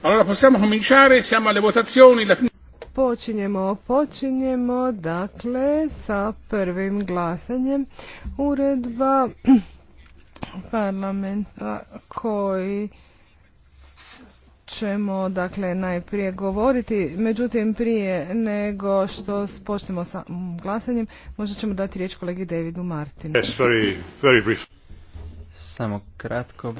Allora possiamo cominciare, siamo alle votazioni. La... Počinjemo, počinjemo dakle sa prvim glasanjem uredba parlamenta koji ćemo dakle najprije govoriti. Međutim, prije nego što počnemo sa glasanjem, možda ćemo dati riječ kolegi Davidu Martinu. Samo kratko,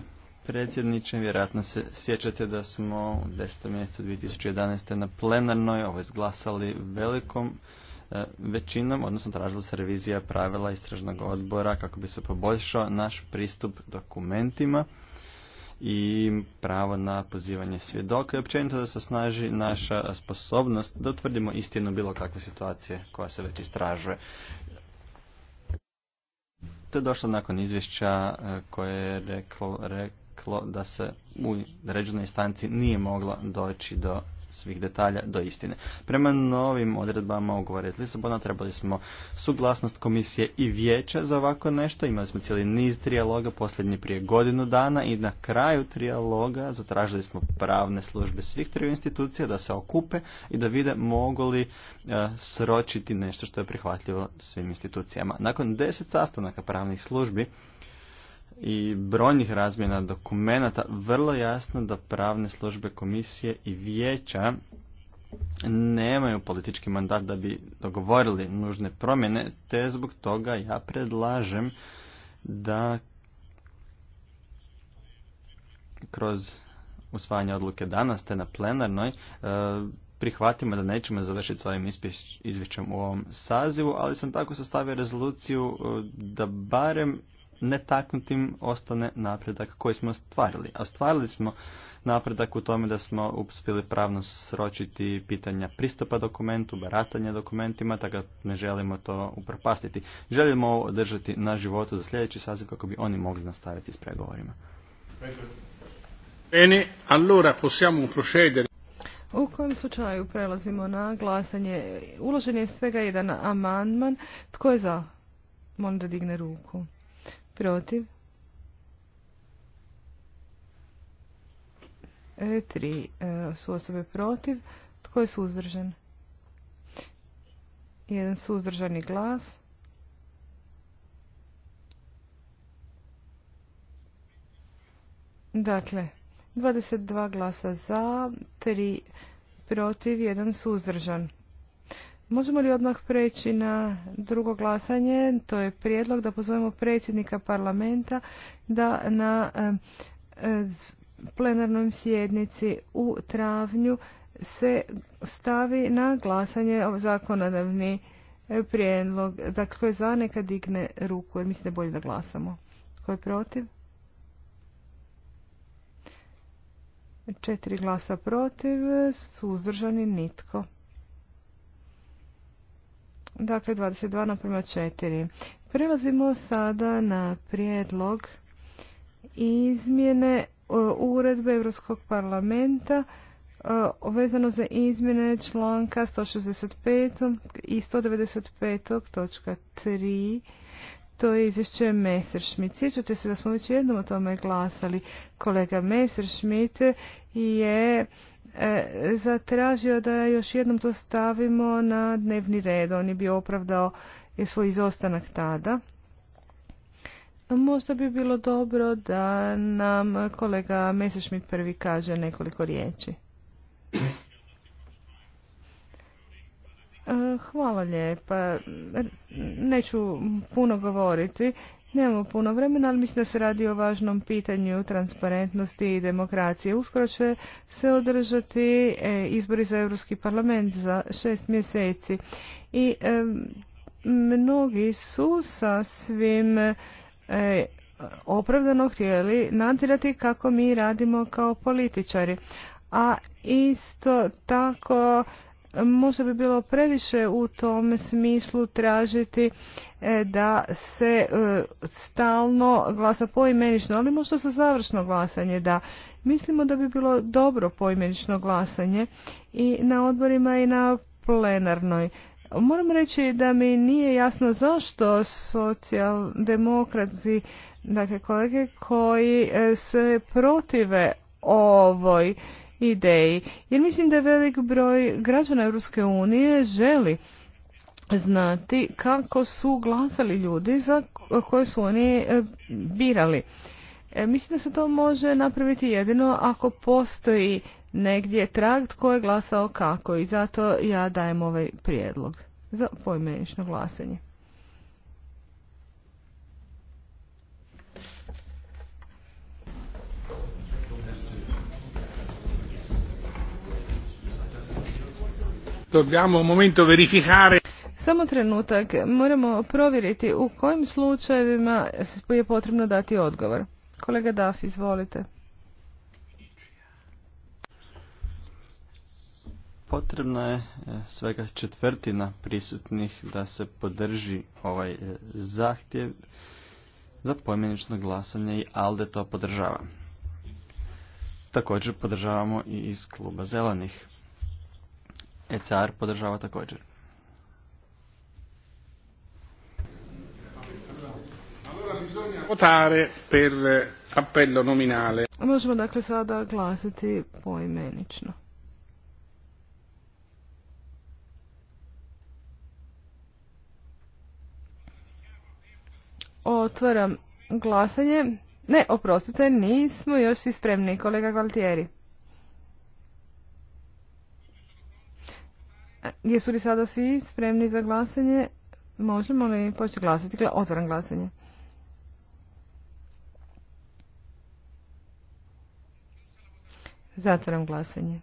predsjedniče. Vjerojatno se sjećate da smo u 10. mjesecu 2011. na plenarnoj ovo izglasali velikom e, većinom, odnosno tražila se revizija pravila istražnog odbora kako bi se poboljšao naš pristup dokumentima i pravo na pozivanje svjedoka i općenito da se osnaži naša sposobnost da utvrdimo istinu bilo kakve situacije koja se već istražuje. To je došlo nakon izvješća e, koje je reklo, rekao da se u ređenoj instanci nije mogla doći do svih detalja do istine. Prema novim odredbama ugovora iz Lisabona trebali smo suglasnost komisije i vijeća za ovako nešto. Imali smo cijeli niz trijaloga posljednji prije godinu dana i na kraju trijaloga zatražili smo pravne službe svih triju institucija da se okupe i da vide mogu li e, sročiti nešto što je prihvatljivo svim institucijama. Nakon deset sastanaka pravnih službi i brojnih razmjena dokumenata vrlo jasno da pravne službe komisije i vijeća nemaju politički mandat da bi dogovorili nužne promjene, te zbog toga ja predlažem da kroz usvajanje odluke danas te na plenarnoj e, prihvatimo da nećemo završiti s ovim izvješćem u ovom sazivu, ali sam tako sastavio rezoluciju e, da barem netaknutim ostane napredak koji smo stvarili. A stvarili smo napredak u tome da smo uspjeli pravno sročiti pitanja pristupa dokumentu, baratanja dokumentima, tako ne želimo to upropastiti. Želimo ovo održati na životu za sljedeći saziv kako bi oni mogli nastaviti s pregovorima. Bene, allora possiamo procedere. U kojem slučaju prelazimo na glasanje. Uložen je svega jedan amandman. Tko je za? Molim da digne ruku protiv, 3 e, e, su osobe protiv, tko je suzdržan? Jedan suzdržani glas. Dakle, 22 glasa za, 3 protiv, jedan suzdržan. Možemo li odmah preći na drugo glasanje? To je prijedlog da pozovemo predsjednika parlamenta da na eh, eh, plenarnoj sjednici u travnju se stavi na glasanje zakonodavni eh, prijedlog. Dakle, tko je za neka digne ruku jer mislim da je bolje da glasamo. Tko je protiv? Četiri glasa protiv, suzdržani nitko. Dakle, 22 naprema 4. Prelazimo sada na prijedlog izmjene e, uredbe Europskog parlamenta e, vezano za izmjene članka 165. i 195. točka 3. To je izvješće Messerschmitt. Sjećate se da smo već jednom o tome glasali. Kolega Messerschmitt je E, zatražio da još jednom to stavimo na dnevni red. On je bio opravdao svoj izostanak tada. Možda bi bilo dobro da nam kolega Mesešmit prvi kaže nekoliko riječi. E, hvala lijepa. Neću puno govoriti. Nemamo puno vremena, ali mislim da se radi o važnom pitanju transparentnosti i demokracije. Uskoro će se održati e, izbori za Europski parlament za šest mjeseci. I e, mnogi su sa svim opravdano htjeli nadzirati kako mi radimo kao političari. A isto tako možda bi bilo previše u tom smislu tražiti e, da se e, stalno glasa poimenično, ali možda se završno glasanje da mislimo da bi bilo dobro poimenično glasanje i na odborima i na plenarnoj. Moram reći da mi nije jasno zašto socijaldemokrati, dakle kolege koji e, se protive ovoj ideji. Jer mislim da velik broj građana Europske unije želi znati kako su glasali ljudi za koje su oni e, birali. E, mislim da se to može napraviti jedino ako postoji negdje trag tko je glasao kako i zato ja dajem ovaj prijedlog za poimenično glasanje. Dobbiamo un momento verificare. Samo trenutak, moramo provjeriti u kojim slučajevima je potrebno dati odgovor. Kolega Daf, izvolite. Potrebno je e, svega četvrtina prisutnih da se podrži ovaj e, zahtjev za pojmenično glasanje i ALDE to podržava. Također podržavamo i iz kluba zelenih. ECR podržava također. Votare per appello nominale. Možemo dakle sada glasiti poimenično. Otvaram glasanje. Ne, oprostite, nismo još svi spremni, kolega Galtieri. Jesu li sada svi spremni za glasanje? Možemo li početi glasati? Dakle, otvoram glasanje. Zatvoram glasanje.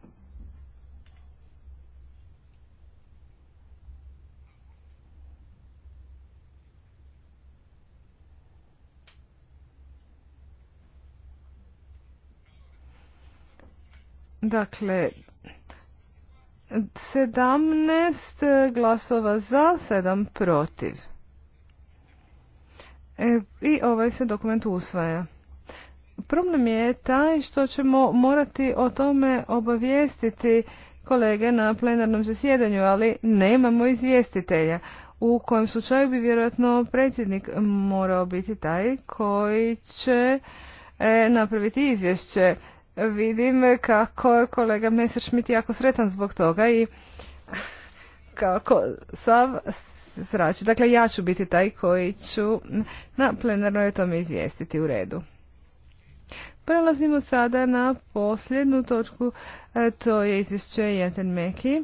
Dakle, 17 glasova za, sedam protiv. E, I ovaj se dokument usvaja. Problem je taj što ćemo morati o tome obavijestiti kolege na plenarnom zasjedanju, ali nemamo izvjestitelja. U kojem slučaju bi vjerojatno predsjednik morao biti taj koji će e, napraviti izvješće vidim kako je kolega Messerschmidt jako sretan zbog toga i kako sav zrači. Dakle, ja ću biti taj koji ću na plenarnoj tome izvijestiti u redu. Prelazimo sada na posljednu točku, e, to je izvješće Jenten Meki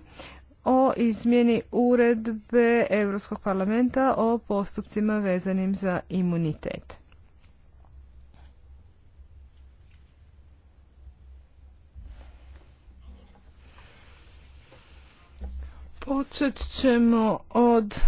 o izmjeni uredbe Europskog parlamenta o postupcima vezanim za imunitet. Počet ćemo od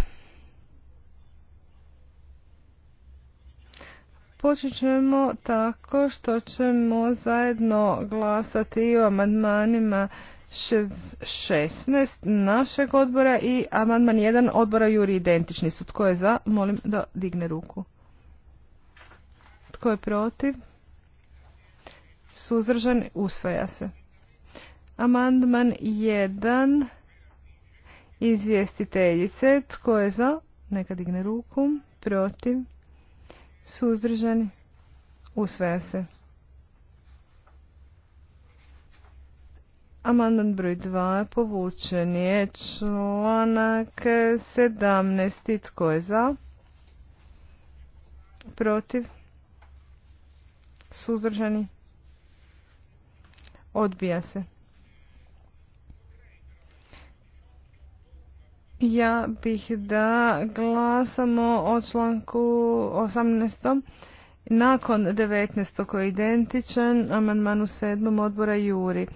Počet ćemo tako što ćemo zajedno glasati o amandmanima 16 našeg odbora i amandman 1 odbora Juri identični su. Tko je za? Molim da digne ruku. Tko je protiv? Suzdržan usvaja se. Amandman 1 izvjestiteljice. Tko je za? Neka digne ruku. Protiv? Suzdržani? Usvaja se. Amandan broj 2 povučen je članak 17. Tko je za? Protiv? Suzdržani? Odbija se. Ja bih da glasamo o članku 18. Nakon 19. koji je identičan, amandmanu 7. odbora Juri.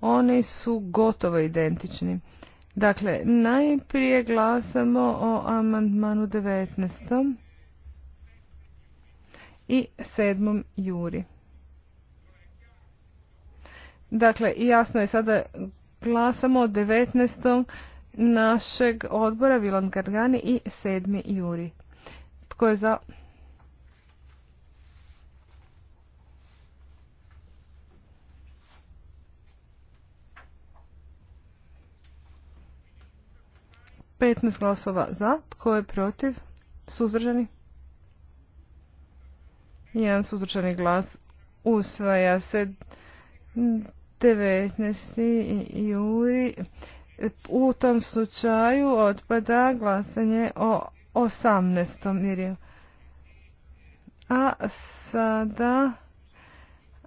Oni su gotovo identični. Dakle, najprije glasamo o amandmanu 19. i 7. Juri. Dakle, jasno je sada glasamo o 19 našeg odbora Vilon Gargani i sedmi Juri. Tko je za? Petnaest glasova za. Tko je protiv? Suzdržani? Jedan suzdržani glas usvaja se 19. juri. U tom slučaju odpada glasanje o 18. mirju. A sada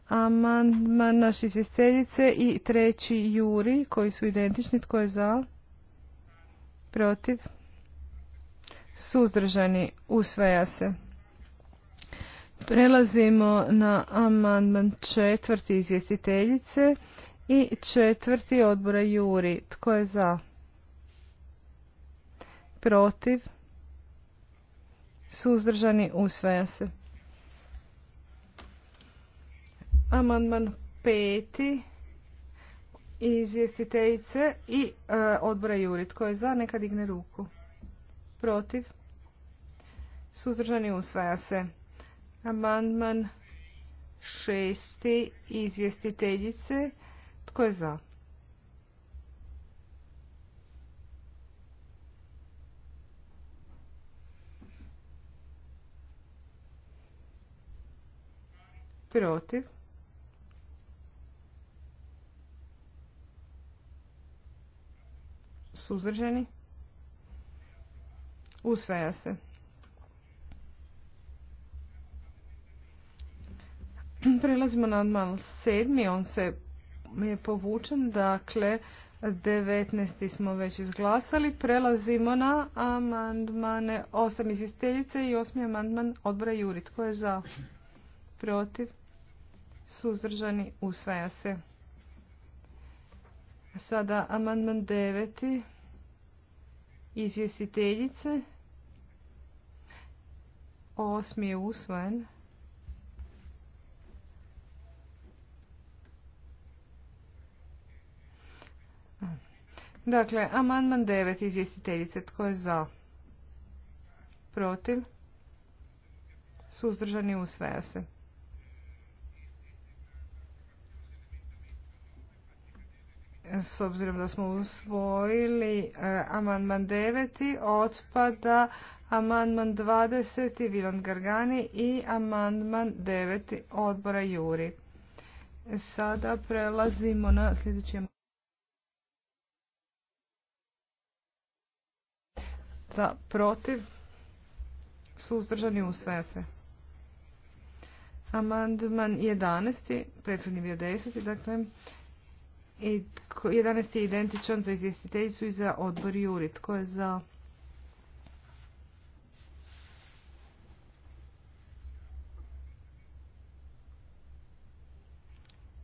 amandman naše izvjestiteljice i treći juri koji su identični. Tko je za? Protiv? Suzdržani. Usvaja se. Prelazimo na amandman četvrti izvjestiteljice i četvrti odbora Juri. Tko je za? Protiv? Suzdržani usvaja se. Amandman peti izvjestiteljice i e, odbora Juri. Tko je za? Neka digne ruku. Protiv? Suzdržani usvaja se. Amandman šesti izvjestiteljice tko je za? Protiv. Suzrženi. Usvaja se. Prelazimo na odmah sedmi. On se je povučen, dakle 19. smo već izglasali. Prelazimo na amandmane 8 izvjestiteljice i 8. amandman odbora Juri. Tko je za? Protiv? Suzdržani? Usvaja se. Sada amandman 9. Izvjestiteljice. Osmi je usvojen. Dakle, amandman 9 izvjestiteljice. Tko je za? Protiv? Suzdržani usvaja se. S obzirom da smo usvojili e, amandman 9. otpada amandman 20. Vilan Gargani i amandman 9. odbora Juri. Sada prelazimo na sljedeći amandman. za protiv suzdržani sve se. Amandman 11. prethodni bio 10. Dakle, 11. je identičan za izvjestiteljicu i za odbor Juri. Tko je za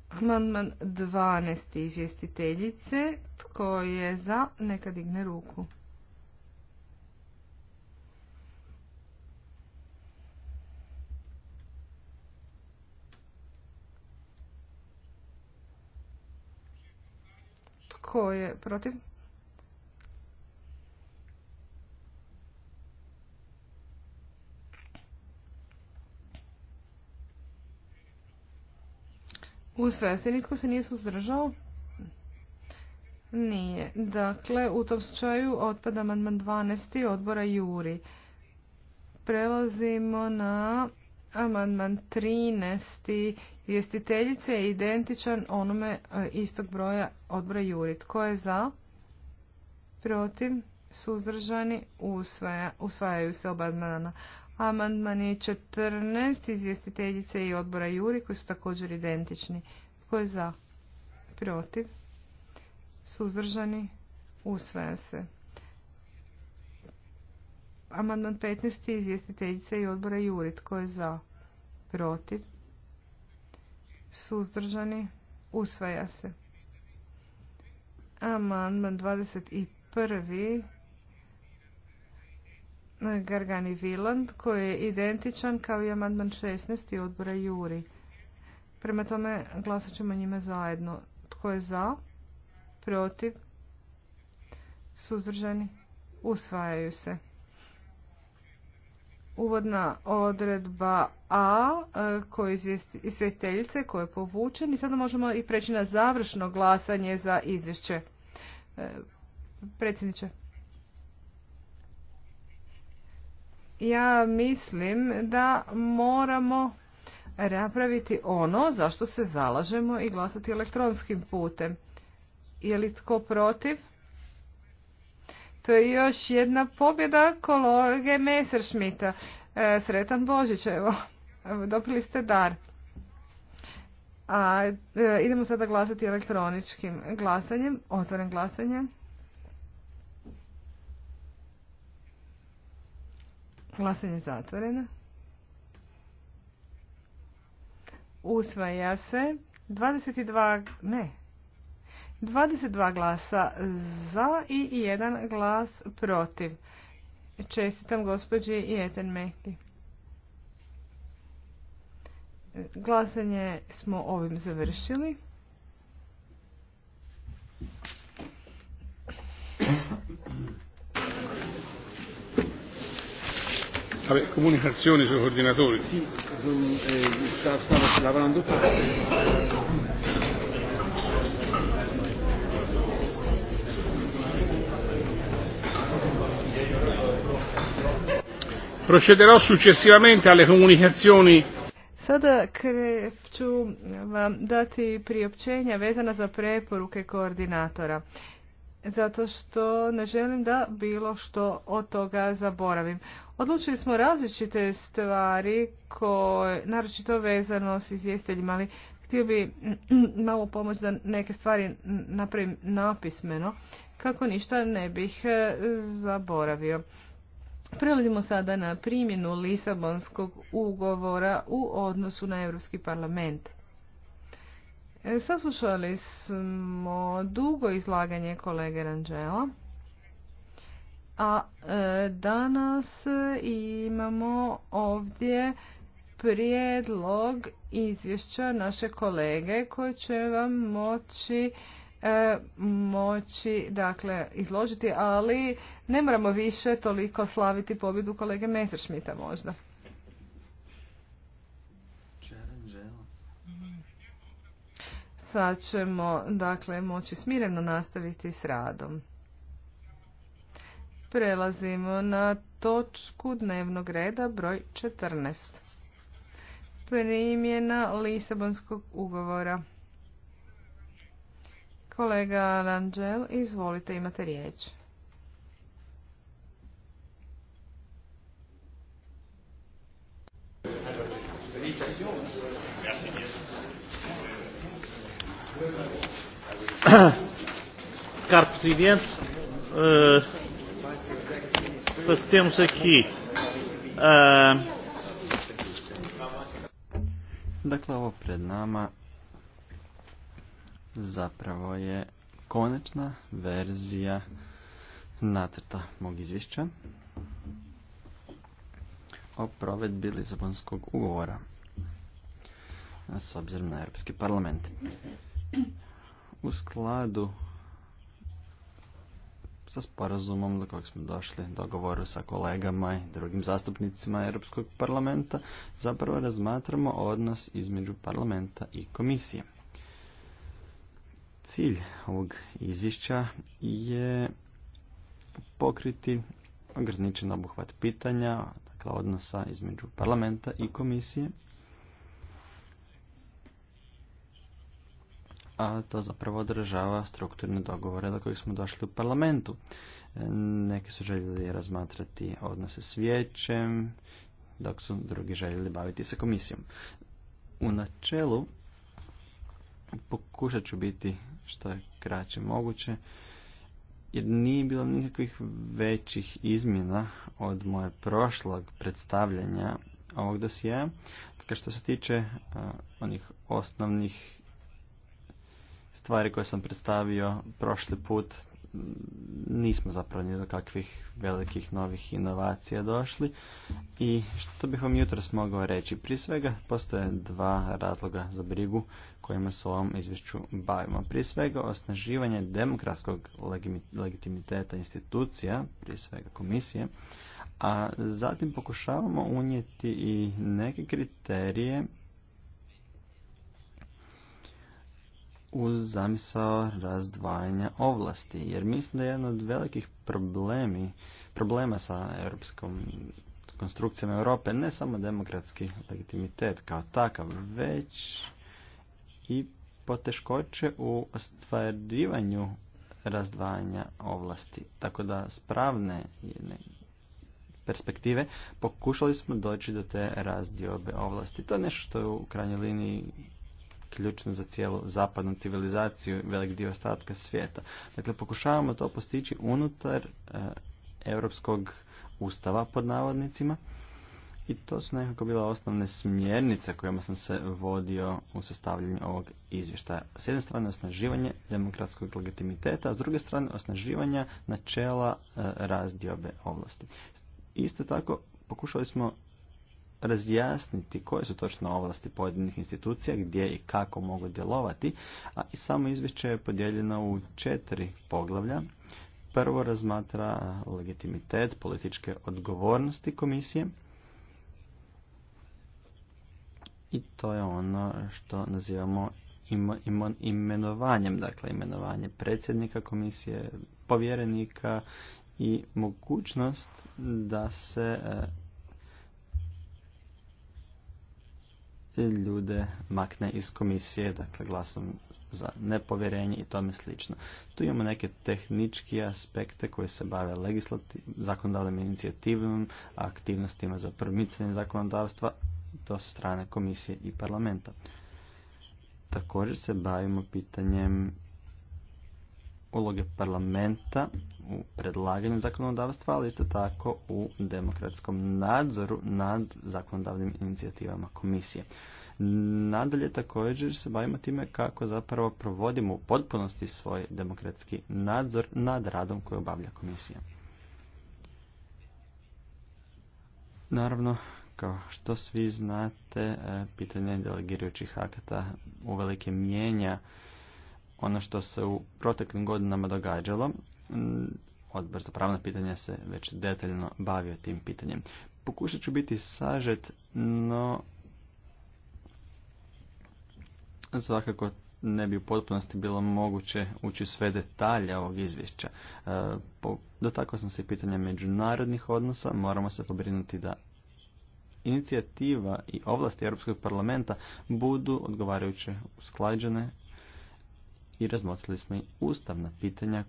Amandman 12. izvjestiteljice. Tko je za? Neka digne ruku. Tko je protiv? U svesti Nitko se nije suzdržao? Nije. Dakle, u tom slučaju otpada amandman 12. odbora Juri. Prelazimo na Amandman 13. Vjestiteljice je identičan onome e, istog broja odbora Juri. Tko je za? Protiv? Suzdržani? usvajaju se oba amandmana. Amandman je 14. Izvjestiteljice i odbora Juri koji su također identični. Tko je za? Protiv? Suzdržani? Usvaja se. Amandman 15. izvjestiteljice i odbora Juri. Tko je za? protiv, suzdržani, usvaja se. Amandman 21. Gargani Viland koji je identičan kao i amandman 16. odbora Juri. Prema tome glasat ćemo njima zajedno. Tko je za? Protiv? Suzdržani? Usvajaju se uvodna odredba A e, koje izvjestiteljice koje je povučen i sada možemo i preći na završno glasanje za izvješće. E, predsjedniče. Ja mislim da moramo napraviti ono zašto se zalažemo i glasati elektronskim putem. Je li tko protiv? To je još jedna pobjeda kolege Messerschmitta. E, sretan Božić, evo, dobili ste dar. A e, idemo sada glasati elektroničkim glasanjem, otvoren glasanje. Glasanje zatvoreno. Usvaja se 22, ne, 22 glasa za i 1 glas protiv. Čestitam gospođi Jeten Mehti. Glasanje smo ovim završili. Vabbè, comunicazioni sui coordinatori. Sì, eh, stavo lavorando. Procederò successivamente alle comunicazioni Sada ću vam dati priopćenja vezana za preporuke koordinatora, zato što ne želim da bilo što od toga zaboravim. Odlučili smo različite stvari, koje, naročito vezano s izvjestiteljima, ali htio bi malo pomoć da neke stvari napravim napismeno, kako ništa ne bih zaboravio. Prelazimo sada na primjenu Lisabonskog ugovora u odnosu na Europski parlament. E, saslušali smo dugo izlaganje kolege Ranđela, a e, danas imamo ovdje prijedlog izvješća naše kolege koje će vam moći E, moći dakle, izložiti, ali ne moramo više toliko slaviti pobjedu kolege Messerschmita možda. Sad ćemo dakle, moći smireno nastaviti s radom. Prelazimo na točku dnevnog reda broj 14. Primjena Lisabonskog ugovora. Kolega Ranđel, izvolite, imate riječ. Caro Presidente, uh, temos aqui. Uh... Dakle, ovo pred nama zapravo je konačna verzija natrta mog izvješća o provedbi Lizabonskog ugovora s obzirom na Europski parlament. U skladu sa sporazumom do kojeg smo došli, dogovoru sa kolegama i drugim zastupnicima Europskog parlamenta, zapravo razmatramo odnos između parlamenta i komisije. Cilj ovog izvješća je pokriti ograničen obuhvat pitanja, dakle odnosa između parlamenta i komisije. a to zapravo održava strukturne dogovore do kojih smo došli u parlamentu. E, neki su željeli razmatrati odnose s vijećem, dok su drugi željeli baviti se komisijom. U načelu pokušat ću biti što je kraće moguće jer nije bilo nikakvih većih izmjena od moje prošlog predstavljanja ovog dosija. Tako dakle, što se tiče e, onih osnovnih stvari koje sam predstavio prošli put, nismo zapravo ni do kakvih velikih novih inovacija došli. I što bih vam jutros mogao reći? Prije svega postoje dva razloga za brigu kojima se u ovom izvješću bavimo. Prije svega osnaživanje demokratskog legitimiteta institucija, prije svega komisije, a zatim pokušavamo unijeti i neke kriterije uz zamisao razdvajanja ovlasti, jer mislim da je jedan od velikih problemi, problema sa europskom konstrukcijama Europe ne samo demokratski legitimitet kao takav, već i poteškoće u ostvarivanju razdvajanja ovlasti. Tako da spravne jedne perspektive pokušali smo doći do te razdiobe ovlasti. To je nešto što je u krajnjoj liniji ključno za cijelu zapadnu civilizaciju i velik dio ostatka svijeta. Dakle, pokušavamo to postići unutar e, europskog ustava pod navodnicima i to su nekako bila osnovne smjernice kojima sam se vodio u sastavljanju ovog izvještaja. S jedne strane osnaživanje demokratskog legitimiteta, a s druge strane osnaživanja načela e, razdiobe ovlasti. Isto tako pokušali smo razjasniti koje su točno ovlasti pojedinih institucija, gdje i kako mogu djelovati, a i samo izvješće je podijeljeno u četiri poglavlja. Prvo razmatra legitimitet političke odgovornosti komisije i to je ono što nazivamo imenovanjem, dakle imenovanje predsjednika komisije, povjerenika i mogućnost da se ljude makne iz komisije, dakle glasom za nepovjerenje i tome slično. Tu imamo neke tehnički aspekte koje se bave zakonodavnim inicijativom, aktivnostima za promicanje zakonodavstva do strane komisije i parlamenta. Također se bavimo pitanjem uloge parlamenta u predlaganju zakonodavstva, ali isto tako u demokratskom nadzoru nad zakonodavnim inicijativama komisije. Nadalje također se bavimo time kako zapravo provodimo u potpunosti svoj demokratski nadzor nad radom koji obavlja komisija. Naravno, kao što svi znate, e, pitanje delegirajućih akata uvelike mijenja ono što se u proteklim godinama događalo. Odbor za pravna pitanja se već detaljno bavio tim pitanjem. Pokušat ću biti sažet, no svakako ne bi u potpunosti bilo moguće ući sve detalje ovog izvješća. E, dotakao sam se pitanja međunarodnih odnosa, moramo se pobrinuti da inicijativa i ovlasti Europskog parlamenta budu odgovarajuće usklađene i razmotrili smo i ustavna pitanja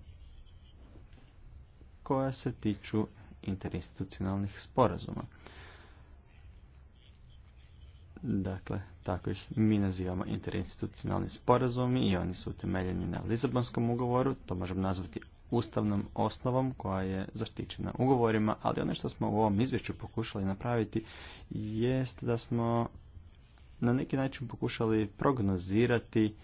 koja se tiču interinstitucionalnih sporazuma. Dakle, tako ih mi nazivamo interinstitucionalni sporazumi i oni su utemeljeni na Lizabonskom ugovoru, to možemo nazvati ustavnom osnovom koja je zaštićena ugovorima, ali ono što smo u ovom izvješću pokušali napraviti jest da smo na neki način pokušali prognozirati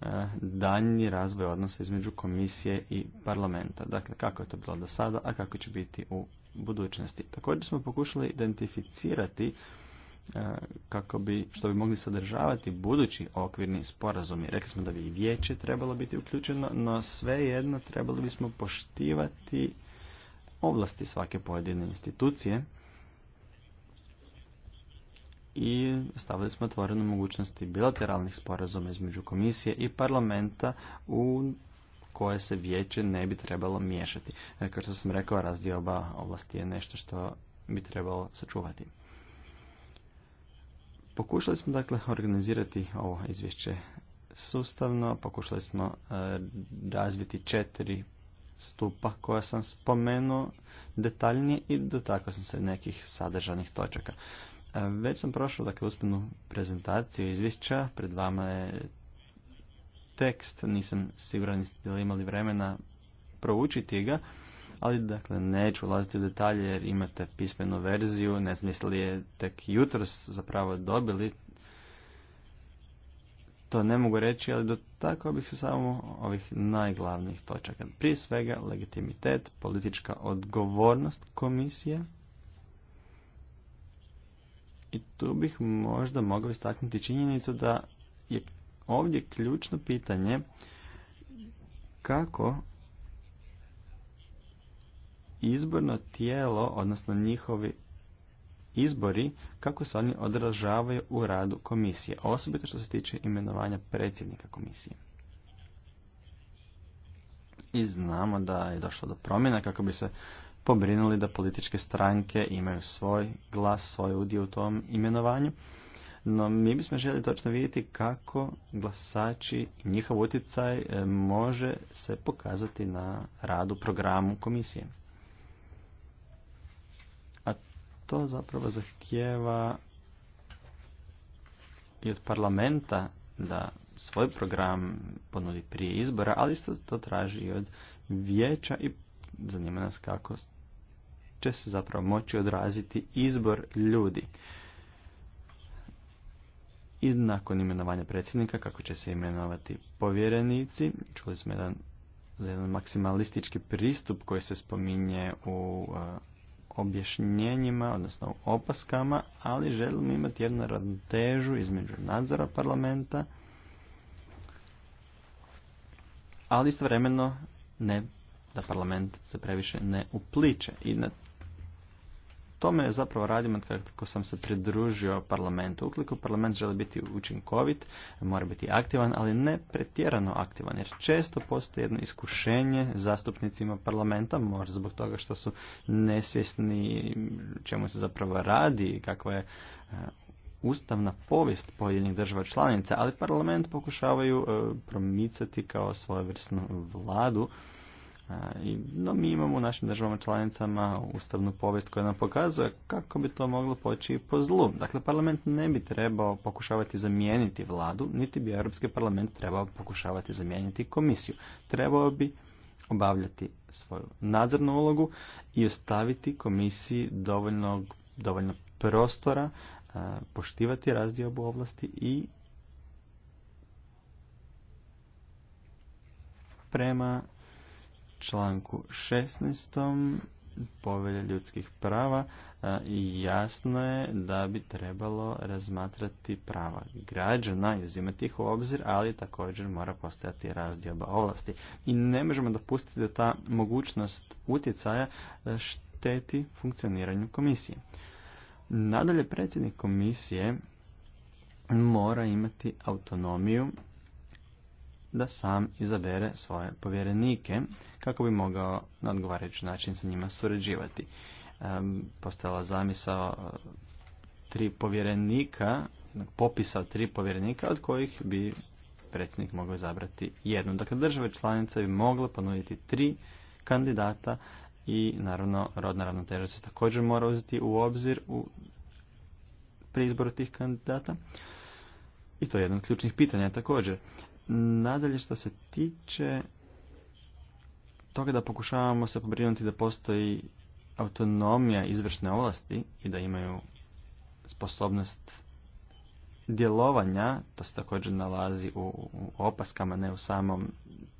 E, daljnji razvoj odnosa između komisije i parlamenta. Dakle, kako je to bilo do sada, a kako će biti u budućnosti. Također smo pokušali identificirati e, kako bi, što bi mogli sadržavati budući okvirni sporazumi. Rekli smo da bi i vijeće trebalo biti uključeno, no svejedno trebali bismo poštivati ovlasti svake pojedine institucije i stavili smo otvorenu mogućnosti bilateralnih sporazuma između komisije i parlamenta u koje se vijeće ne bi trebalo miješati. E, kao što sam rekao, razdioba ovlasti je nešto što bi trebalo sačuvati. Pokušali smo dakle organizirati ovo izvješće sustavno, pokušali smo e, razviti četiri stupa koja sam spomenuo detaljnije i dotakao sam se nekih sadržanih točaka. Već sam prošao dakle, uspjenu prezentaciju izvješća, pred vama je tekst, nisam siguran jeste li imali vremena proučiti ga, ali dakle neću ulaziti u detalje jer imate pismenu verziju, ne znam je tek jutros zapravo dobili, to ne mogu reći, ali dotakao bih se samo ovih najglavnijih točaka. Prije svega legitimitet, politička odgovornost komisije, tu bih možda mogao istaknuti činjenicu da je ovdje ključno pitanje kako izborno tijelo, odnosno njihovi izbori, kako se oni odražavaju u radu komisije, osobito što se tiče imenovanja predsjednika komisije. I znamo da je došlo do promjena kako bi se pobrinuli da političke stranke imaju svoj glas, svoj udio u tom imenovanju. No mi bismo želi točno vidjeti kako glasači i njihov utjecaj e, može se pokazati na radu programu komisije. A to zapravo zahtjeva i od parlamenta da svoj program ponudi prije izbora, ali isto to traži i od vijeća i zanima nas kako će se zapravo moći odraziti izbor ljudi. I nakon imenovanja predsjednika, kako će se imenovati povjerenici, čuli smo jedan, za jedan maksimalistički pristup koji se spominje u e, objašnjenjima, odnosno u opaskama, ali želimo imati jednu ravnotežu između nadzora parlamenta, ali istovremeno ne da parlament se previše ne upliče i na tome je zapravo radimo kako sam se pridružio parlamentu. Ukoliko parlament želi biti učinkovit, mora biti aktivan, ali ne pretjerano aktivan, jer često postoji jedno iskušenje zastupnicima parlamenta, možda zbog toga što su nesvjesni čemu se zapravo radi i kakva je e, ustavna povijest pojedinih država članica, ali parlament pokušavaju e, promicati kao svojevrsnu vladu no, mi imamo u našim državama članicama ustavnu povijest koja nam pokazuje kako bi to moglo poći po zlu. Dakle, parlament ne bi trebao pokušavati zamijeniti vladu, niti bi Europski parlament trebao pokušavati zamijeniti komisiju. Trebao bi obavljati svoju nadzornu ulogu i ostaviti komisiji dovoljno, dovoljno prostora, poštivati razdiobu ovlasti i prema članku 16. povelje ljudskih prava jasno je da bi trebalo razmatrati prava građana i uzimati ih u obzir, ali također mora postojati razdioba ovlasti. I ne možemo dopustiti da ta mogućnost utjecaja šteti funkcioniranju komisije. Nadalje, predsjednik komisije mora imati autonomiju da sam izabere svoje povjerenike kako bi mogao na odgovarajući način sa njima surađivati. Postala zamisao e, tri povjerenika, popisa tri povjerenika od kojih bi predsjednik mogao izabrati jednu. Dakle, države članice bi mogla ponuditi tri kandidata i naravno rodna ravnoteža se također mora uzeti u obzir u pri izboru tih kandidata. I to je jedno od ključnih pitanja također. Nadalje što se tiče toga da pokušavamo se pobrinuti da postoji autonomija izvršne ovlasti i da imaju sposobnost djelovanja, to se također nalazi u, opaskama, ne u samom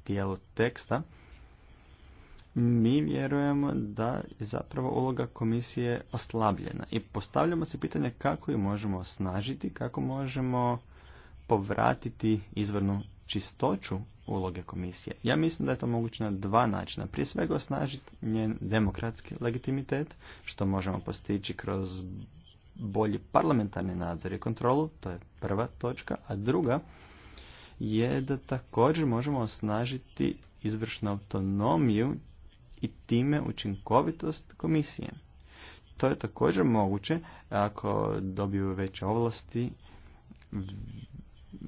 dijelu teksta, mi vjerujemo da je zapravo uloga komisije oslabljena i postavljamo se pitanje kako ju možemo osnažiti, kako možemo povratiti izvornu čistoću uloge komisije. Ja mislim da je to moguće na dva načina. Prije svega osnažiti njen demokratski legitimitet, što možemo postići kroz bolji parlamentarni nadzor i kontrolu, to je prva točka, a druga je da također možemo osnažiti izvršnu autonomiju i time učinkovitost komisije. To je također moguće ako dobiju veće ovlasti,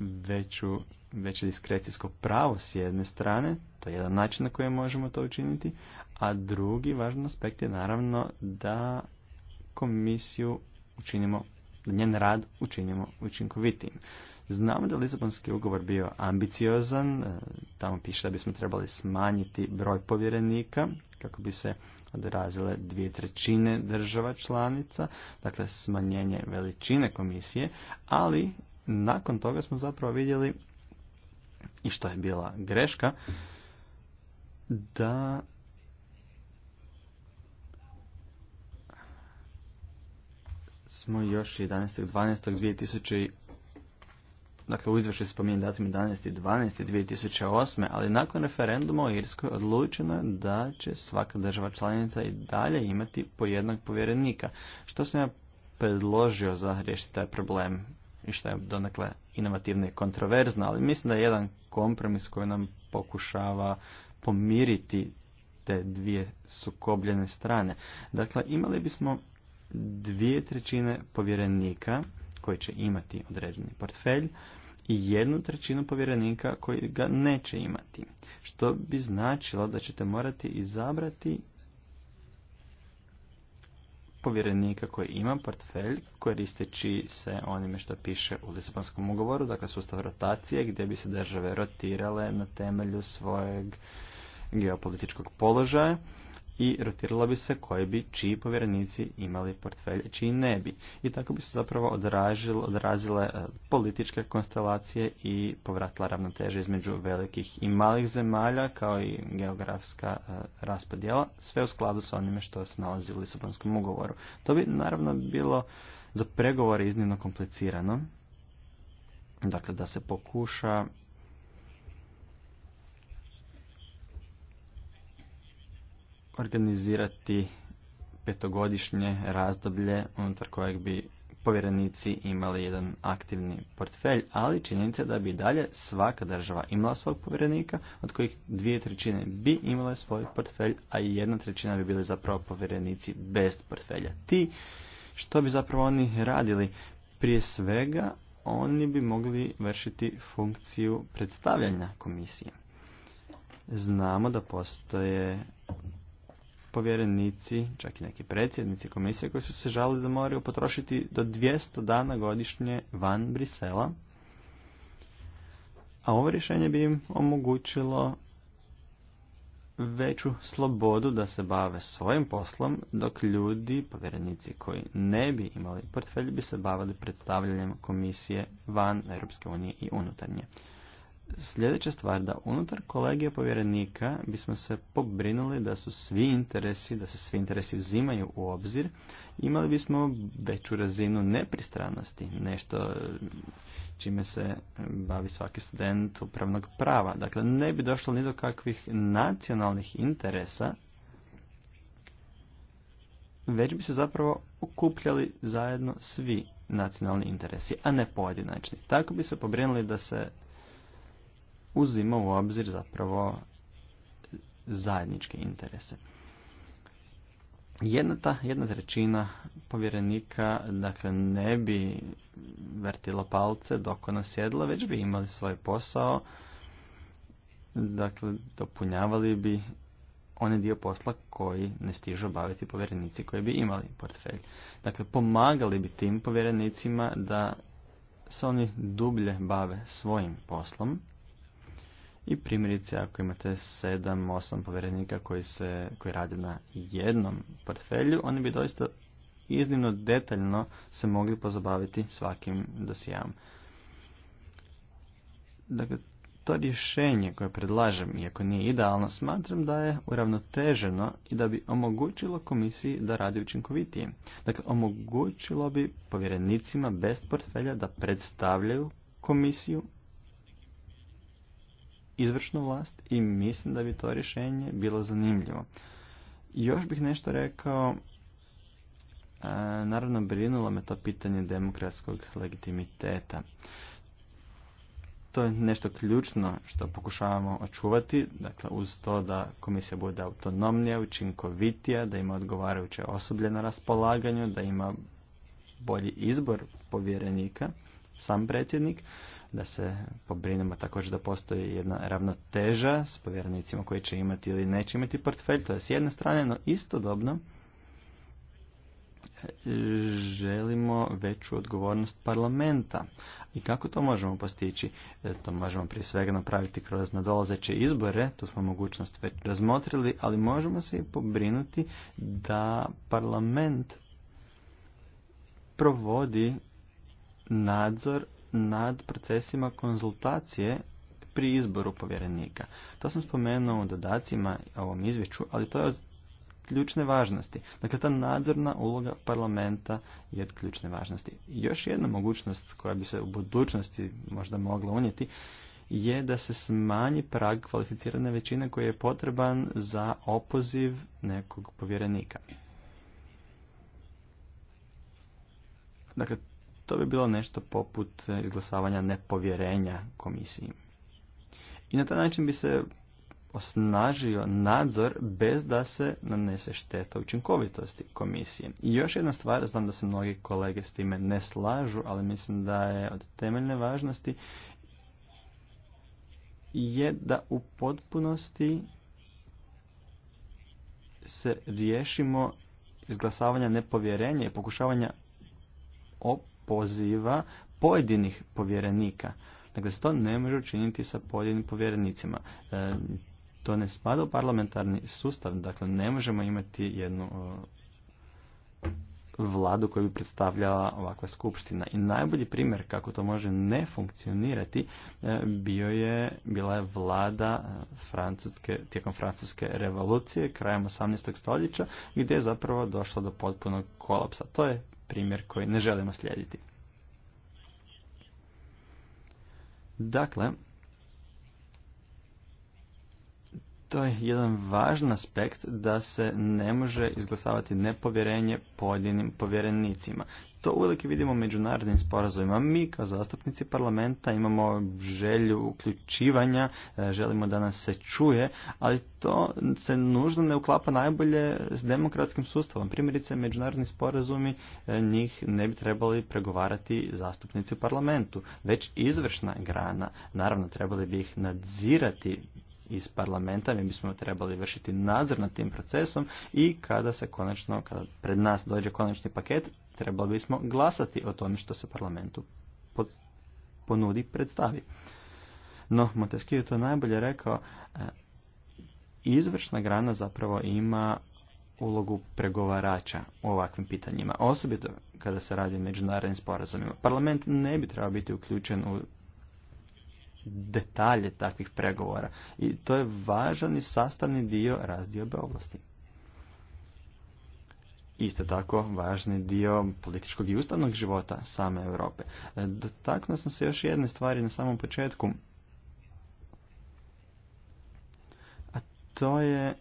veću veće diskrecijsko pravo s jedne strane, to je jedan način na koji možemo to učiniti, a drugi važan aspekt je naravno da komisiju učinimo, da njen rad učinimo učinkovitim. Znamo da je Lisabonski ugovor bio ambiciozan, e, tamo piše da bismo trebali smanjiti broj povjerenika kako bi se odrazile dvije trećine država članica, dakle smanjenje veličine komisije, ali nakon toga smo zapravo vidjeli i što je bila greška, da smo još 11.12.2000 Dakle, u izvješću se spominje datum 11.12.2008. Ali nakon referenduma u Irskoj odlučeno je da će svaka država članica i dalje imati po jednog povjerenika. Što sam ja predložio za riješiti taj problem i što je donekle inovativna i kontroverzna, ali mislim da je jedan kompromis koji nam pokušava pomiriti te dvije sukobljene strane. Dakle, imali bismo dvije trećine povjerenika koji će imati određeni portfelj i jednu trećinu povjerenika koji ga neće imati. Što bi značilo da ćete morati izabrati povjerenika koji ima portfelj koristeći se onime što piše u Lisabonskom ugovoru, dakle sustav rotacije gdje bi se države rotirale na temelju svojeg geopolitičkog položaja i rotiralo bi se koji bi čiji povjerenici imali portfelje, čiji ne bi. I tako bi se zapravo odražil, odrazile e, političke konstelacije i povratila ravnoteža između velikih i malih zemalja kao i geografska e, raspodjela, sve u skladu sa onime što se nalazi u Lisabonskom ugovoru. To bi naravno bilo za pregovore iznimno komplicirano, dakle da se pokuša organizirati petogodišnje razdoblje unutar kojeg bi povjerenici imali jedan aktivni portfelj, ali činjenica da bi dalje svaka država imala svog povjerenika, od kojih dvije trećine bi imale svoj portfelj, a jedna trećina bi bili zapravo povjerenici bez portfelja. Ti, što bi zapravo oni radili? Prije svega, oni bi mogli vršiti funkciju predstavljanja komisije. Znamo da postoje povjerenici, čak i neki predsjednici komisije koji su se žalili da moraju potrošiti do 200 dana godišnje van Brisela. A ovo rješenje bi im omogućilo veću slobodu da se bave svojim poslom, dok ljudi, povjerenici koji ne bi imali portfelj, bi se bavili predstavljanjem komisije van Europske unije i unutarnje sljedeća stvar da unutar kolegija povjerenika bismo se pobrinuli da su svi interesi, da se svi interesi uzimaju u obzir, imali bismo veću razinu nepristranosti, nešto eh, čime se eh, bavi svaki student upravnog prava. Dakle, ne bi došlo ni do kakvih nacionalnih interesa, već bi se zapravo okupljali zajedno svi nacionalni interesi, a ne pojedinačni. Tako bi se pobrinuli da se uzima u obzir zapravo zajedničke interese. Jedna, ta, jedna trećina povjerenika dakle, ne bi vrtila palce dok ona sjedla, već bi imali svoj posao, dakle, dopunjavali bi onaj dio posla koji ne stižu baviti povjerenici koji bi imali portfelj. Dakle, pomagali bi tim povjerenicima da se oni dublje bave svojim poslom, i primjerice ako imate 7-8 povjerenika koji, se, koji rade na jednom portfelju, oni bi doista iznimno detaljno se mogli pozabaviti svakim dosijam. Dakle, to rješenje koje predlažem, iako nije idealno, smatram da je uravnoteženo i da bi omogućilo komisiji da radi učinkovitije. Dakle, omogućilo bi povjerenicima bez portfelja da predstavljaju komisiju izvršnu vlast i mislim da bi to rješenje bilo zanimljivo. Još bih nešto rekao, e, naravno brinulo me to pitanje demokratskog legitimiteta. To je nešto ključno što pokušavamo očuvati, dakle uz to da komisija bude autonomnija, učinkovitija, da ima odgovarajuće osoblje na raspolaganju, da ima bolji izbor povjerenika, sam predsjednik, da se pobrinemo također da postoji jedna ravnoteža s povjerenicima koji će imati ili neće imati portfelj, to je s jedne strane, no istodobno e, želimo veću odgovornost parlamenta. I kako to možemo postići? E, to možemo prije svega napraviti kroz nadolazeće izbore, tu smo mogućnost već razmotrili, ali možemo se i pobrinuti da parlament provodi nadzor nad procesima konzultacije pri izboru povjerenika. To sam spomenuo u dodacima ovom izvješću, ali to je od ključne važnosti. Dakle, ta nadzorna uloga parlamenta je od ključne važnosti. Još jedna mogućnost koja bi se u budućnosti možda mogla unijeti je da se smanji prag kvalificirane većine koji je potreban za opoziv nekog povjerenika. Dakle, to bi bilo nešto poput izglasavanja nepovjerenja komisiji. I na taj način bi se osnažio nadzor bez da se nanese šteta učinkovitosti komisije. I još jedna stvar, znam da se mnogi kolege s time ne slažu, ali mislim da je od temeljne važnosti je da u potpunosti se riješimo izglasavanja nepovjerenja i pokušavanja poziva pojedinih povjerenika. Dakle, se to ne može učiniti sa pojedinim povjerenicima. E, to ne spada u parlamentarni sustav, dakle ne možemo imati jednu e, vladu koju bi predstavljala ovakva skupština. I najbolji primjer kako to može ne funkcionirati e, bio je, bila je vlada francuske, tijekom francuske revolucije krajem 18. stoljeća gdje je zapravo došlo do potpunog kolapsa. To je primjer koji ne želimo slijediti. Dakle, to je jedan važan aspekt da se ne može izglasavati nepovjerenje pojedinim povjerenicima to uvijek vidimo u međunarodnim sporazumima. Mi kao zastupnici parlamenta imamo želju uključivanja, e, želimo da nas se čuje, ali to se nužno ne uklapa najbolje s demokratskim sustavom. Primjerice, međunarodni sporazumi e, njih ne bi trebali pregovarati zastupnici u parlamentu, već izvršna grana. Naravno, trebali bi ih nadzirati iz parlamenta, mi bismo trebali vršiti nadzor nad tim procesom i kada se konačno, kada pred nas dođe konačni paket, trebali bismo glasati o tome što se parlamentu pod, ponudi predstavi. No, Montesquieu to najbolje rekao, e, izvršna grana zapravo ima ulogu pregovarača u ovakvim pitanjima, osobito kada se radi o međunarodnim sporazumima. Parlament ne bi trebao biti uključen u detalje takvih pregovora i to je važan i sastavni dio razdiobe ovlasti isto tako važni dio političkog i ustavnog života same Europe. E, dotaknuo sam se još jedne stvari na samom početku. A to je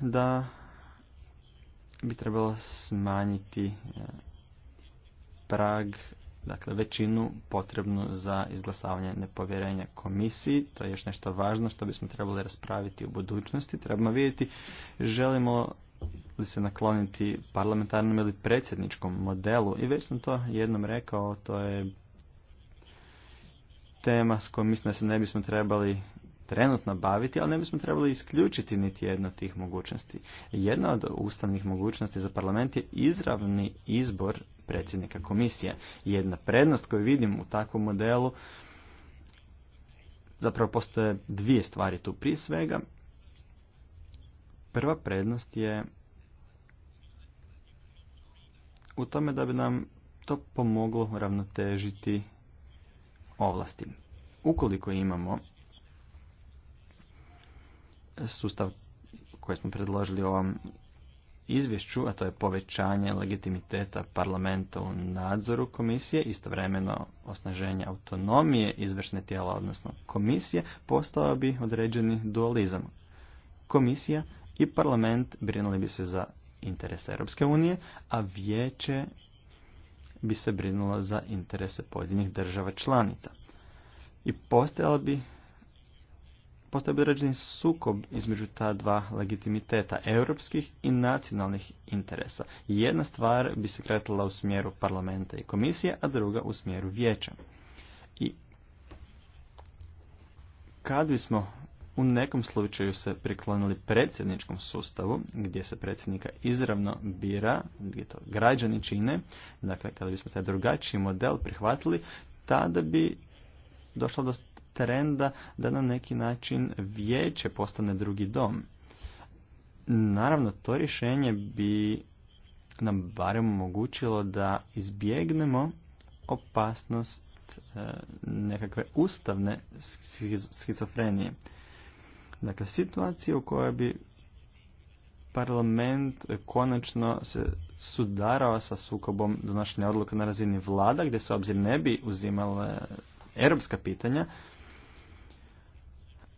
da bi trebalo smanjiti e, prag, dakle većinu potrebnu za izglasavanje nepovjerenja komisiji. To je još nešto važno što bismo trebali raspraviti u budućnosti. Trebamo vidjeti želimo li se nakloniti parlamentarnom ili predsjedničkom modelu i već sam to jednom rekao, to je tema s kojom mislim da se ne bismo trebali trenutno baviti, ali ne bismo trebali isključiti niti jednu od tih mogućnosti. Jedna od ustavnih mogućnosti za parlament je izravni izbor predsjednika komisije. Jedna prednost koju vidim u takvom modelu, zapravo postoje dvije stvari tu. Prije svega, Prva prednost je u tome da bi nam to pomoglo ravnotežiti ovlasti. Ukoliko imamo sustav koji smo predložili u ovom izvješću, a to je povećanje legitimiteta parlamenta u nadzoru komisije, istovremeno osnaženje autonomije izvršne tijela, odnosno komisije, postao bi određeni dualizam. Komisija i parlament brinuli bi se za interese Europske unije, a vijeće bi se brinulo za interese pojedinih država članica. I postojala bi postoje bi određeni sukob između ta dva legitimiteta, europskih i nacionalnih interesa. Jedna stvar bi se kretala u smjeru parlamenta i komisije, a druga u smjeru vijeća. I kad bismo u nekom slučaju se priklonili predsjedničkom sustavu gdje se predsjednika izravno bira, gdje to građani čine. Dakle, kada bismo taj drugačiji model prihvatili, tada bi došlo do trenda da na neki način vijeće postane drugi dom. Naravno, to rješenje bi nam barem omogućilo da izbjegnemo opasnost e, nekakve ustavne schizofrenije. Dakle, situacija u kojoj bi parlament konačno se sudarao sa sukobom donošenja odluka na razini vlada, gdje se obzir ne bi uzimala europska pitanja,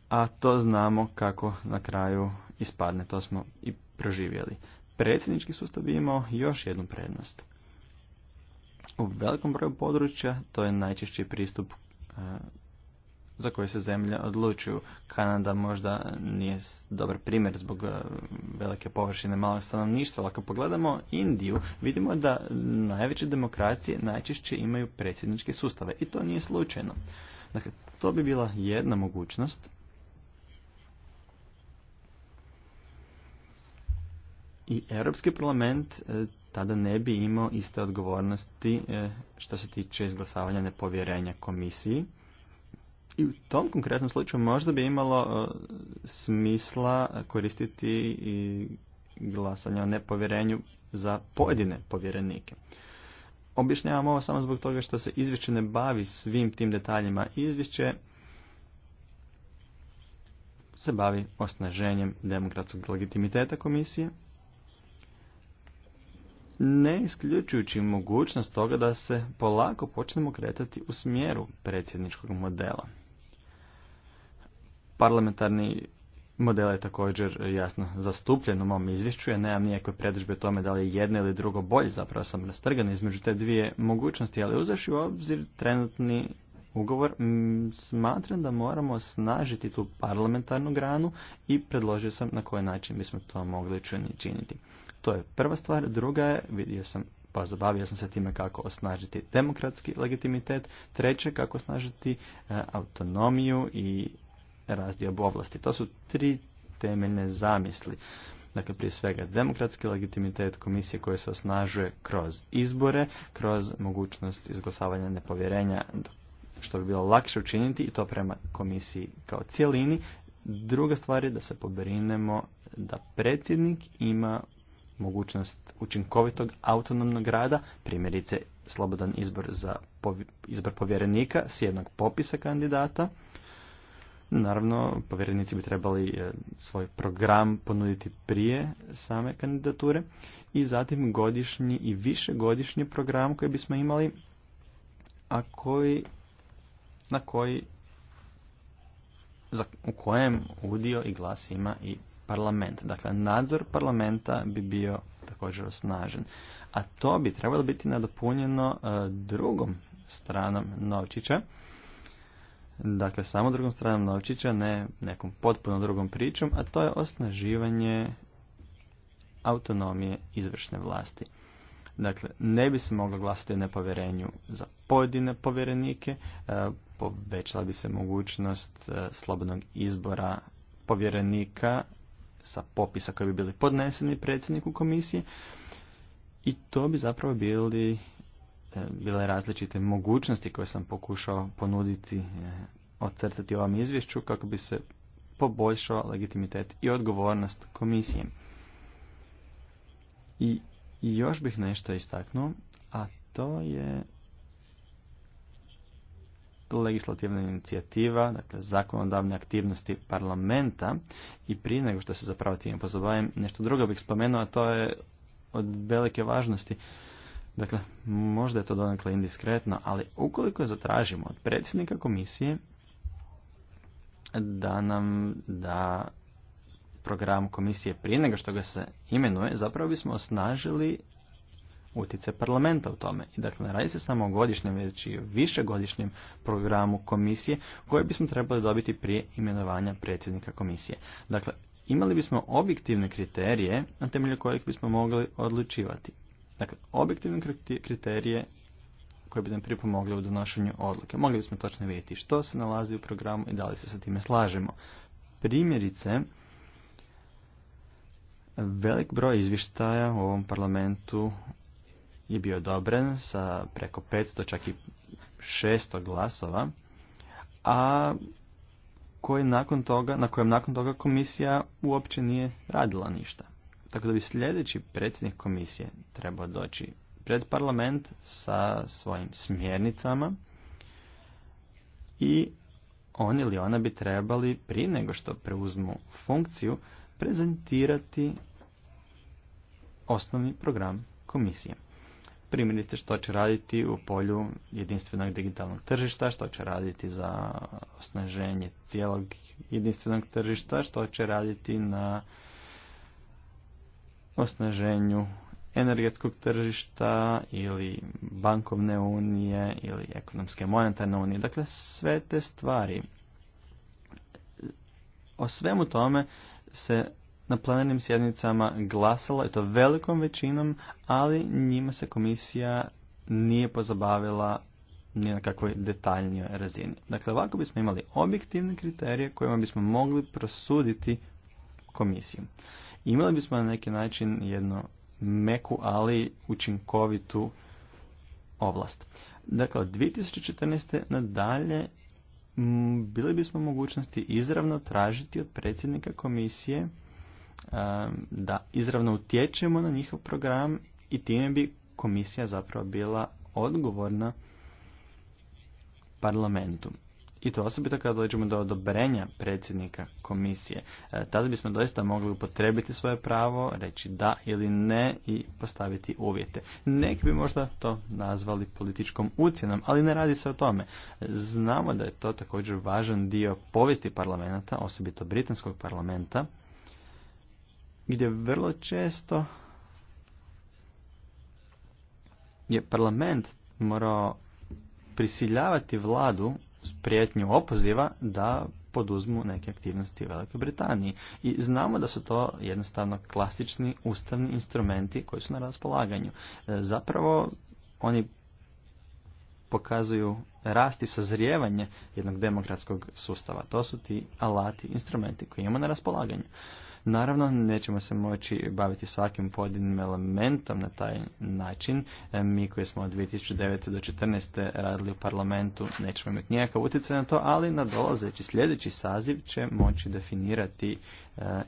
a to znamo kako na kraju ispadne, to smo i proživjeli. Predsjednički sustav bi imao još jednu prednost. U velikom broju područja to je najčešći pristup e, za koje se zemlje odlučuju. Kanada možda nije dobar primjer zbog e, velike površine malog stanovništva, ali ako pogledamo Indiju, vidimo da najveće demokracije najčešće imaju predsjedničke sustave i to nije slučajno. Dakle, to bi bila jedna mogućnost. I Europski parlament e, tada ne bi imao iste odgovornosti e, što se tiče izglasavanja nepovjerenja komisiji i u tom konkretnom slučaju možda bi imalo e, smisla koristiti i glasanje o nepovjerenju za pojedine povjerenike. Objašnjavam ovo samo zbog toga što se izvješće ne bavi svim tim detaljima. Izvješće se bavi osnaženjem demokratskog legitimiteta komisije, ne isključujući mogućnost toga da se polako počnemo kretati u smjeru predsjedničkog modela. Parlamentarni model je također jasno zastupljen u mom izvješću. Ja nemam nijakve predržbe o tome da li je jedno ili drugo bolje. Zapravo sam rastrgan između te dvije mogućnosti, ali uzeš u obzir trenutni ugovor, smatram da moramo snažiti tu parlamentarnu granu i predložio sam na koji način bismo to mogli činiti. To je prva stvar. Druga je, vidio sam pa zabavio sam se time kako osnažiti demokratski legitimitet, treće kako osnažiti e, autonomiju i razdiobu ovlasti. To su tri temeljne zamisli. Dakle, prije svega demokratski legitimitet komisije koje se osnažuje kroz izbore, kroz mogućnost izglasavanja nepovjerenja, što bi bilo lakše učiniti i to prema komisiji kao cijelini. Druga stvar je da se pobrinemo da predsjednik ima mogućnost učinkovitog autonomnog rada, primjerice slobodan izbor za izbor povjerenika s jednog popisa kandidata, Naravno, povjerenici bi trebali e, svoj program ponuditi prije same kandidature i zatim godišnji i višegodišnji program koji bismo imali, a koji, na koji, za, u kojem udio i glas ima i parlament. Dakle, nadzor parlamenta bi bio također osnažen. A to bi trebalo biti nadopunjeno e, drugom stranom novčića, dakle samo drugom stranom novčića, ne nekom potpuno drugom pričom, a to je osnaživanje autonomije izvršne vlasti. Dakle, ne bi se moglo glasati nepovjerenju za pojedine povjerenike, e, povećala bi se mogućnost e, slobodnog izbora povjerenika sa popisa koji bi bili podneseni predsjedniku komisije i to bi zapravo bili bile različite mogućnosti koje sam pokušao ponuditi, e, odcrtati ovom izvješću kako bi se poboljšao legitimitet i odgovornost komisije. I još bih nešto istaknuo, a to je legislativna inicijativa, dakle zakonodavne aktivnosti parlamenta i prije nego što se zapravo time pozabavim, nešto drugo bih spomenuo, a to je od velike važnosti Dakle, možda je to donekle indiskretno, ali ukoliko zatražimo od predsjednika komisije da nam da program komisije prije nego što ga se imenuje, zapravo bismo osnažili utjece parlamenta u tome. I dakle, ne radi se samo o godišnjem, već i o višegodišnjem programu komisije koje bismo trebali dobiti prije imenovanja predsjednika komisije. Dakle, imali bismo objektivne kriterije na temelju kojih bismo mogli odlučivati. Dakle, objektivne kriterije koje bi nam pripomogli u donošenju odluke. Mogli smo točno vidjeti što se nalazi u programu i da li se sa time slažemo. Primjerice, velik broj izvještaja u ovom parlamentu je bio odobren sa preko 500, čak i 600 glasova, a koji nakon toga, na kojem nakon toga komisija uopće nije radila ništa. Tako da bi sljedeći predsjednik komisije trebao doći pred parlament sa svojim smjernicama i on ili ona bi trebali prije nego što preuzmu funkciju prezentirati osnovni program komisije. Primjerice što će raditi u polju jedinstvenog digitalnog tržišta, što će raditi za osnaženje cijelog jedinstvenog tržišta, što će raditi na osnaženju energetskog tržišta ili bankovne unije ili ekonomske monetarne unije. Dakle, sve te stvari. O svemu tome se na plenarnim sjednicama glasalo, i to velikom većinom, ali njima se komisija nije pozabavila ni na kakvoj detaljnijoj razini. Dakle, ovako bismo imali objektivne kriterije kojima bismo mogli prosuditi komisiju imali bismo na neki način jednu meku, ali učinkovitu ovlast. Dakle, od 2014. nadalje bili bismo mogućnosti izravno tražiti od predsjednika komisije da izravno utječemo na njihov program i time bi komisija zapravo bila odgovorna parlamentu i to osobito kada dođemo do odobrenja predsjednika komisije. E, tada bismo doista mogli upotrebiti svoje pravo, reći da ili ne i postaviti uvjete. Neki bi možda to nazvali političkom ucjenom, ali ne radi se o tome. Znamo da je to također važan dio povijesti parlamenta, osobito britanskog parlamenta, gdje vrlo često je parlament morao prisiljavati vladu prijetnju opoziva da poduzmu neke aktivnosti u Velikoj Britaniji. I znamo da su to jednostavno klasični ustavni instrumenti koji su na raspolaganju. E, zapravo oni pokazuju rast i sazrijevanje jednog demokratskog sustava. To su ti alati, instrumenti koji imamo na raspolaganju. Naravno, nećemo se moći baviti svakim pojedinim elementom na taj način. E, mi koji smo od 2009. do 2014. radili u parlamentu nećemo imati nijakav utjecaj na to, ali dolazeći sljedeći saziv će moći definirati e,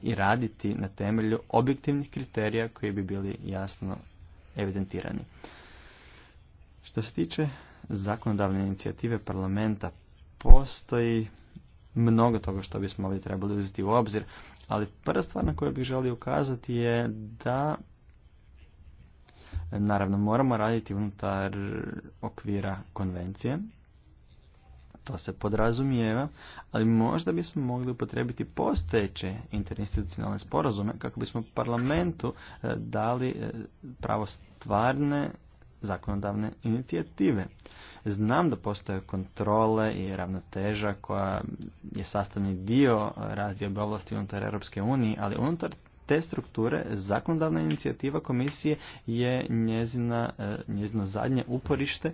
i raditi na temelju objektivnih kriterija koji bi bili jasno evidentirani. Što se tiče zakonodavne inicijative parlamenta, postoji mnogo toga što bismo ovdje trebali uzeti u obzir, ali prva stvar na koju bih želio ukazati je da naravno moramo raditi unutar okvira konvencije. To se podrazumijeva, ali možda bismo mogli upotrebiti postojeće interinstitucionalne sporazume kako bismo parlamentu eh, dali eh, pravo stvarne zakonodavne inicijative. Znam da postoje kontrole i ravnoteža koja je sastavni dio razdiobe oblasti unutar Europske unije, ali unutar te strukture zakonodavna inicijativa komisije je njezina, e, njezino zadnje uporište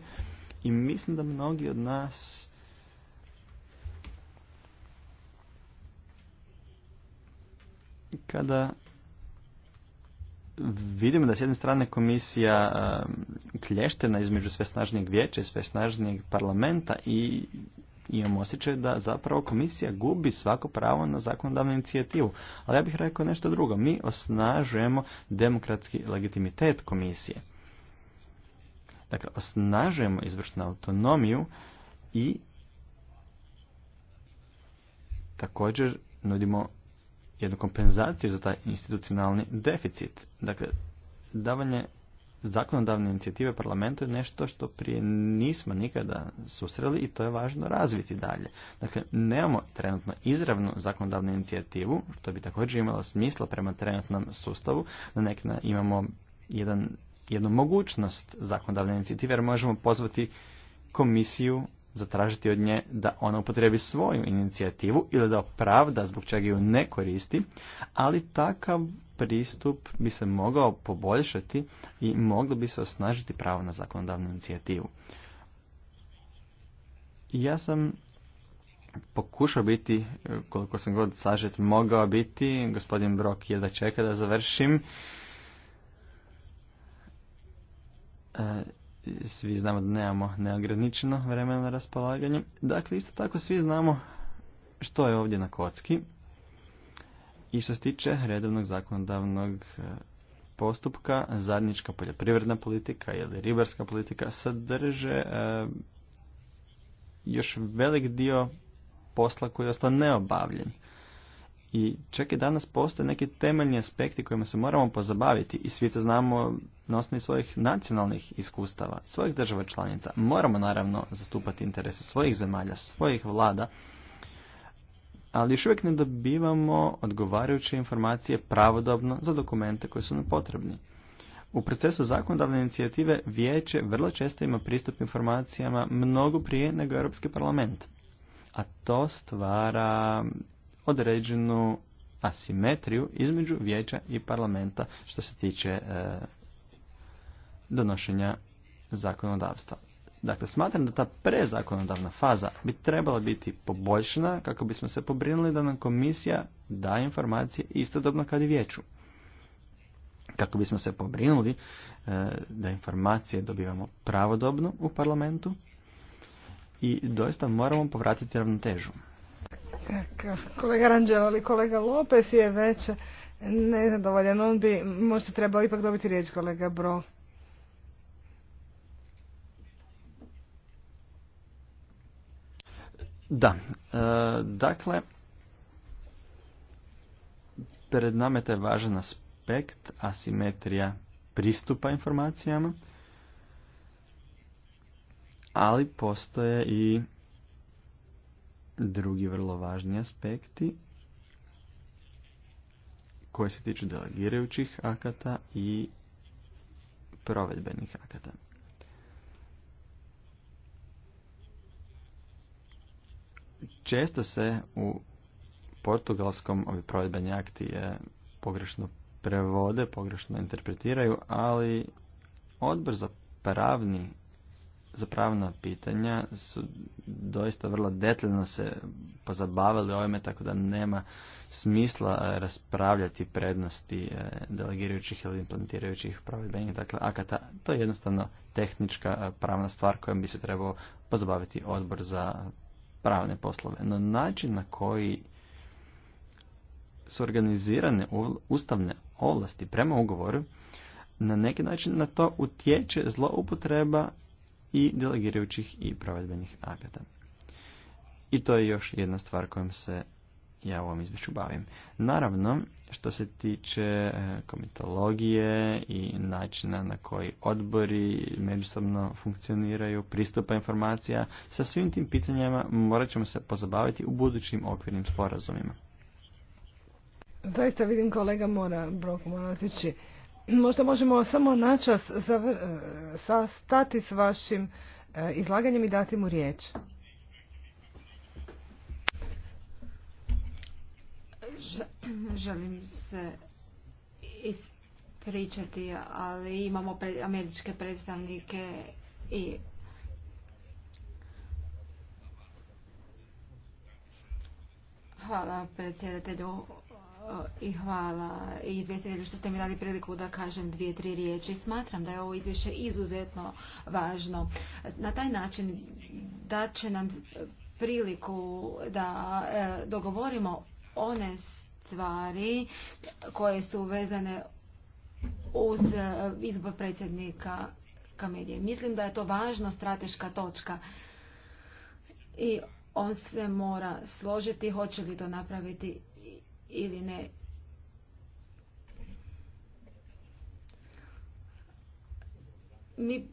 i mislim da mnogi od nas kada vidimo da s jedne strane komisija klještena između sve snažnijeg vijeća i sve snažnijeg parlamenta i imamo osjećaj da zapravo komisija gubi svako pravo na zakonodavnu inicijativu. Ali ja bih rekao nešto drugo. Mi osnažujemo demokratski legitimitet komisije. Dakle, osnažujemo izvršnu autonomiju i također nudimo jednu kompenzaciju za taj institucionalni deficit. Dakle, davanje zakonodavne inicijative parlamentu je nešto što prije nismo nikada susreli i to je važno razviti dalje. Dakle, nemamo trenutno izravnu zakonodavnu inicijativu, što bi također imalo smisla prema trenutnom sustavu, da nekada imamo jedan, jednu mogućnost zakonodavne inicijative jer možemo pozvati komisiju zatražiti od nje da ona upotrebi svoju inicijativu ili da opravda zbog čega ju ne koristi, ali takav pristup bi se mogao poboljšati i moglo bi se osnažiti pravo na zakonodavnu inicijativu. Ja sam pokušao biti, koliko sam god sažet mogao biti, gospodin Brok je da čeka da završim. E, svi znamo da nemamo neograničeno vremena na raspolaganje. Dakle, isto tako svi znamo što je ovdje na kocki. I što se tiče redovnog zakonodavnog e, postupka, zadnička poljoprivredna politika ili ribarska politika sadrže e, još velik dio posla koji je ostao neobavljen. I čak i danas postoje neki temeljni aspekti kojima se moramo pozabaviti i svi to znamo na osnovi svojih nacionalnih iskustava, svojih država članica. Moramo naravno zastupati interese svojih zemalja, svojih vlada, ali još uvijek ne dobivamo odgovarajuće informacije pravodobno za dokumente koji su nam potrebni. U procesu zakonodavne inicijative vijeće vrlo često ima pristup informacijama mnogo prije nego Europski parlament. A to stvara određenu asimetriju između vijeća i parlamenta što se tiče e, donošenja zakonodavstva. Dakle, smatram da ta prezakonodavna faza bi trebala biti poboljšana kako bismo se pobrinuli da nam komisija da informacije istodobno kad i vijeću. Kako bismo se pobrinuli e, da informacije dobivamo pravodobno u parlamentu i doista moramo povratiti ravnotežu. Kolega Ranđel, kolega Lopes je već nezadovoljan. On bi možda trebao ipak dobiti riječ kolega Bro. Da, e, dakle, pred nama je važan aspekt, asimetrija pristupa informacijama, ali postoje i drugi vrlo važni aspekti koji se tiču delegirajućih akata i provedbenih akata. Često se u portugalskom ovi provedbeni akti je pogrešno prevode, pogrešno interpretiraju, ali odbor za pravni za pravna pitanja su doista vrlo detaljno se pozabavili ovime, tako da nema smisla eh, raspravljati prednosti eh, delegirajućih ili implantirajućih provedbenih dakle, akata. To je jednostavno tehnička eh, pravna stvar kojom bi se trebao pozabaviti odbor za pravne poslove. No način na koji su organizirane ustavne ovlasti prema ugovoru, na neki način na to utječe zloupotreba i delegirajućih i provedbenih akata. I to je još jedna stvar kojom se ja u ovom izvješću bavim. Naravno, što se tiče e, komitologije i načina na koji odbori međusobno funkcioniraju, pristupa informacija, sa svim tim pitanjama morat ćemo se pozabaviti u budućim okvirnim sporazumima. Zaista vidim kolega mora Brok možda možemo samo načas e, stati s vašim e, izlaganjem i dati mu riječ. Želim se ispričati, ali imamo američke predstavnike i Hvala predsjedatelju i hvala izvjestitelju što ste mi dali priliku da kažem dvije, tri riječi. Smatram da je ovo izvješće izuzetno važno. Na taj način da će nam priliku da e, dogovorimo one stvari koje su vezane uz izbor predsjednika komedije. Mislim da je to važna strateška točka i on se mora složiti hoće li to napraviti ili ne. Mi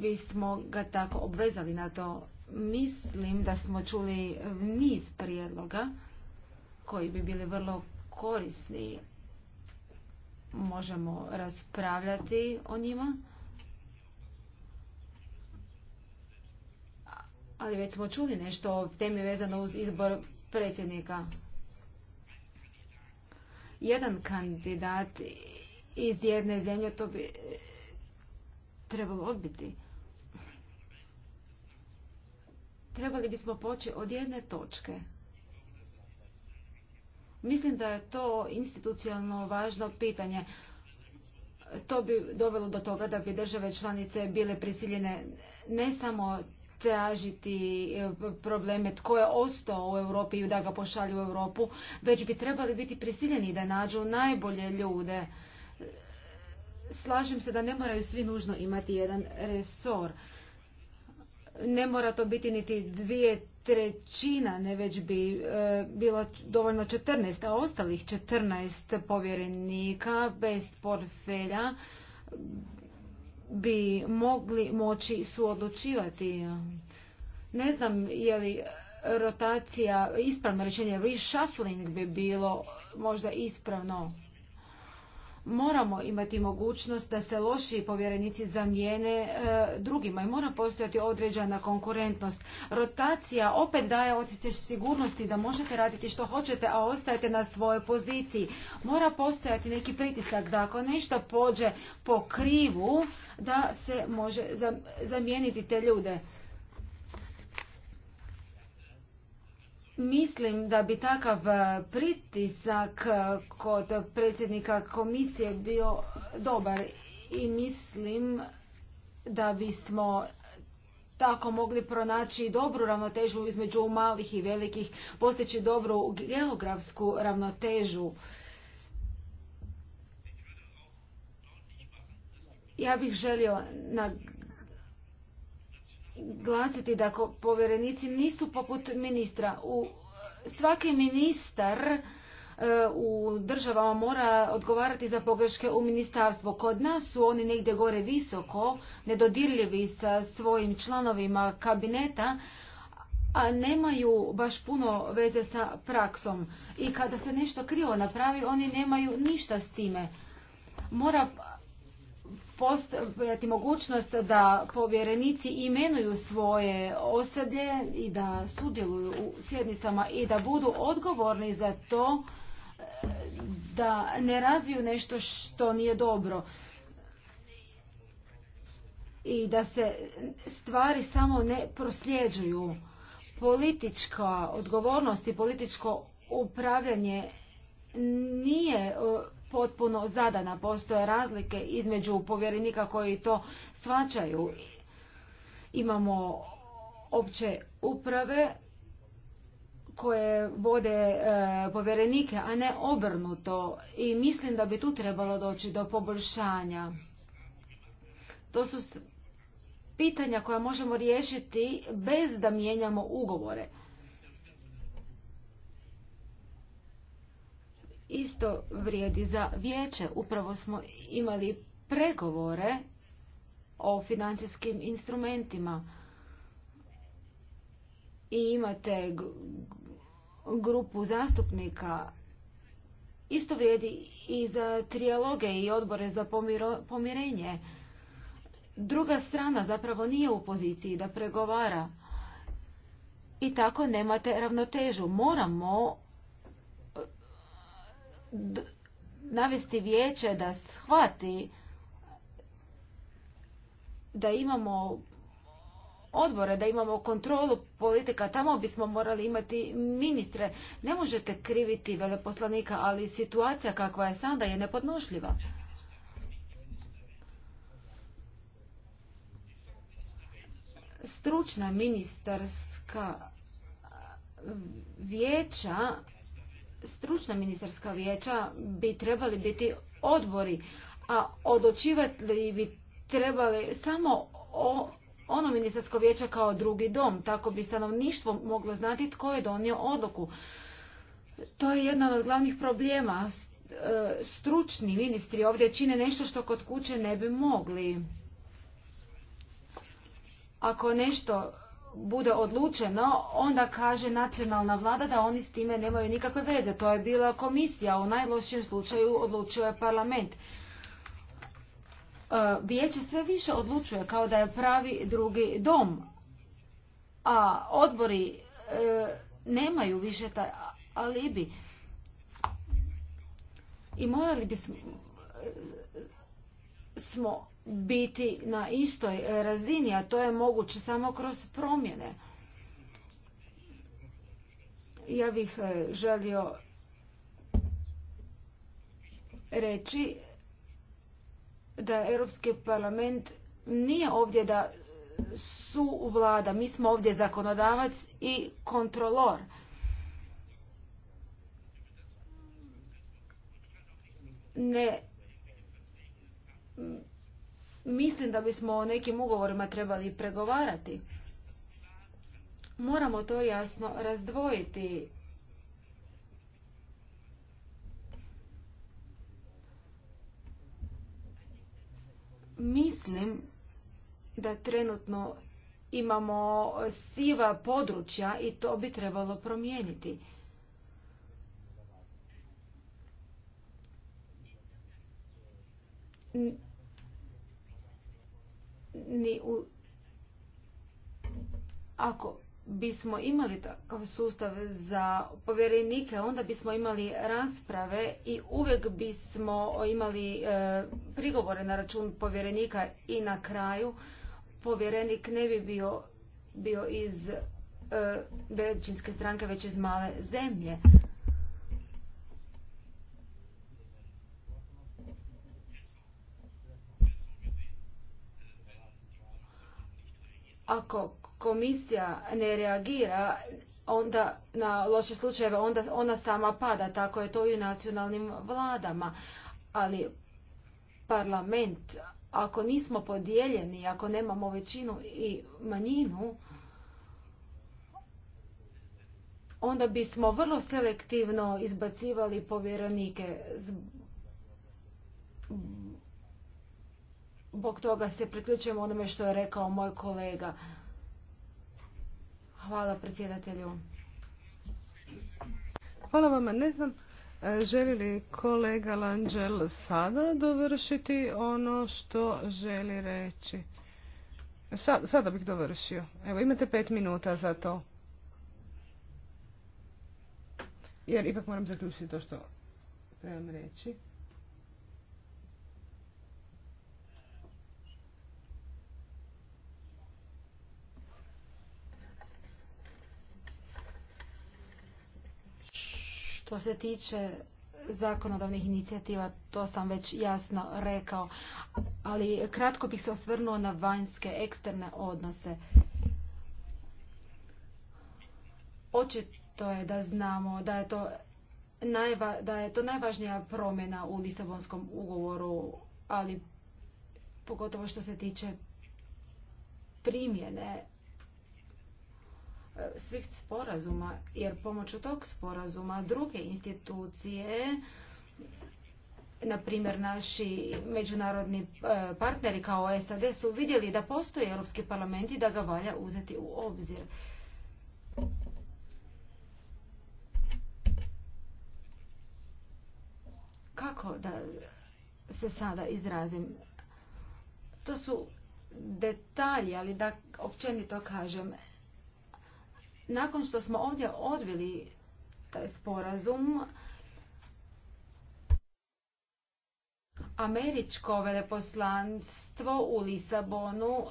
bismo ga tako obvezali na to. Mislim da smo čuli niz prijedloga koji bi bili vrlo korisni. Možemo raspravljati o njima. Ali već smo čuli nešto o temi vezano uz izbor predsjednika jedan kandidat iz jedne zemlje, to bi eh, trebalo odbiti. Trebali bismo poći od jedne točke. Mislim da je to institucionalno važno pitanje. To bi dovelo do toga da bi države članice bile prisiljene ne samo tražiti e, probleme tko je ostao u Europi i da ga pošalju u Europu, već bi trebali biti prisiljeni da nađu najbolje ljude. Slažem se da ne moraju svi nužno imati jedan resor. Ne mora to biti niti dvije trećina, ne već bi e, bilo dovoljno 14, a ostalih 14 povjerenika bez portfelja bi mogli moći suodlučivati. Ne znam je li rotacija ispravno rečenje, reshuffling bi bilo možda ispravno moramo imati mogućnost da se loši povjerenici zamijene e, drugima i mora postojati određena konkurentnost. Rotacija opet daje osjećaj sigurnosti da možete raditi što hoćete, a ostajete na svojoj poziciji. Mora postojati neki pritisak da ako nešto pođe po krivu, da se može zamijeniti te ljude. Mislim da bi takav e, pritisak e, kod predsjednika komisije bio dobar i mislim da bismo tako mogli pronaći dobru ravnotežu između malih i velikih, postići dobru geografsku ravnotežu. Ja bih želio na glasiti da povjerenici nisu poput ministra. U, svaki ministar e, u državama mora odgovarati za pogreške u ministarstvu. Kod nas su oni negdje gore visoko, nedodirljivi sa svojim članovima kabineta, a nemaju baš puno veze sa praksom. I kada se nešto krivo napravi, oni nemaju ništa s time. Mora postojati mogućnost da povjerenici imenuju svoje osoblje i da sudjeluju u sjednicama i da budu odgovorni za to e, da ne razviju nešto što nije dobro i da se stvari samo ne prosljeđuju. Politička odgovornost i političko upravljanje nije e, potpuno zadana. Postoje razlike između povjerenika koji to svačaju. Imamo opće uprave koje vode e, povjerenike, a ne obrnuto. I mislim da bi tu trebalo doći do poboljšanja. To su pitanja koja možemo riješiti bez da mijenjamo ugovore. Isto vrijedi za vijeće. Upravo smo imali pregovore o financijskim instrumentima. I imate grupu zastupnika. Isto vrijedi i za trijaloge i odbore za pomirenje. Druga strana zapravo nije u poziciji da pregovara. I tako nemate ravnotežu. Moramo navesti vijeće da shvati da imamo odbore, da imamo kontrolu politika, tamo bismo morali imati ministre. Ne možete kriviti veleposlanika, ali situacija kakva je sada je nepodnošljiva. Stručna ministarska vijeća stručna ministarska vijeća bi trebali biti odbori, a odlučivati bi trebali samo ono ministarsko vijeće kao drugi dom, tako bi stanovništvo moglo znati tko je donio odluku. To je jedan od glavnih problema. E, stručni ministri ovdje čine nešto što kod kuće ne bi mogli. Ako nešto bude odlučeno, onda kaže nacionalna vlada da oni s time nemaju nikakve veze. To je bila komisija, u najlošijem slučaju odlučio je parlament. E, vijeće sve više odlučuje kao da je pravi drugi dom, a odbori e, nemaju više taj alibi. I morali bismo e, smo biti na istoj razini, a to je moguće samo kroz promjene. Ja bih e, želio reći da Europski parlament nije ovdje da su vlada. Mi smo ovdje zakonodavac i kontrolor. Ne Mislim da bismo o nekim ugovorima trebali pregovarati. Moramo to jasno razdvojiti. Mislim da trenutno imamo siva područja i to bi trebalo promijeniti ni u... Ako bismo imali takav sustav za povjerenike, onda bismo imali rasprave i uvijek bismo imali e, prigovore na račun povjerenika i na kraju povjerenik ne bi bio, bio iz e, većinske stranke, već iz male zemlje. Ako komisija ne reagira onda na loše slučajeve, onda ona sama pada, tako je to i u nacionalnim vladama. Ali parlament, ako nismo podijeljeni, ako nemamo većinu i manjinu, onda bismo vrlo selektivno izbacivali povjerenike zbog toga se priključujem onome što je rekao moj kolega. Hvala predsjedatelju. Hvala vama. Ne znam e, želi li kolega Lanđel sada dovršiti ono što želi reći. sada bih dovršio. Evo imate pet minuta za to. Jer ipak moram zaključiti to što trebam reći. Što se tiče zakonodavnih inicijativa, to sam već jasno rekao, ali kratko bih se osvrnuo na vanjske, eksterne odnose. Očito je da znamo da je to, najva, da je to najvažnija promjena u Lisabonskom ugovoru, ali pogotovo što se tiče primjene svih eh, sporazuma, jer pomoću tog sporazuma druge institucije, na primjer naši međunarodni eh, partneri kao SAD su vidjeli da postoji Europski parlament i da ga valja uzeti u obzir. Kako da se sada izrazim? To su detalji, ali da općenito kažem, nakon što smo ovdje odbili taj sporazum, američko veleposlanstvo u Lisabonu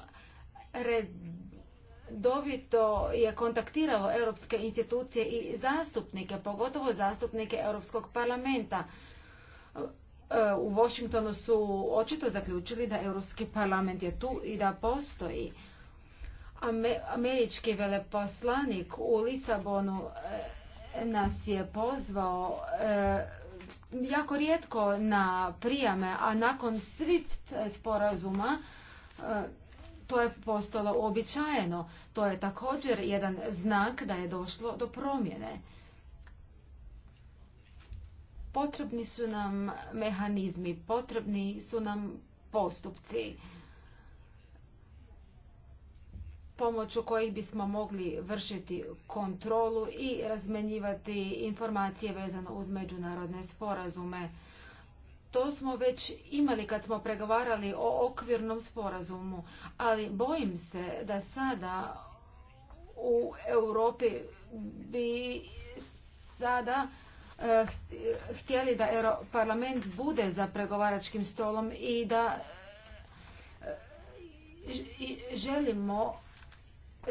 redovito je kontaktiralo europske institucije i zastupnike, pogotovo zastupnike Europskog parlamenta. E, u Washingtonu su očito zaključili da Europski parlament je tu i da postoji. Američki veleposlanik u Lisabonu e, nas je pozvao e, jako rijetko na prijame, a nakon SWIFT sporazuma e, to je postalo uobičajeno. To je također jedan znak da je došlo do promjene. Potrebni su nam mehanizmi, potrebni su nam postupci. pomoću kojih bismo mogli vršiti kontrolu i razmenjivati informacije vezano uz međunarodne sporazume. To smo već imali kad smo pregovarali o okvirnom sporazumu, ali bojim se da sada u Europi bi sada eh, htjeli da parlament bude za pregovaračkim stolom i da eh, želimo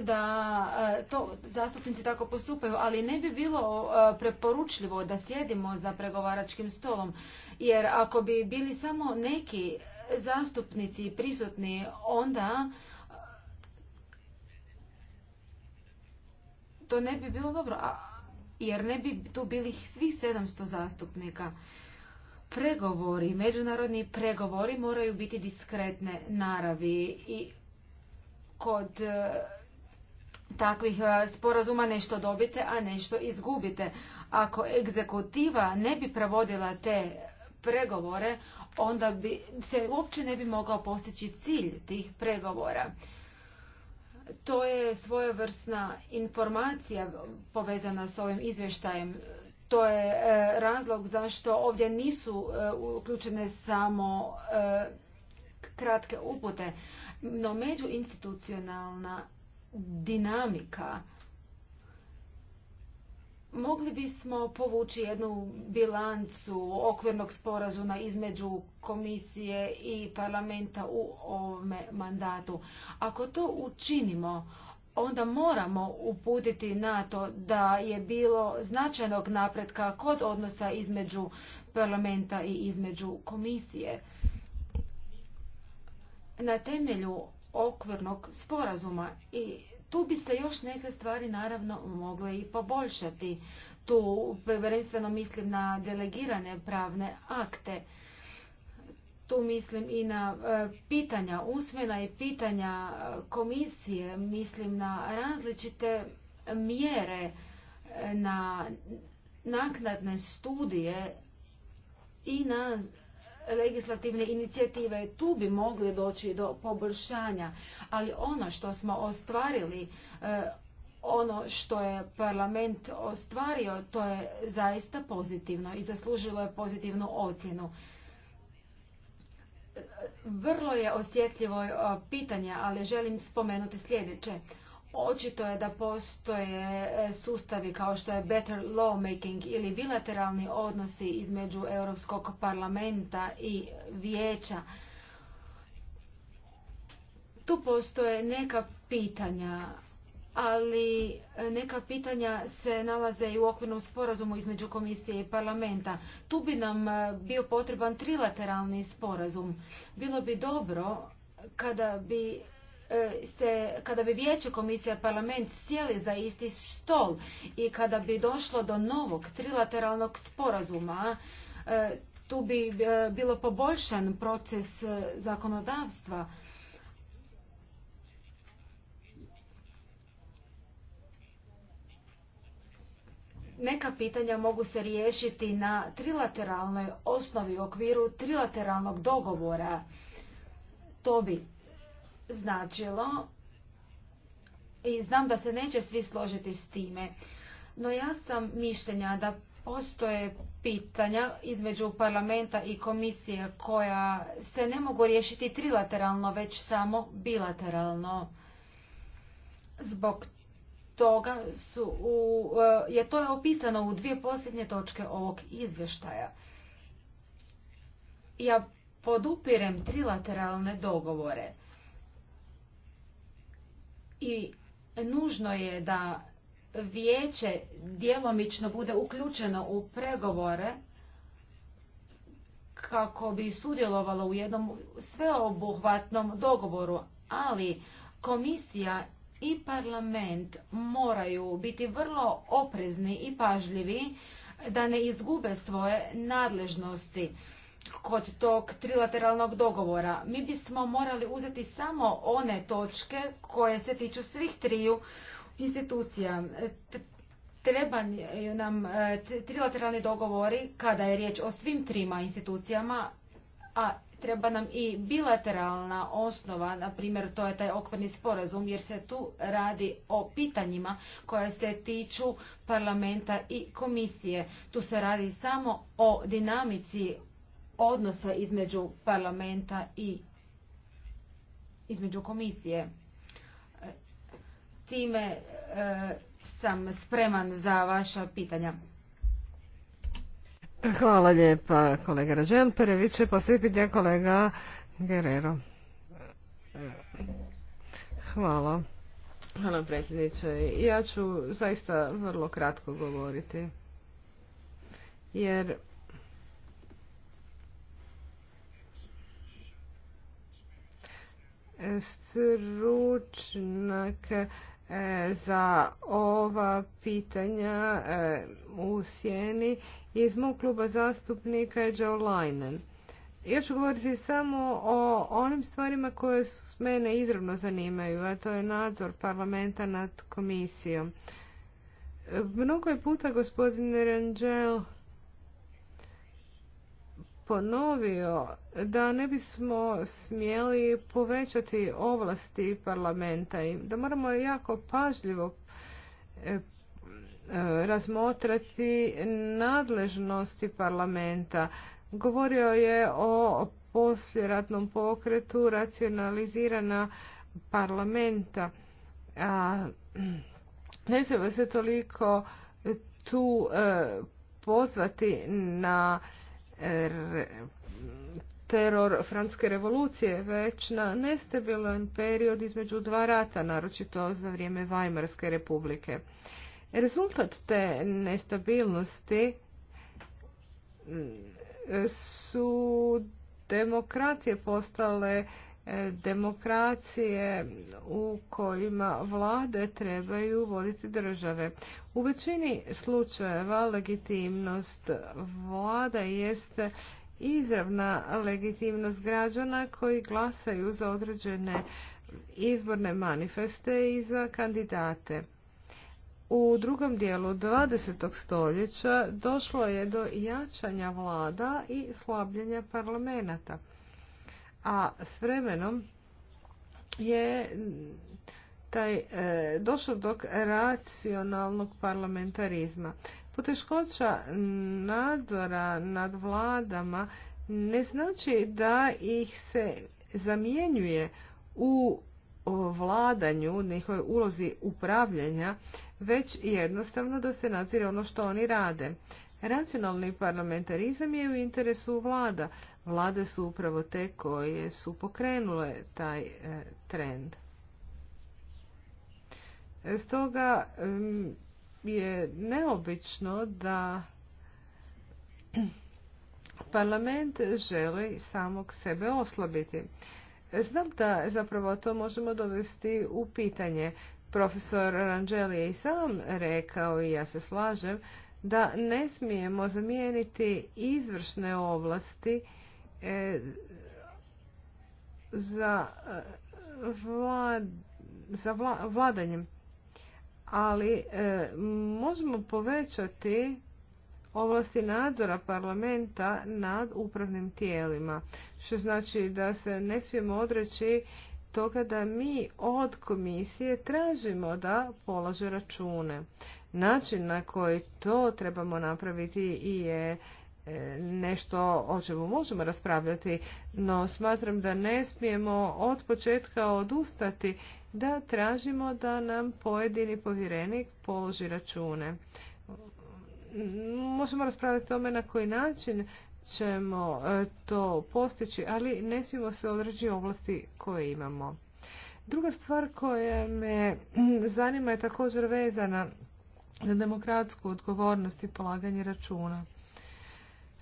da e, to zastupnici tako postupaju, ali ne bi bilo e, preporučljivo da sjedimo za pregovaračkim stolom, jer ako bi bili samo neki zastupnici prisutni, onda e, to ne bi bilo dobro, jer ne bi tu bili svih 700 zastupnika. Pregovori, međunarodni pregovori moraju biti diskretne naravi i kod takvih e, sporazuma nešto dobite, a nešto izgubite. Ako egzekutiva ne bi provodila te pregovore, onda bi se uopće ne bi mogao postići cilj tih pregovora. To je svojevrsna informacija povezana s ovim izvještajem. To je e, razlog zašto ovdje nisu e, uključene samo kratke upute, no međuinstitucionalna dinamika. Mogli bismo povući jednu bilancu okvirnog sporazuma između komisije i parlamenta u ovome mandatu. Ako to učinimo, onda moramo uputiti na to da je bilo značajnog napretka kod odnosa između parlamenta i između komisije. Na temelju okvirnog sporazuma i tu bi se još neke stvari naravno mogle i poboljšati. Tu prvenstveno mislim na delegirane pravne akte. Tu mislim i na e, pitanja usmjena i pitanja e, komisije, mislim na različite mjere, e, na naknadne studije i na legislativne inicijative. Tu bi mogli doći do poboljšanja, ali ono što smo ostvarili e, ono što je parlament ostvario, to je zaista pozitivno i zaslužilo je pozitivnu ocjenu. Vrlo je osjetljivo pitanje, ali želim spomenuti sljedeće. Očito je da postoje e, sustavi kao što je better lawmaking ili bilateralni odnosi između Europskog parlamenta i vijeća. Tu postoje neka pitanja, ali neka pitanja se nalaze i u okvirnom sporazumu između komisije i parlamenta. Tu bi nam e, bio potreban trilateralni sporazum. Bilo bi dobro kada bi E, se, kada bi vijeće komisija parlament sjeli za isti stol i kada bi došlo do novog trilateralnog sporazuma, e, tu bi e, bilo poboljšan proces zakonodavstva. Neka pitanja mogu se riješiti na trilateralnoj osnovi u okviru trilateralnog dogovora. To bi značilo i znam da se neće svi složiti s time. No ja sam mišljenja da postoje pitanja između parlamenta i komisije koja se ne mogu riješiti trilateralno, već samo bilateralno. Zbog toga su u, e, je to je opisano u dvije posljednje točke ovog izvještaja. Ja podupirem trilateralne dogovore, i nužno je da vijeće djelomično bude uključeno u pregovore kako bi sudjelovalo u jednom sveobuhvatnom dogovoru, ali komisija i parlament moraju biti vrlo oprezni i pažljivi da ne izgube svoje nadležnosti kod tog trilateralnog dogovora. Mi bismo morali uzeti samo one točke koje se tiču svih triju institucija. Treba nam e, trilateralni dogovori kada je riječ o svim trima institucijama, a treba nam i bilateralna osnova, na primjer to je taj okvirni sporazum, jer se tu radi o pitanjima koja se tiču parlamenta i komisije. Tu se radi samo o dinamici odnosa između parlamenta i između komisije. E, time e, sam spreman za vaša pitanja. Hvala lijepa kolega Rađen. Prvi će kolega Guerrero. Hvala. Hvala predsjedniče. Ja ću zaista vrlo kratko govoriti. Jer stručnjak e, za ova pitanja e, u sjeni iz mog kluba zastupnika Joe Linen. Ja ću govoriti samo o onim stvarima koje mene izravno zanimaju, a to je nadzor parlamenta nad komisijom. Mnogo je puta gospodin Rangel ponovio da ne bismo smjeli povećati ovlasti parlamenta i da moramo jako pažljivo e, razmotrati nadležnosti parlamenta. Govorio je o posljeratnom pokretu racionalizirana parlamenta. ne treba se toliko tu e, pozvati na teror francuske revolucije, već na nestabilan period između dva rata, naročito za vrijeme Weimarske republike. Rezultat te nestabilnosti mm, su demokracije postale E, demokracije u kojima vlade trebaju voditi države. U većini slučajeva legitimnost vlada jeste izravna legitimnost građana koji glasaju za određene izborne manifeste i za kandidate. U drugom dijelu 20. stoljeća došlo je do jačanja vlada i slabljenja parlamenta a s vremenom je taj e, došlo do racionalnog parlamentarizma. Poteškoća nadzora nad vladama ne znači da ih se zamjenjuje u vladanju, njihovoj ulozi upravljanja, već jednostavno da se nadzire ono što oni rade. Racionalni parlamentarizam je u interesu vlada. Vlade su upravo te koje su pokrenule taj e, trend. Stoga je neobično da parlament želi samog sebe oslabiti. Znam da zapravo to možemo dovesti u pitanje. Profesor Ranđeli je i sam rekao i ja se slažem da ne smijemo zamijeniti izvršne ovlasti e, za e, vladanjem. Ali e, možemo povećati ovlasti nadzora parlamenta nad upravnim tijelima, što znači da se ne smijemo odreći toga da mi od komisije tražimo da polaže račune. Način na koji to trebamo napraviti je e, nešto o čemu možemo raspravljati, no smatram da ne smijemo od početka odustati da tražimo da nam pojedini povjerenik položi račune. Možemo raspravljati o tome na koji način ćemo e, to postići, ali ne smijemo se odreći ovlasti koje imamo. Druga stvar koja me zanima je također vezana za demokratsku odgovornost i polaganje računa.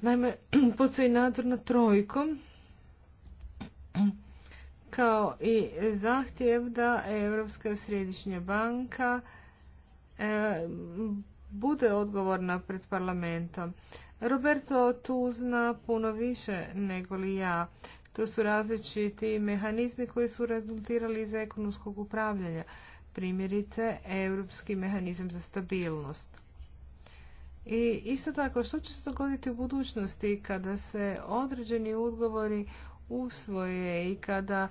Naime, postoji nadzor nad trojkom kao i zahtjev da Europska središnja banka e, bude odgovorna pred parlamentom. Roberto tu zna puno više nego li ja. To su različiti mehanizmi koji su rezultirali iz ekonomskog upravljanja primjerice europski mehanizam za stabilnost. I isto tako, što će se dogoditi u budućnosti kada se određeni ugovori usvoje i kada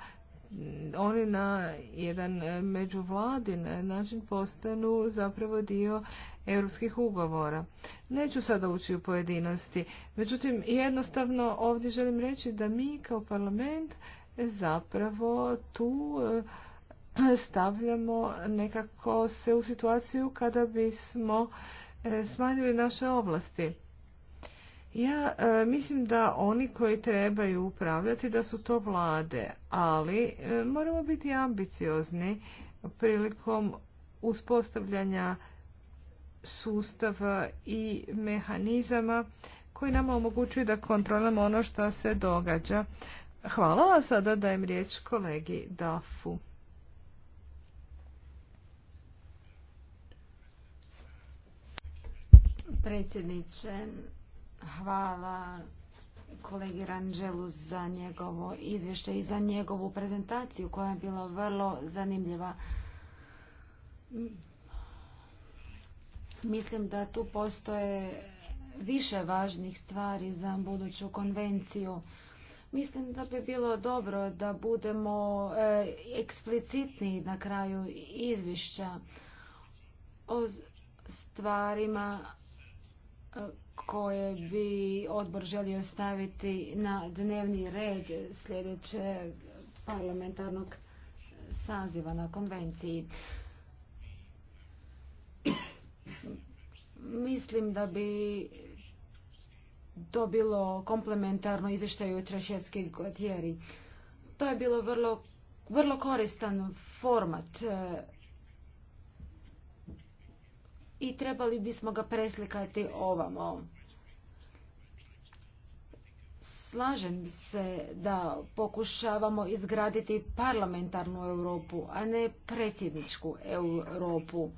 oni na jedan međuvladin način postanu zapravo dio europskih ugovora. Neću sada ući u pojedinosti, međutim jednostavno ovdje želim reći da mi kao parlament zapravo tu stavljamo nekako se u situaciju kada bismo e, smanjili naše ovlasti. Ja e, mislim da oni koji trebaju upravljati da su to vlade, ali e, moramo biti ambiciozni prilikom uspostavljanja sustava i mehanizama koji nam omogućuju da kontrolamo ono što se događa. Hvala vam sada dajem riječ kolegi Dafu. predsjedniče. Hvala kolegi Ranđelu za njegovo izvješće i za njegovu prezentaciju koja je bila vrlo zanimljiva. Mislim da tu postoje više važnih stvari za buduću konvenciju. Mislim da bi bilo dobro da budemo e, eksplicitni na kraju izvješća o stvarima koje bi odbor želio staviti na dnevni red sljedećeg parlamentarnog saziva na konvenciji. Mislim da bi to bilo komplementarno izvještaju Traševski Gotjeri. To je bilo vrlo, vrlo koristan format i trebali bismo ga preslikati ovamo. Slažem se da pokušavamo izgraditi parlamentarnu Europu, a ne predsjedničku Europu.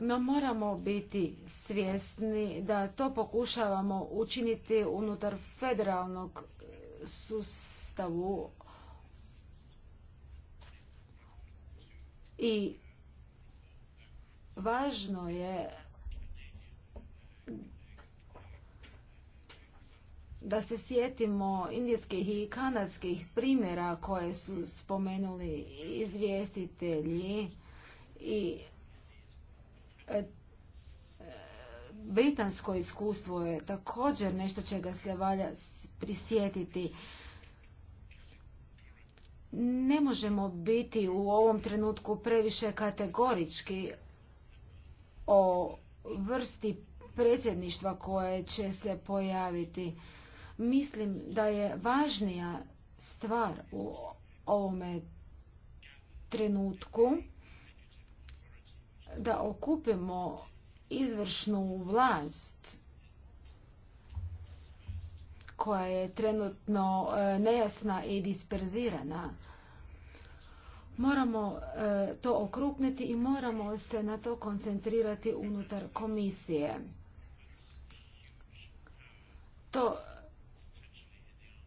No moramo biti svjesni da to pokušavamo učiniti unutar federalnog sustavu i Važno je da se sjetimo indijskih i kanadskih primjera koje su spomenuli izvjestitelji i e, britansko iskustvo je također nešto čega se valja prisjetiti. Ne možemo biti u ovom trenutku previše kategorički o vrsti predsjedništva koje će se pojaviti. Mislim da je važnija stvar u ovome trenutku da okupimo izvršnu vlast koja je trenutno e, nejasna i disperzirana Moramo e, to okrupniti i moramo se na to koncentrirati unutar komisije. To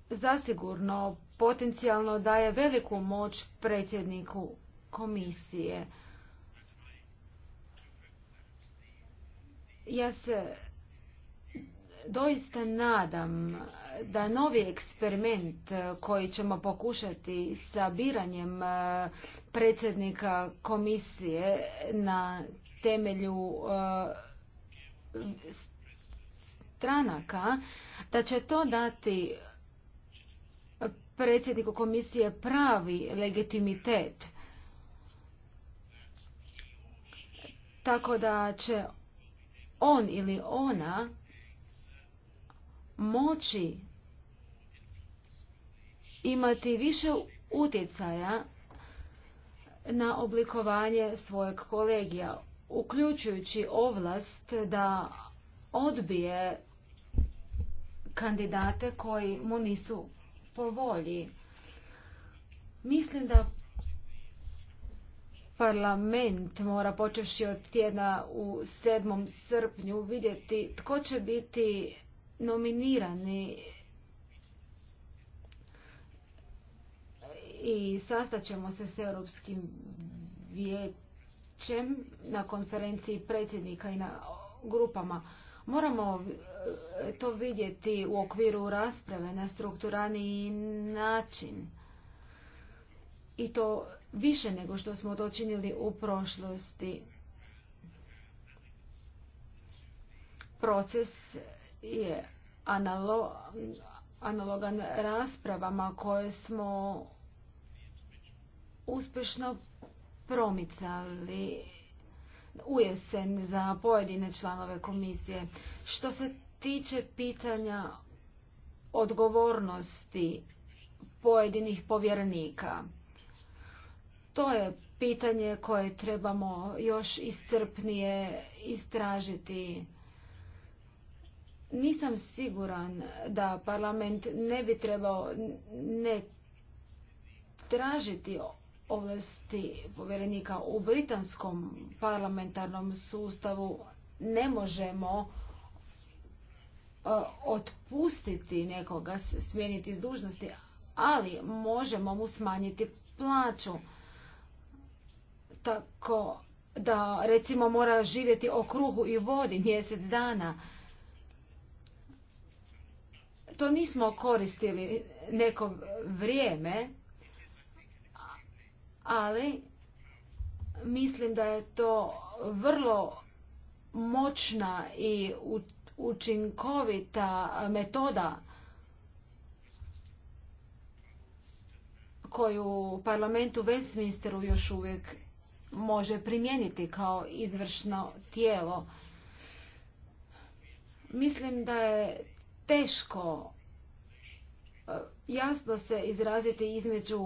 zasigurno potencijalno daje veliku moć predsjedniku komisije. Ja se doista nadam da novi eksperiment e, koji ćemo pokušati sa biranjem e, predsjednika komisije na temelju e, stranaka, da će to dati predsjedniku komisije pravi legitimitet. Tako da će on ili ona moći imati više utjecaja na oblikovanje svojeg kolegija, uključujući ovlast da odbije kandidate koji mu nisu po volji. Mislim da parlament mora počevši od tjedna u 7. srpnju vidjeti tko će biti nominirani i sastaćemo se s Europskim vijećem na konferenciji predsjednika i na grupama. Moramo e, to vidjeti u okviru rasprave na strukturani način. I to više nego što smo to činili u prošlosti. Proces je analogan raspravama koje smo uspješno promicali u jesen za pojedine članove komisije. Što se tiče pitanja odgovornosti pojedinih povjerenika, to je pitanje koje trebamo još iscrpnije istražiti nisam siguran da parlament ne bi trebao ne tražiti ovlasti povjerenika u britanskom parlamentarnom sustavu ne možemo e, otpustiti nekoga, smijeniti iz dužnosti, ali možemo mu smanjiti plaću. Tako da recimo mora živjeti o kruhu i vodi mjesec dana. To nismo koristili neko vrijeme, ali mislim da je to vrlo moćna i učinkovita metoda koju parlamentu Westminsteru još uvijek može primijeniti kao izvršno tijelo. Mislim da je teško e, jasno se izraziti između,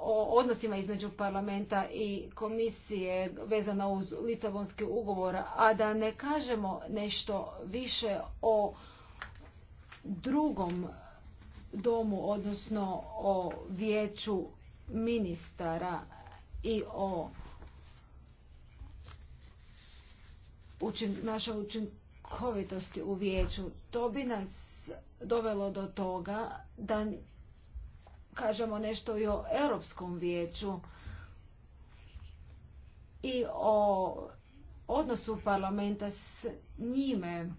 o odnosima između parlamenta i komisije vezano uz Lisabonski ugovor, a da ne kažemo nešto više o drugom domu, odnosno o vijeću ministara i o našoj učinkovitosti u vijeću. To bi nas dovelo do toga da kažemo nešto i o Europskom vijeću i o odnosu parlamenta s njime.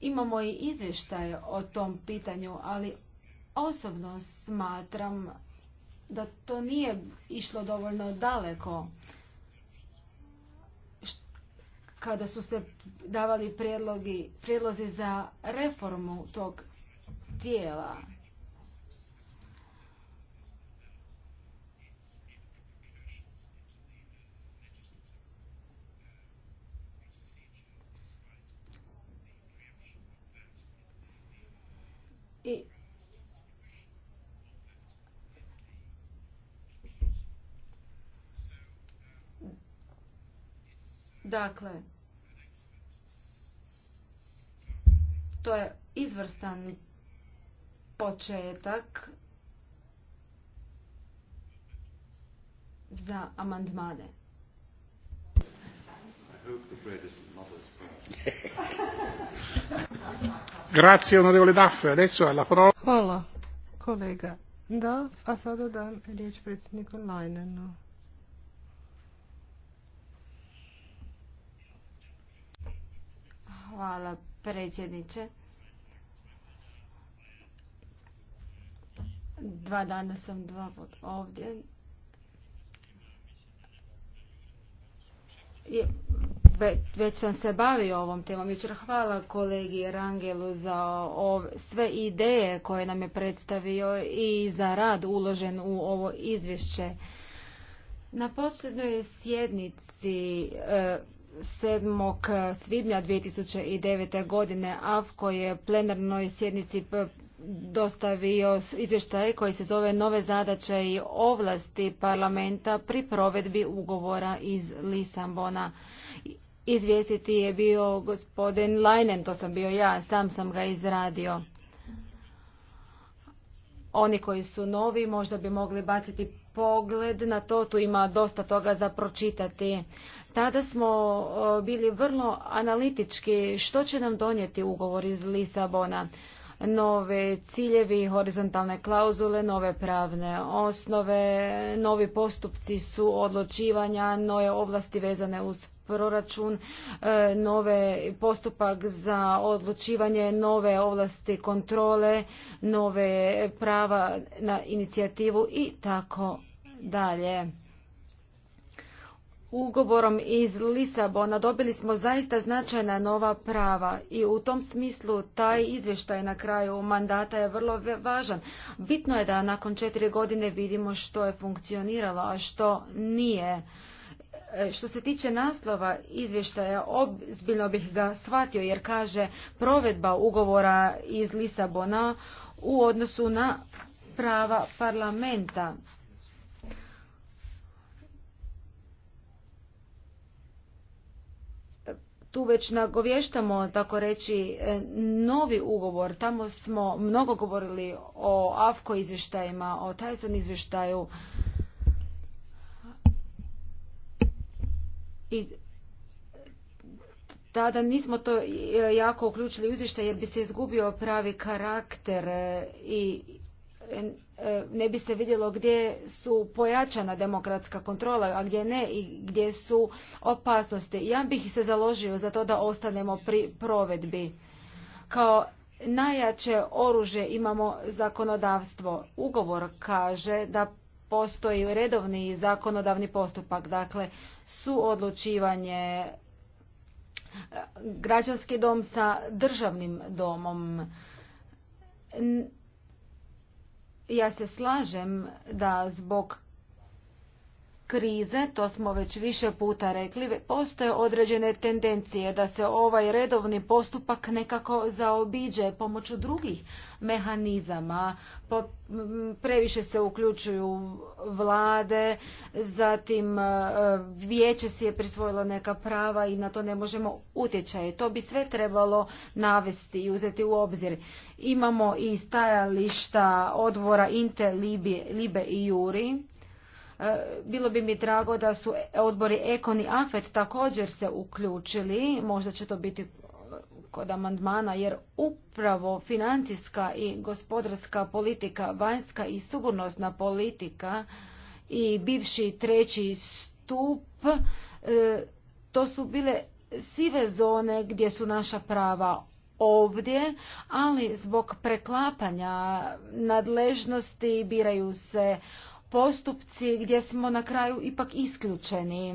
Imamo i izvještaje o tom pitanju, ali osobno smatram da to nije išlo dovoljno daleko kada su se davali prijedlogi, prijedlozi za reformu tog tijela. I Dakle, To je izvrstan početak za amandmane. Grazie onorevole adesso Hvala kolega Da, a sada dam riječ predsjedniku Lajnenu. Hvala predsjedniče. Dva dana sam dva ovdje. već sam se bavio ovom temom. Jučer hvala kolegi Rangelu za sve ideje koje nam je predstavio i za rad uložen u ovo izvješće. Na posljednoj sjednici e, 7. Eh, svibnja 2009. godine AFKO je plenarnoj sjednici eh, dostavio izvještaj koji se zove Nove zadaće i ovlasti parlamenta pri provedbi ugovora iz Lisambona. izvijestiti je bio gospodin Lajnen, to sam bio ja, sam sam ga izradio. Oni koji su novi možda bi mogli baciti pogled na to, tu ima dosta toga za pročitati. Tada smo bili vrlo analitički što će nam donijeti ugovor iz Lisabona nove ciljevi, horizontalne klauzule, nove pravne osnove, novi postupci su odločivanja, nove ovlasti vezane uz proračun, e, nove postupak za odlučivanje, nove ovlasti kontrole, nove prava na inicijativu i tako dalje ugovorom iz Lisabona dobili smo zaista značajna nova prava i u tom smislu taj izvještaj na kraju mandata je vrlo važan. Bitno je da nakon četiri godine vidimo što je funkcioniralo, a što nije. E, što se tiče naslova izvještaja, ozbiljno bih ga shvatio jer kaže provedba ugovora iz Lisabona u odnosu na prava parlamenta. tu već nagovještamo, tako reći, e, novi ugovor. Tamo smo mnogo govorili o AFKO izvještajima, o Tyson izvještaju. I tada nismo to e, jako uključili u izvještaj jer bi se izgubio pravi karakter e, i E, ne bi se vidjelo gdje su pojačana demokratska kontrola, a gdje ne i gdje su opasnosti. Ja bih se založio za to da ostanemo pri provedbi. Kao najjače oružje imamo zakonodavstvo. Ugovor kaže da postoji redovni zakonodavni postupak, dakle suodlučivanje e, građanski dom sa državnim domom ja se slažem da zbog krize, to smo već više puta rekli, postoje određene tendencije da se ovaj redovni postupak nekako zaobiđe pomoću drugih mehanizama. Previše se uključuju vlade, zatim e, vijeće si je prisvojilo neka prava i na to ne možemo utječaj. To bi sve trebalo navesti i uzeti u obzir. Imamo i stajališta odbora Inte, Libe i Juri E, bilo bi mi drago da su odbori Ekon i Afet također se uključili, možda će to biti e, kod amandmana, jer upravo financijska i gospodarska politika, vanjska i sigurnosna politika i bivši treći stup, e, to su bile sive zone gdje su naša prava ovdje, ali zbog preklapanja nadležnosti biraju se postupci gdje smo na kraju ipak isključeni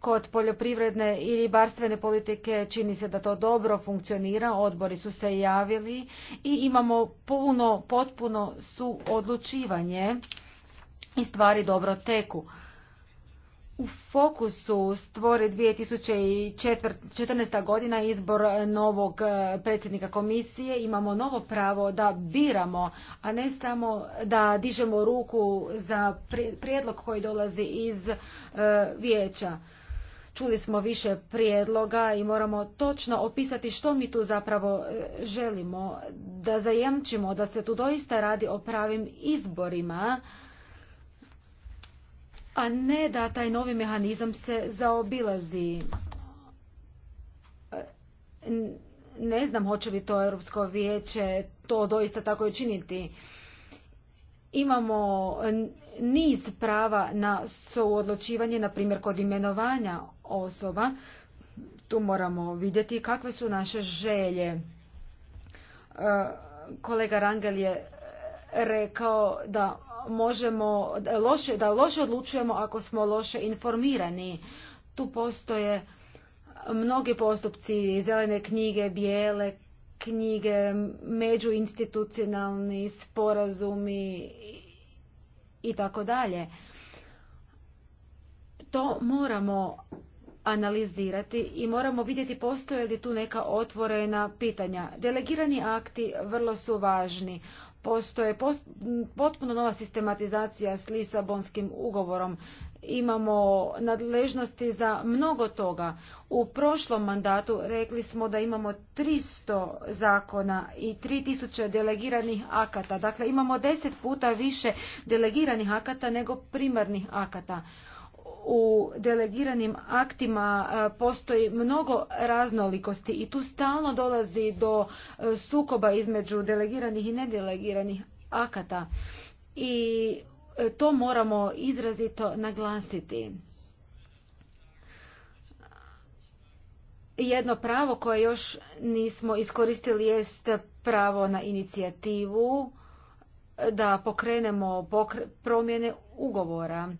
kod poljoprivredne i ribarstvene politike čini se da to dobro funkcionira, odbori su se javili i imamo puno, potpuno suodlučivanje i stvari dobro teku u fokusu stvore 2014. godina izbor e, novog e, predsjednika komisije. Imamo novo pravo da biramo, a ne samo da dižemo ruku za prijedlog koji dolazi iz e, vijeća. Čuli smo više prijedloga i moramo točno opisati što mi tu zapravo želimo. Da zajemčimo da se tu doista radi o pravim izborima, a ne da taj novi mehanizam se zaobilazi. E, ne znam hoće li to Europsko vijeće to doista tako i činiti. Imamo niz prava na suodlučivanje, na primjer kod imenovanja osoba. Tu moramo vidjeti kakve su naše želje. E, kolega Rangel je rekao da možemo da loše, da loše odlučujemo ako smo loše informirani. Tu postoje mnogi postupci, zelene knjige, bijele knjige, međuinstitucionalni sporazumi i tako dalje. To moramo analizirati i moramo vidjeti postoje li tu neka otvorena pitanja. Delegirani akti vrlo su važni postoje potpuno nova sistematizacija s Lisabonskim ugovorom. Imamo nadležnosti za mnogo toga. U prošlom mandatu rekli smo da imamo 300 zakona i 3000 delegiranih akata. Dakle, imamo 10 puta više delegiranih akata nego primarnih akata u delegiranim aktima e, postoji mnogo raznolikosti i tu stalno dolazi do e, sukoba između delegiranih i nedelegiranih akata i e, to moramo izrazito naglasiti. Jedno pravo koje još nismo iskoristili jest pravo na inicijativu da pokrenemo promjene ugovora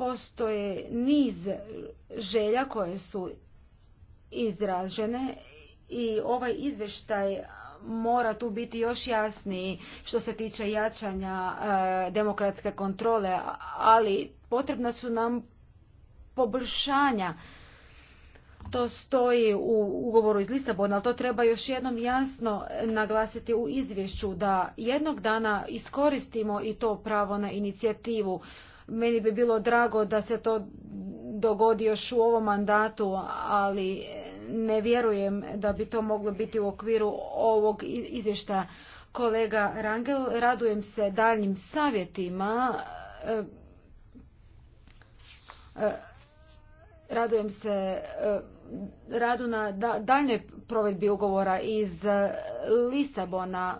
postoje niz želja koje su izražene i ovaj izvještaj mora tu biti još jasniji što se tiče jačanja e, demokratske kontrole, ali potrebna su nam poboljšanja. To stoji u ugovoru iz Lisabona, ali to treba još jednom jasno naglasiti u izvješću da jednog dana iskoristimo i to pravo na inicijativu meni bi bilo drago da se to dogodi još u ovom mandatu, ali ne vjerujem da bi to moglo biti u okviru ovog izvješta Kolega Rangel, radujem se daljnjim savjetima. E, e, radujem se e, radu na daljnjoj provedbi ugovora iz Lisabona.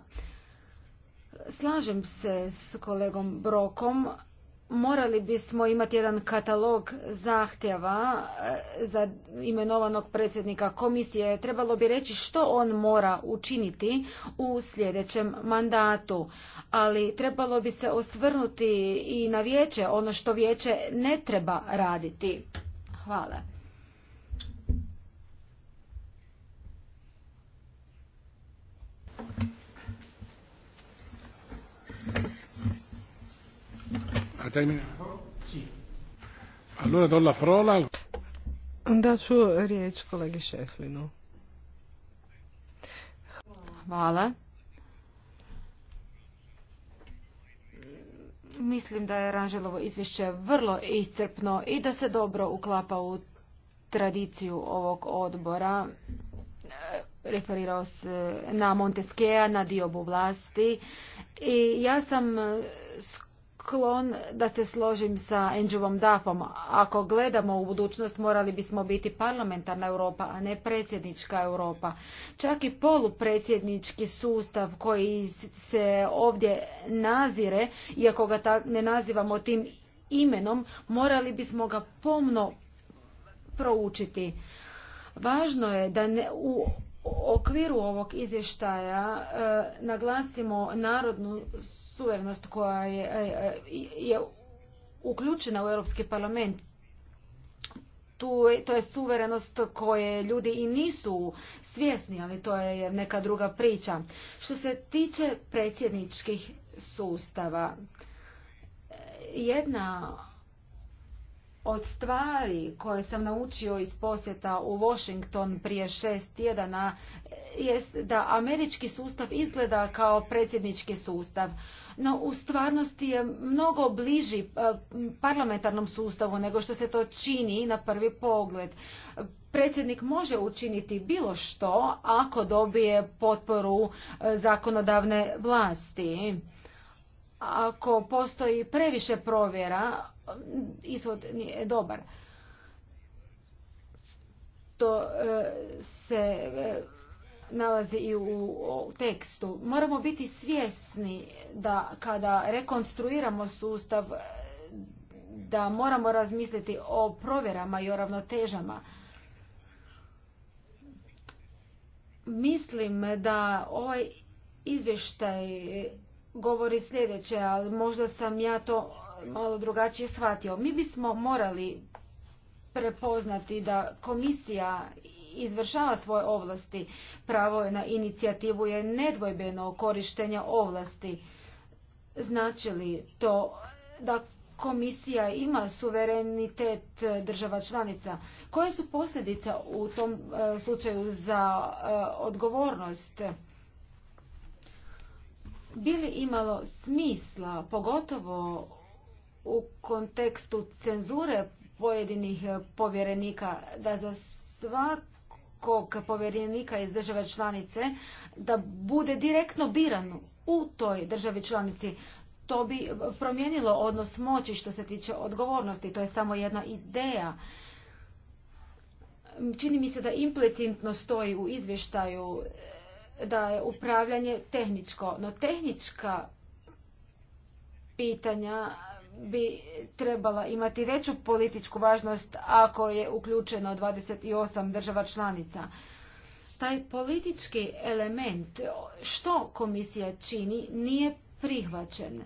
Slažem se s kolegom Brokom morali bismo imati jedan katalog zahtjeva e, za imenovanog predsjednika komisije. Trebalo bi reći što on mora učiniti u sljedećem mandatu, ali trebalo bi se osvrnuti i na vijeće, ono što vijeće ne treba raditi. Hvala. Da ću riječ kolegi Hvala. Mislim da je Ranželovo izvješće vrlo iscrpno i da se dobro uklapa u tradiciju ovog odbora. E, referirao se na Monteskea, na diobu vlasti. I ja sam sklon da se složim sa Andrewom dafom Ako gledamo u budućnost, morali bismo biti parlamentarna Europa, a ne predsjednička Europa. Čak i polupredsjednički sustav koji se ovdje nazire, iako ga ne nazivamo tim imenom, morali bismo ga pomno proučiti. Važno je da ne, u okviru ovog izvještaja e, naglasimo narodnu suverenost koja je, e, e, uključena u Europski parlament. to je suverenost koje ljudi i nisu svjesni, ali to je neka druga priča. Što se tiče predsjedničkih sustava, jedna od stvari koje sam naučio iz posjeta u Washington prije šest tjedana e, jest da američki sustav izgleda kao predsjednički sustav. No u stvarnosti je mnogo bliži e, parlamentarnom sustavu nego što se to čini na prvi pogled. Predsjednik može učiniti bilo što ako dobije potporu e, zakonodavne vlasti. Ako postoji previše provjera, ishod nije dobar. To e, se e, nalazi i u tekstu. Moramo biti svjesni da kada rekonstruiramo sustav e, da moramo razmisliti o provjerama i o ravnotežama. Mislim da ovaj izvještaj govori sljedeće, ali možda sam ja to malo drugačije shvatio. Mi bismo morali prepoznati da komisija izvršava svoje ovlasti. Pravo na inicijativu je nedvojbeno korištenje ovlasti. Znači li to da komisija ima suverenitet država članica? Koje su posljedice u tom e, slučaju za e, odgovornost? Bili imalo smisla, pogotovo u kontekstu cenzure pojedinih eh, povjerenika da za svakog povjerenika iz države članice da bude direktno biran u toj državi članici to bi eh, promijenilo odnos moći što se tiče odgovornosti to je samo jedna ideja čini mi se da implicitno stoji u izvještaju eh, da je upravljanje tehničko no tehnička pitanja bi trebala imati veću političku važnost ako je uključeno 28 država članica. Taj politički element što komisija čini nije prihvaćen.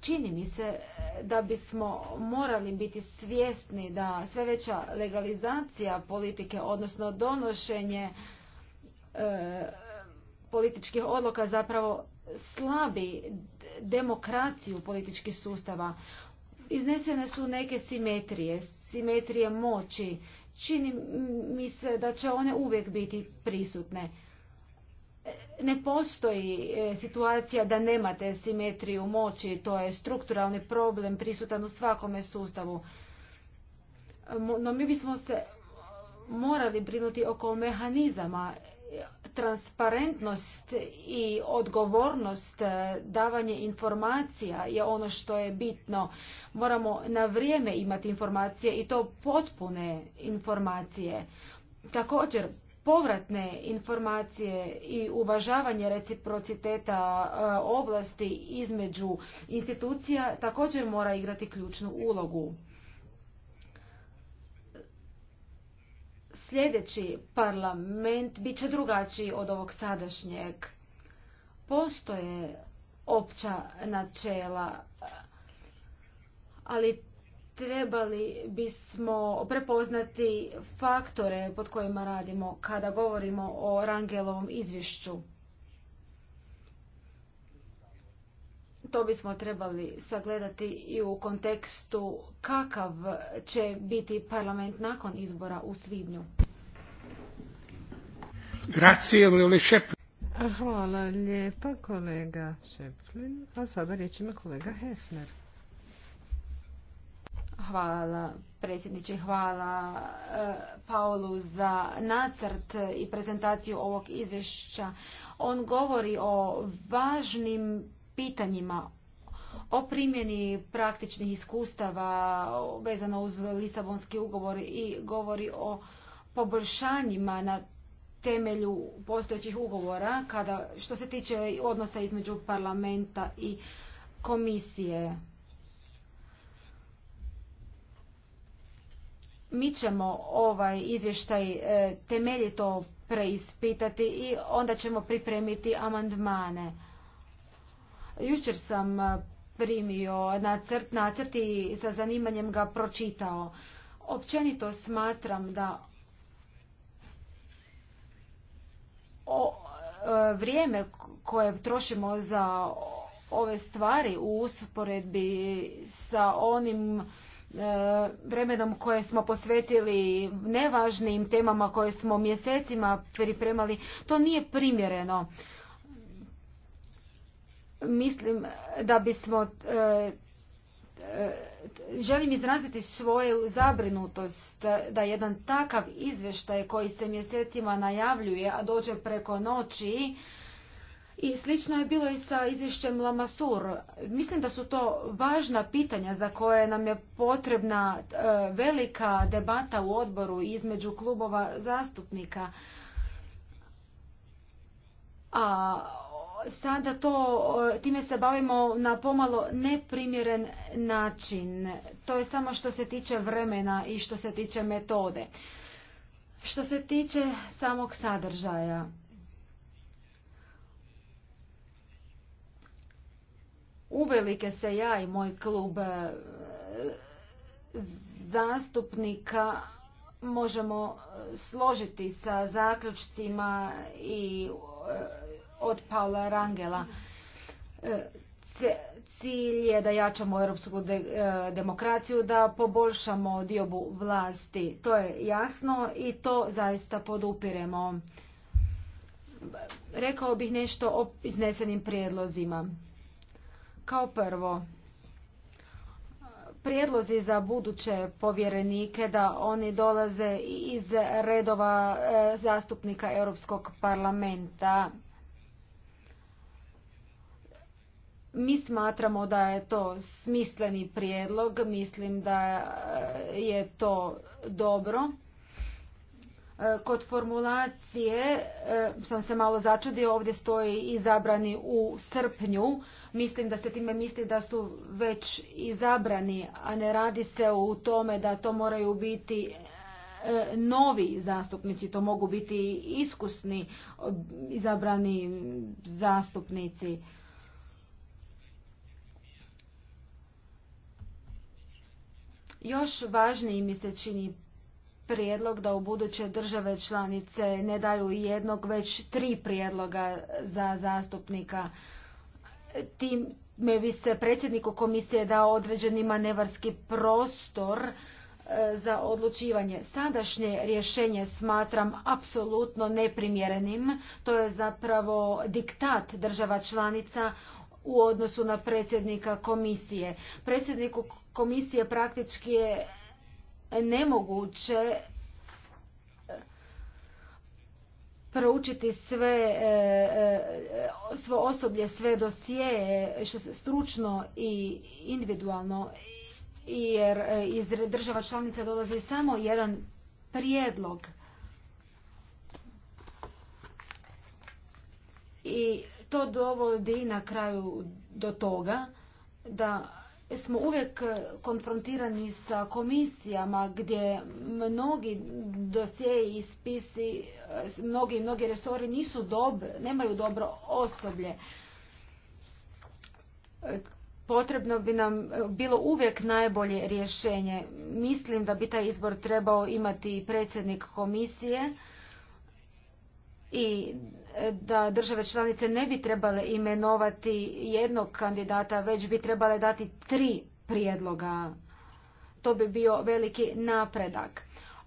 Čini mi se da bismo morali biti svjesni da sve veća legalizacija politike, odnosno donošenje e, političkih odluka zapravo slabi demokraciju političkih sustava. Iznesene su neke simetrije, simetrije moći. Čini mi se da će one uvijek biti prisutne. Ne postoji e, situacija da nemate simetriju moći, to je strukturalni problem prisutan u svakome sustavu. No mi bismo se morali brinuti oko mehanizama transparentnost i odgovornost e, davanje informacija je ono što je bitno. Moramo na vrijeme imati informacije i to potpune informacije. Također, povratne informacije i uvažavanje reciprociteta e, oblasti između institucija također mora igrati ključnu ulogu. sljedeći parlament bit će drugačiji od ovog sadašnjeg. Postoje opća načela, ali trebali bismo prepoznati faktore pod kojima radimo kada govorimo o Rangelovom izvješću. to bismo trebali sagledati i u kontekstu kakav će biti parlament nakon izbora u svibnju. Hvala lijepa kolega Šeplin. A sada riječ kolega Hefner. Hvala predsjedniče, hvala e, Paolu za nacrt i prezentaciju ovog izvješća. On govori o važnim pitanjima o primjeni praktičnih iskustava vezano uz Lisabonski ugovor i govori o poboljšanjima na temelju postojećih ugovora kada, što se tiče odnosa između parlamenta i komisije. Mi ćemo ovaj izvještaj e, temeljito preispitati i onda ćemo pripremiti amandmane. Jučer sam e, primio nacrt, nacrt i sa zanimanjem ga pročitao. Općenito smatram da o, e, vrijeme koje trošimo za ove stvari u usporedbi sa onim e, vremenom koje smo posvetili nevažnim temama koje smo mjesecima pripremali, to nije primjereno mislim da bismo e, e, želim izraziti svoju zabrinutost da jedan takav izvještaj koji se mjesecima najavljuje, a dođe preko noći, i slično je bilo i sa izvješćem lamasur. Mislim da su to važna pitanja za koje nam je potrebna e, velika debata u odboru između klubova zastupnika. A sada to, time se bavimo na pomalo neprimjeren način. To je samo što se tiče vremena i što se tiče metode. Što se tiče samog sadržaja, uvelike se ja i moj klub e, zastupnika možemo e, složiti sa zaključcima i e, od Paula Rangela. E, cilj je da jačamo europsku e, demokraciju, da poboljšamo diobu vlasti. To je jasno i to zaista podupiremo. Rekao bih nešto o iznesenim prijedlozima. Kao prvo, prijedlozi za buduće povjerenike da oni dolaze iz redova e, zastupnika Europskog parlamenta Mi smatramo da je to smisleni prijedlog, mislim da e, je to dobro. E, kod formulacije e, sam se malo začudio, ovdje stoji izabrani u srpnju. Mislim da se time misli da su već izabrani, a ne radi se u tome da to moraju biti novi zastupnici, to mogu biti iskusni izabrani zastupnici. Još važniji mi se čini prijedlog da u buduće države članice ne daju jednog, već tri prijedloga za zastupnika. Time bi se predsjedniku komisije dao određeni manevarski prostor e, za odlučivanje. Sadašnje rješenje smatram apsolutno neprimjerenim. To je zapravo diktat država članica u odnosu na predsjednika komisije. Predsjedniku komisije praktički je nemoguće eh, proučiti sve eh, eh, svo osoblje, sve dosije stručno i individualno jer iz država članica dolazi samo jedan prijedlog i to dovodi na kraju do toga da smo uvijek konfrontirani sa komisijama gdje mnogi dosjeji i spisi, mnogi i mnogi resori nisu dobri, nemaju dobro osoblje. Potrebno bi nam bilo uvijek najbolje rješenje. Mislim da bi taj izbor trebao imati predsjednik komisije i e, da države članice ne bi trebale imenovati jednog kandidata, već bi trebale dati tri prijedloga. To bi bio veliki napredak.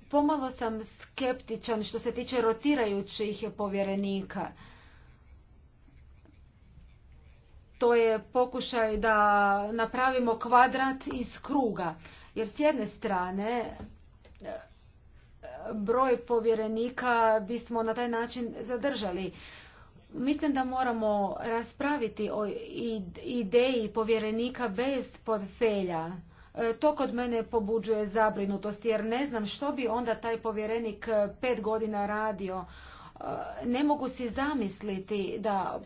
Pomalo sam skeptičan što se tiče rotirajućih povjerenika. To je pokušaj da napravimo kvadrat iz kruga. Jer s jedne strane broj povjerenika bismo na taj način zadržali. Mislim da moramo raspraviti o ideji povjerenika bez portfelja. E, to kod mene pobuđuje zabrinutost jer ne znam što bi onda taj povjerenik pet godina radio. E, ne mogu si zamisliti da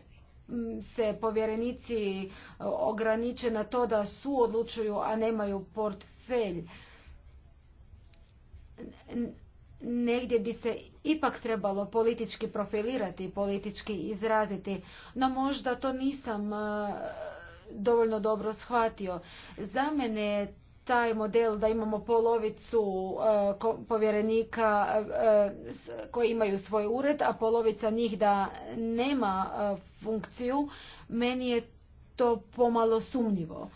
se povjerenici e, ograniče na to da su odlučuju, a nemaju portfelj negdje bi se ipak trebalo politički profilirati, politički izraziti, no možda to nisam e, dovoljno dobro shvatio. Za mene je taj model da imamo polovicu e, povjerenika e, koji imaju svoj ured, a polovica njih da nema funkciju, meni je to pomalo sumnjivo.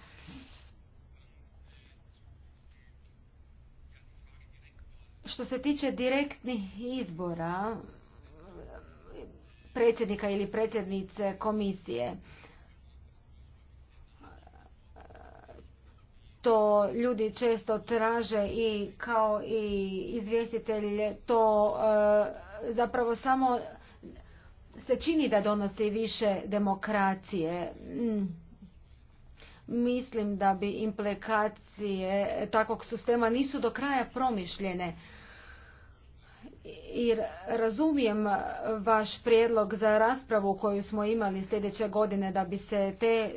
Što se tiče direktnih izbora predsjednika ili predsjednice komisije, to ljudi često traže i kao i izvjestitelj to e, zapravo samo se čini da donosi više demokracije. Mm. Mislim da bi implikacije takvog sistema nisu do kraja promišljene i razumijem vaš prijedlog za raspravu koju smo imali sljedeće godine da bi se te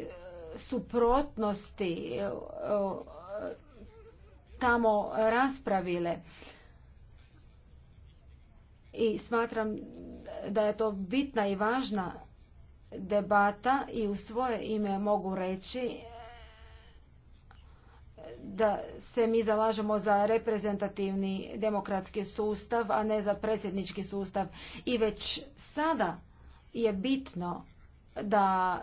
suprotnosti e, e, tamo raspravile i smatram da je to bitna i važna debata i u svoje ime mogu reći da se mi zalažemo za reprezentativni demokratski sustav, a ne za predsjednički sustav. I već sada je bitno da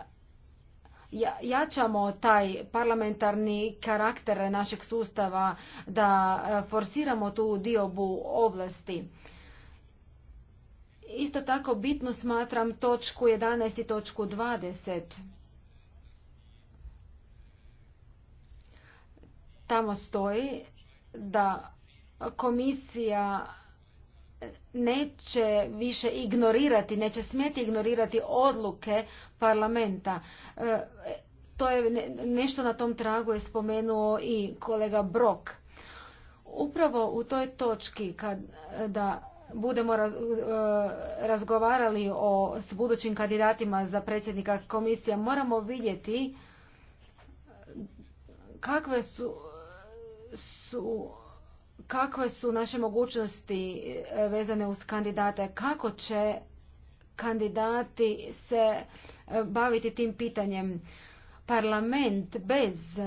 jačamo taj parlamentarni karakter našeg sustava, da e, forsiramo tu diobu ovlasti. Isto tako bitno smatram točku 11 i točku 20 Tamo stoji da komisija neće više ignorirati, neće smjeti ignorirati odluke parlamenta. E, to je nešto na tom tragu je spomenuo i kolega Brok. Upravo u toj točki da budemo e, razgovarali o s budućim kandidatima za predsjednika komisije moramo vidjeti kakve su su kakve su naše mogućnosti e, vezane uz kandidate, kako će kandidati se e, baviti tim pitanjem. Parlament bez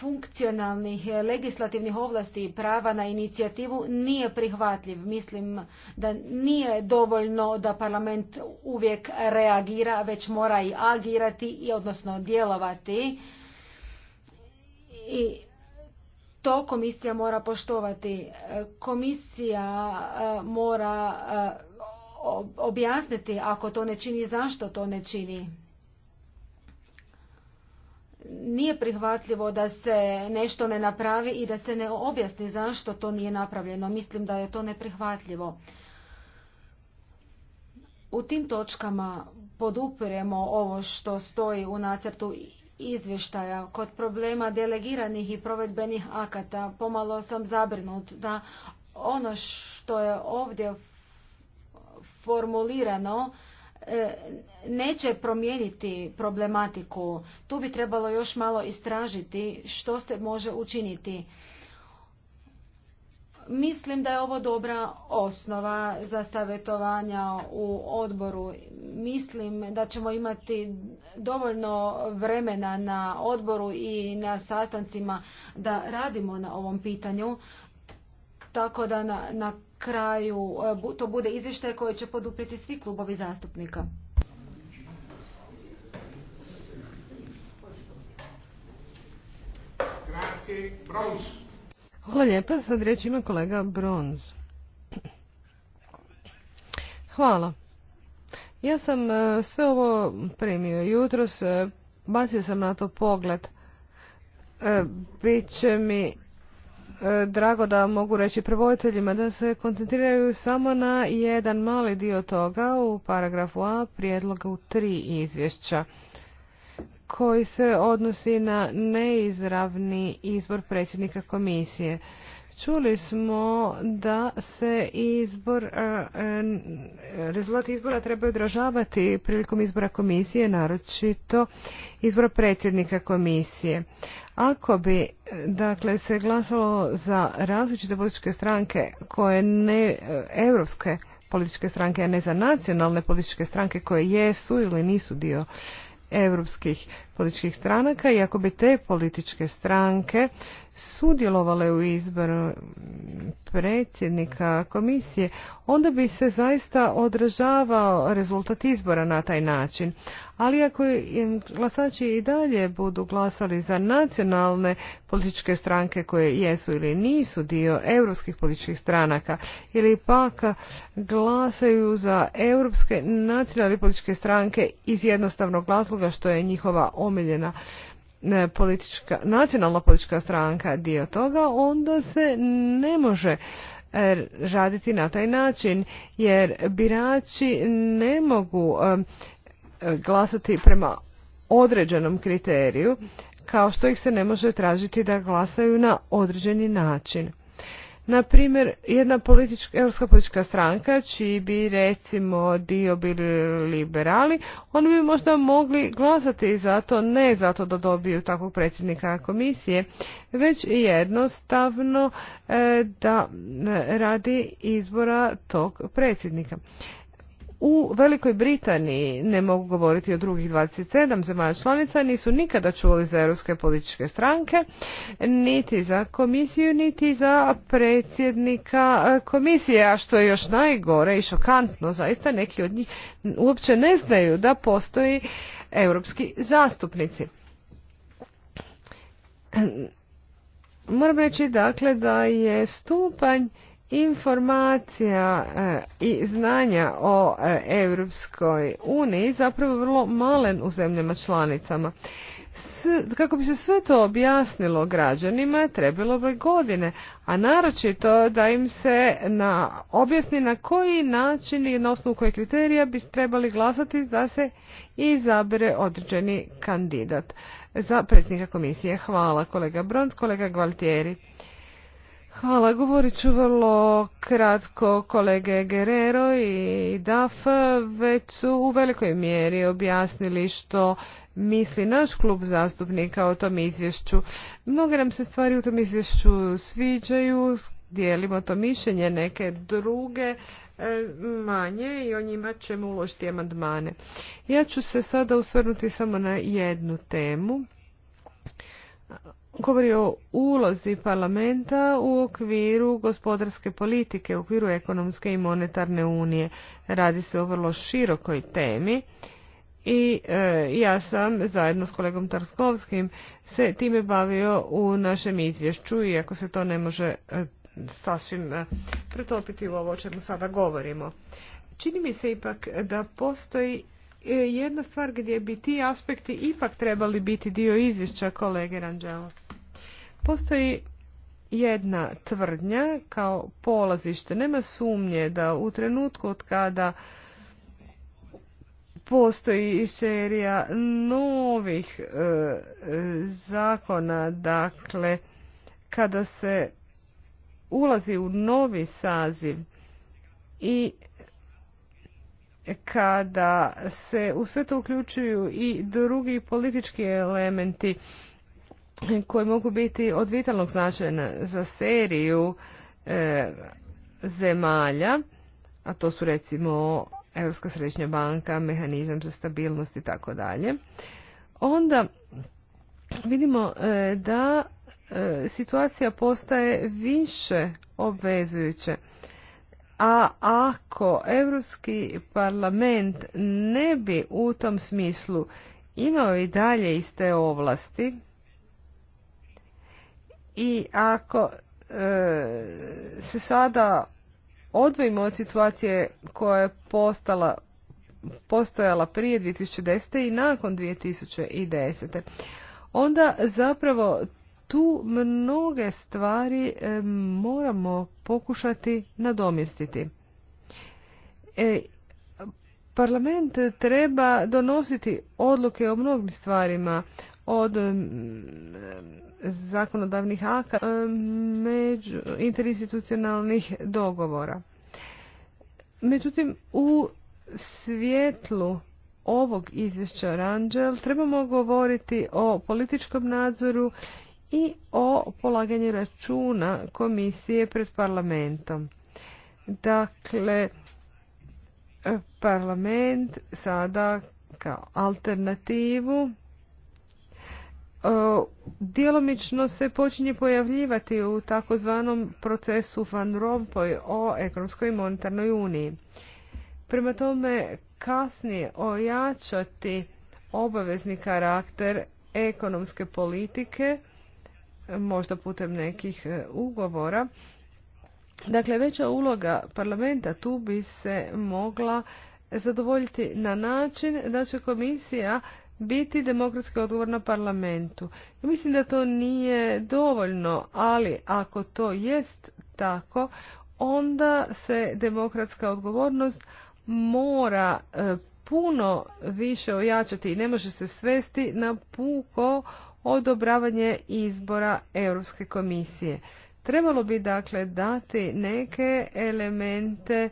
funkcionalnih legislativnih ovlasti i prava na inicijativu nije prihvatljiv. Mislim da nije dovoljno da parlament uvijek reagira, već mora i agirati, i odnosno djelovati. I to komisija mora poštovati. E, komisija e, mora e, objasniti ako to ne čini, zašto to ne čini. Nije prihvatljivo da se nešto ne napravi i da se ne objasni zašto to nije napravljeno. Mislim da je to neprihvatljivo. U tim točkama podupiremo ovo što stoji u nacrtu izvještaja kod problema delegiranih i provedbenih akata. Pomalo sam zabrinut da ono što je ovdje formulirano e, neće promijeniti problematiku. Tu bi trebalo još malo istražiti što se može učiniti. Mislim da je ovo dobra osnova za savjetovanja u odboru. Mislim da ćemo imati dovoljno vremena na odboru i na sastancima da radimo na ovom pitanju, tako da na, na kraju e, to bude izvještaj koji će poduprijeti svi klubovi zastupnika. Grazie, Hvala lijepa. Sad riječ ima kolega Bronz. Hvala. Ja sam e, sve ovo primio jutros, e, bacio sam na to pogled. E, Biće mi drago da mogu reći prevojiteljima da se koncentriraju samo na jedan mali dio toga u paragrafu A u tri izvješća koji se odnosi na neizravni izbor predsjednika komisije. Čuli smo da se izbor, rezultati izbora trebaju odražavati prilikom izbora komisije, naročito izbora predsjednika komisije. Ako bi dakle, se glasalo za različite političke stranke koje ne europske političke stranke, a ne za nacionalne političke stranke koje jesu ili nisu dio europskih političkih stranaka i ako bi te političke stranke sudjelovale u izboru predsjednika komisije, onda bi se zaista odražavao rezultat izbora na taj način. Ali ako glasači i dalje budu glasali za nacionalne političke stranke koje jesu ili nisu dio europskih političkih stranaka ili pak glasaju za europske nacionalne političke stranke iz jednostavnog razloga što je njihova omiljena e, politička, nacionalna politička stranka dio toga, onda se ne može e, raditi na taj način, jer birači ne mogu e, glasati prema određenom kriteriju, kao što ih se ne može tražiti da glasaju na određeni način. Na primjer, jedna politička, europska politička stranka, čiji bi recimo dio bili liberali, oni bi možda mogli glasati za to, ne zato da dobiju takvog predsjednika komisije, već jednostavno e, da radi izbora tog predsjednika. U Velikoj Britaniji, ne mogu govoriti o drugih 27 zemalja članica, nisu nikada čuli za europske političke stranke, niti za komisiju, niti za predsjednika e, komisije, a što je još najgore i šokantno, zaista neki od njih uopće ne znaju da postoji europski zastupnici. Moram reći dakle da je stupanj informacija e, i znanja o e, Europskoj uniji zapravo vrlo malen u zemljama članicama. Kako bi se sve to objasnilo građanima, trebalo bi godine, a naročito da im se na, objasni na koji način i na osnovu koje kriterija bi trebali glasati da se izabere određeni kandidat za predsjednika komisije. Hvala kolega Brons, kolega Gvaltieri. Hvala, govorit ću vrlo kratko kolege Guerrero i DAF već su u velikoj mjeri objasnili što misli naš klub zastupnika o tom izvješću. Mnoge nam se stvari u tom izvješću sviđaju, dijelimo to mišljenje neke druge e, manje i o njima ćemo uložiti amandmane. Ja ću se sada usvrnuti samo na jednu temu govori o ulozi parlamenta u okviru gospodarske politike, u okviru ekonomske i monetarne unije. Radi se o vrlo širokoj temi i e, ja sam zajedno s kolegom Tarskovskim se time bavio u našem izvješću, iako se to ne može e, sasvim e, pretopiti u ovo o čemu sada govorimo. Čini mi se ipak da postoji jedna stvar gdje bi ti aspekti ipak trebali biti dio izvješća kolege Ranđela. Postoji jedna tvrdnja kao polazište. Nema sumnje da u trenutku od kada postoji serija novih e, zakona, dakle, kada se ulazi u novi saziv i kada se u sve to uključuju i drugi politički elementi koji mogu biti od vitalnog značaja za seriju e, zemalja, a to su recimo Europska središnja banka, mehanizam za stabilnost i tako dalje, onda vidimo e, da e, situacija postaje više obvezujuća. A ako Europski parlament ne bi u tom smislu imao i dalje iste ovlasti, i ako e, se sada odvojimo od situacije koja je postala, postojala prije 2010. i nakon 2010. Onda zapravo tu mnoge stvari e, moramo pokušati nadomjestiti. E, parlament treba donositi odluke o mnogim stvarima, od mm, zakonodavnih akata e, među interinstitucionalnih dogovora. Međutim, u svjetlu ovog izvješća Ranđel trebamo govoriti o političkom nadzoru i o polaganju računa komisije pred parlamentom. Dakle, e, parlament sada kao alternativu E, djelomično se počinje pojavljivati u takozvanom procesu Van Rompuy o ekonomskoj i monetarnoj uniji. Prema tome, kasnije ojačati obavezni karakter ekonomske politike, možda putem nekih e, ugovora. Dakle, veća uloga parlamenta tu bi se mogla zadovoljiti na način da će komisija biti demokratski odgovor na parlamentu. Ja mislim da to nije dovoljno, ali ako to jest tako, onda se demokratska odgovornost mora e, puno više ojačati i ne može se svesti na puko odobravanje izbora Europske komisije. Trebalo bi dakle dati neke elemente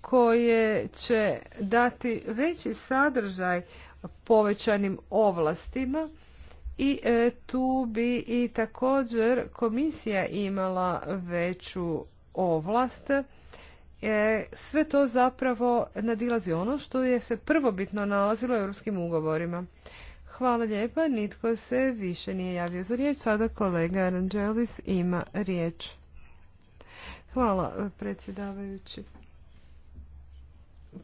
koje će dati veći sadržaj povećanim ovlastima i e, tu bi i također komisija imala veću ovlast. E, sve to zapravo nadilazi ono što je se prvobitno nalazilo u europskim ugovorima. Hvala lijepa, nitko se više nije javio za riječ. Sada kolega Aranđelis ima riječ. Hvala predsjedavajući.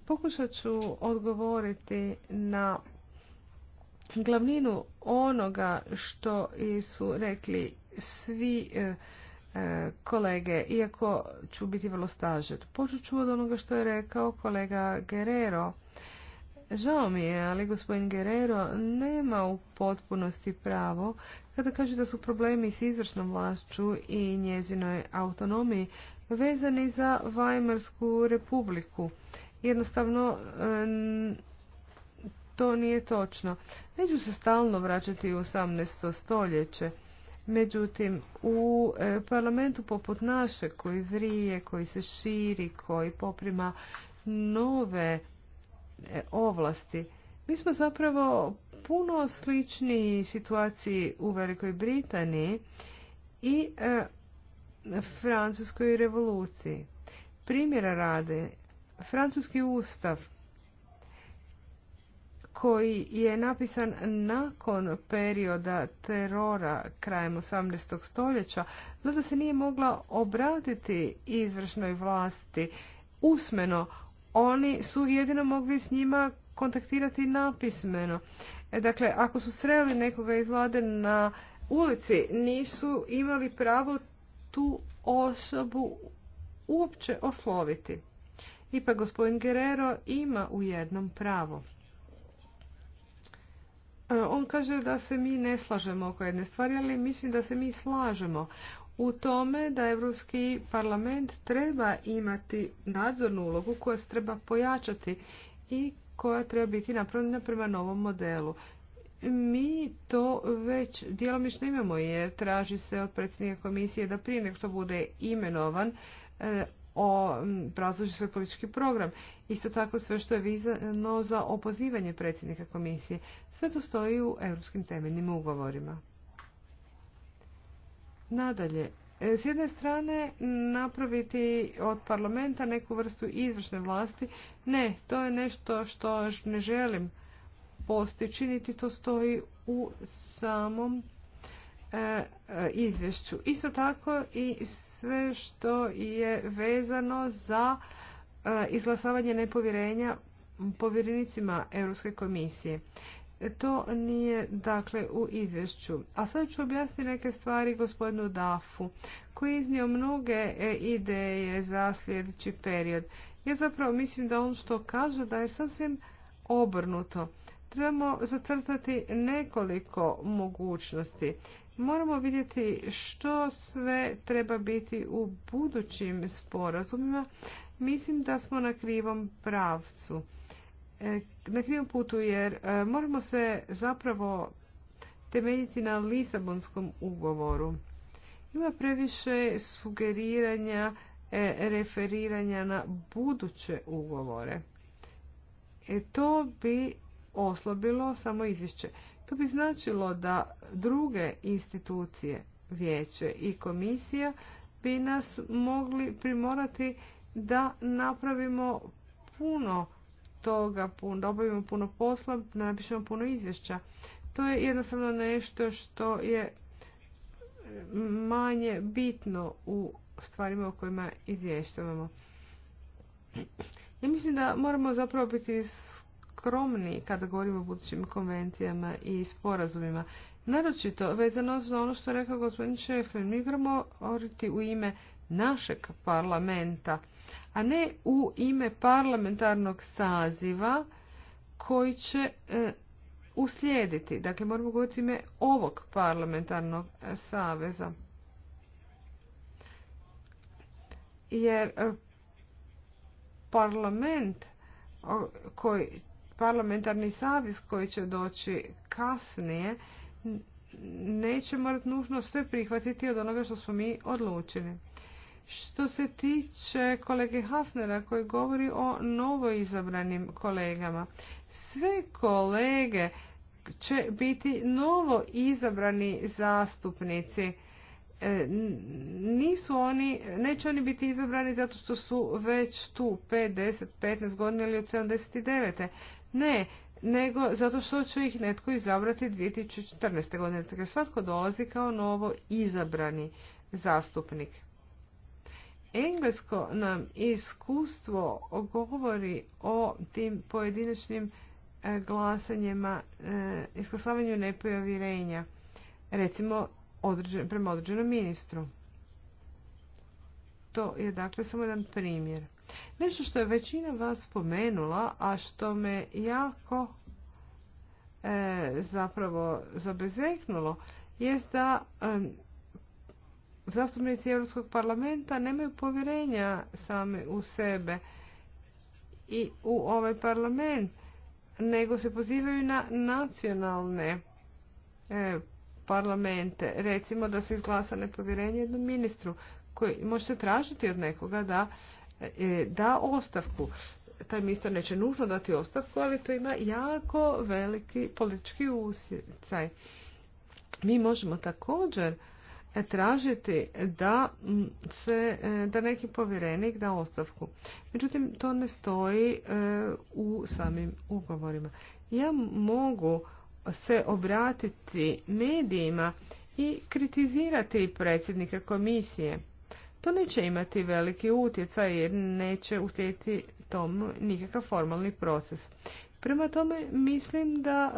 Pokušat ću odgovoriti na glavninu onoga što su rekli svi e, e, kolege, iako ću biti vrlo stažet. Počet ću od onoga što je rekao kolega Guerrero. Žao mi je, ali gospodin Guerrero nema u potpunosti pravo kada kaže da su problemi s izvršnom vlašću i njezinoj autonomiji vezani za Weimarsku republiku jednostavno to nije točno. Neću se stalno vraćati u 18. stoljeće. Međutim, u e, parlamentu poput naše koji vrije, koji se širi, koji poprima nove e, ovlasti, mi smo zapravo puno slični situaciji u Velikoj Britaniji i e, Francuskoj revoluciji. Primjera rade, Francuski ustav koji je napisan nakon perioda terora krajem 18. stoljeća, vlada se nije mogla obratiti izvršnoj vlasti usmeno. Oni su jedino mogli s njima kontaktirati napismeno. E, dakle, ako su sreli nekoga iz vlade na ulici, nisu imali pravo tu osobu uopće osloviti. Ipak gospodin Guerrero ima u jednom pravo. E, on kaže da se mi ne slažemo oko jedne stvari, ali mislim da se mi slažemo u tome da Europski parlament treba imati nadzornu ulogu koja se treba pojačati i koja treba biti napravljena prema novom modelu. Mi to već djelomično imamo jer traži se od predsjednika komisije da prije nego što bude imenovan e, o svoj politički program. Isto tako sve što je vizano za opozivanje predsjednika komisije. Sve to stoji u europskim temeljnim ugovorima. Nadalje, e, s jedne strane napraviti od parlamenta neku vrstu izvršne vlasti, ne, to je nešto što ne želim postići, niti to stoji u samom e, e, izvješću. Isto tako i sve što je vezano za e, izglasavanje nepovjerenja povjerenicima Europske komisije. E, to nije dakle u izvješću. A sad ću objasniti neke stvari gospodinu Dafu koji je iznio mnoge e, ideje za sljedeći period. Ja zapravo mislim da on što kaže da je sasvim obrnuto. Trebamo zacrtati nekoliko mogućnosti Moramo vidjeti što sve treba biti u budućim sporazumima. Mislim da smo na krivom pravcu, e, na krivom putu jer e, moramo se zapravo temeljiti na Lisabonskom ugovoru. Ima previše sugeriranja, e, referiranja na buduće ugovore. E, to bi oslobilo samo izvješće. To bi značilo da druge institucije, vijeće i komisija bi nas mogli primorati da napravimo puno toga, da obavimo puno posla, da napišemo puno izvješća. To je jednostavno nešto što je e, manje bitno u stvarima o kojima izvještavamo. Ja mislim da moramo zapravo biti skromni kada govorimo o budućim konvencijama i sporazumima. Naročito, vezano za ono što je rekao gospodin Šeflin, mi moramo govoriti u ime našeg parlamenta, a ne u ime parlamentarnog saziva koji će e, uslijediti. Dakle, moramo govoriti ime ovog parlamentarnog e, saveza. Jer e, parlament koji parlamentarni savez koji će doći kasnije neće morati nužno sve prihvatiti od onoga što smo mi odlučili. Što se tiče kolege Hafnera koji govori o novo izabranim kolegama, sve kolege će biti novo izabrani zastupnici. E, nisu oni, neće oni biti izabrani zato što su već tu 5, 10, 15 godina ili od 79. Ne, nego zato što će ih netko izabrati 2014. godine. Dakle, svatko dolazi kao novo izabrani zastupnik. Englesko nam iskustvo govori o tim pojedinačnim e, glasanjima, e, isklasavanju nepojavirenja, recimo prema određenom ministru. To je dakle samo jedan primjer. Nešto što je većina vas spomenula, a što me jako e, zapravo zabezeknulo, jest da e, zastupnici Europskog parlamenta nemaju povjerenja same u sebe i u ovaj parlament, nego se pozivaju na nacionalne e, parlamente. Recimo da se izglasa nepovjerenje jednom ministru koji možete tražiti od nekoga da E, da ostavku. Taj ministar neće nužno dati ostavku, ali to ima jako veliki politički usjecaj. Mi možemo također e, tražiti da se e, da neki povjerenik da ostavku. Međutim, to ne stoji u samim ugovorima. Ja mogu se obratiti medijima i kritizirati predsjednika komisije. To neće imati veliki utjecaj jer neće uslijediti tom nikakav formalni proces. Prema tome mislim da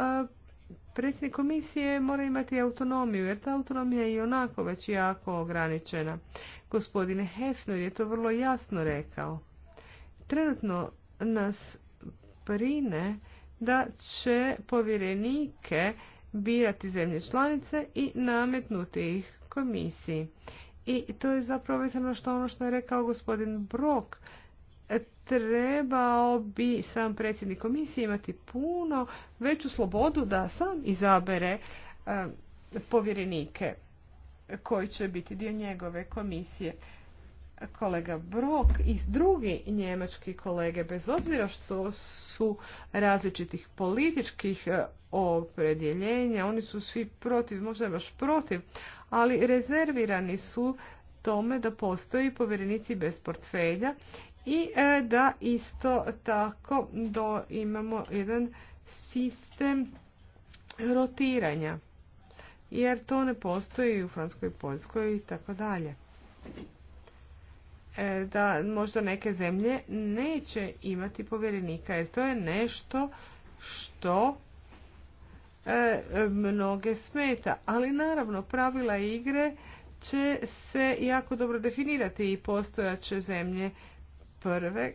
predsjednik komisije mora imati autonomiju jer ta autonomija je i onako već jako ograničena. Gospodine Hefner je to vrlo jasno rekao. Trenutno nas brine da će povjerenike birati zemlje članice i nametnuti ih komisiji. I to je zapravo vezano što ono što je rekao gospodin Brok. Trebao bi sam predsjednik komisije imati puno veću slobodu da sam izabere eh, povjerenike koji će biti dio njegove komisije kolega Brok i drugi njemački kolege, bez obzira što su različitih političkih e, opredjeljenja, oni su svi protiv, možda baš protiv, ali rezervirani su tome da postoji povjerenici bez portfelja i e, da isto tako do, imamo jedan sistem rotiranja jer to ne postoji u i Poljskoj i tako dalje. E, da možda neke zemlje neće imati povjerenika jer to je nešto što e, mnoge smeta. Ali naravno pravila igre će se jako dobro definirati i postojat će zemlje prve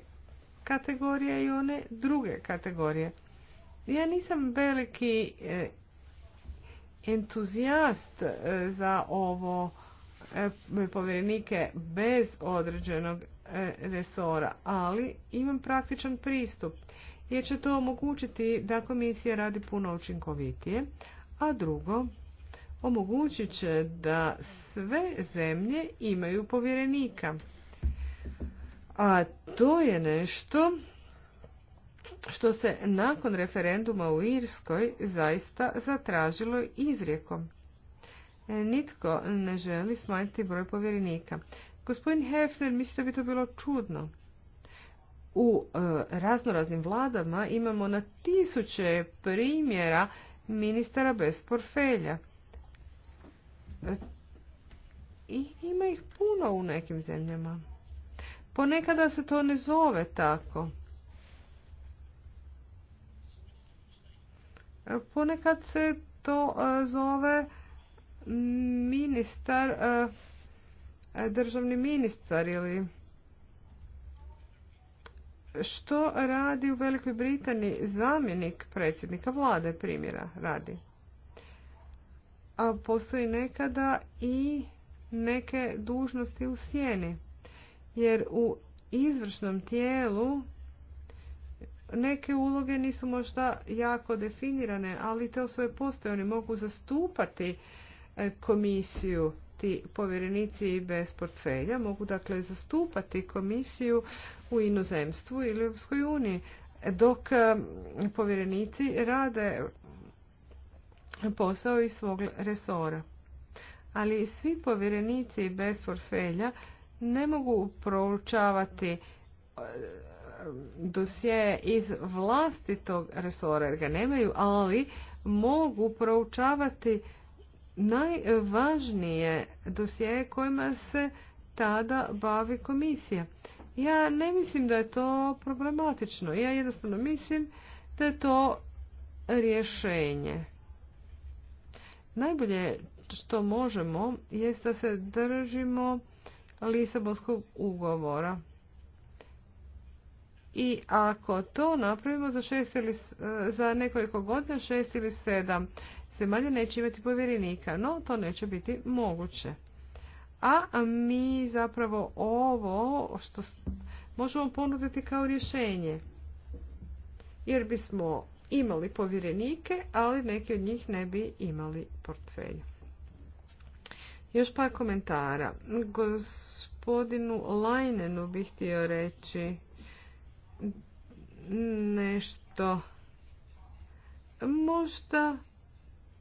kategorije i one druge kategorije. Ja nisam veliki e, entuzijast za ovo E, povjerenike bez određenog e, resora, ali imam praktičan pristup jer će to omogućiti da komisija radi puno učinkovitije, a drugo, omogućit će da sve zemlje imaju povjerenika. A to je nešto što se nakon referenduma u Irskoj zaista zatražilo izrijekom. E, nitko ne želi smanjiti broj povjerenika. Gospodin Hefner mislite da bi to bilo čudno. U e, raznoraznim vladama imamo na tisuće primjera ministara bez portfelja. E, I ima ih puno u nekim zemljama. Ponekada se to ne zove tako. Ponekad se to zove ministar, eh, državni ministar ili što radi u Velikoj Britaniji zamjenik predsjednika vlade primjera radi. A postoji nekada i neke dužnosti u sjeni. Jer u izvršnom tijelu neke uloge nisu možda jako definirane, ali te osobe postoje. Oni mogu zastupati E, komisiju. Ti povjerenici bez portfelja mogu dakle zastupati komisiju u inozemstvu ili u Uniji dok e, povjerenici rade posao iz svog resora. Ali svi povjerenici bez portfelja ne mogu proučavati e, dosje iz vlastitog resora jer ga nemaju, ali mogu proučavati najvažnije dosije kojima se tada bavi komisija. Ja ne mislim da je to problematično. Ja jednostavno mislim da je to rješenje. Najbolje što možemo jest da se držimo Lisabonskog ugovora. I ako to napravimo za nekoliko godina, šest ili sedam zemalja neće imati povjerenika, no to neće biti moguće. A mi zapravo ovo što možemo ponuditi kao rješenje. Jer bismo imali povjerenike, ali neki od njih ne bi imali portfelj. Još par komentara. Gospodinu Lajnenu bih htio reći nešto. Možda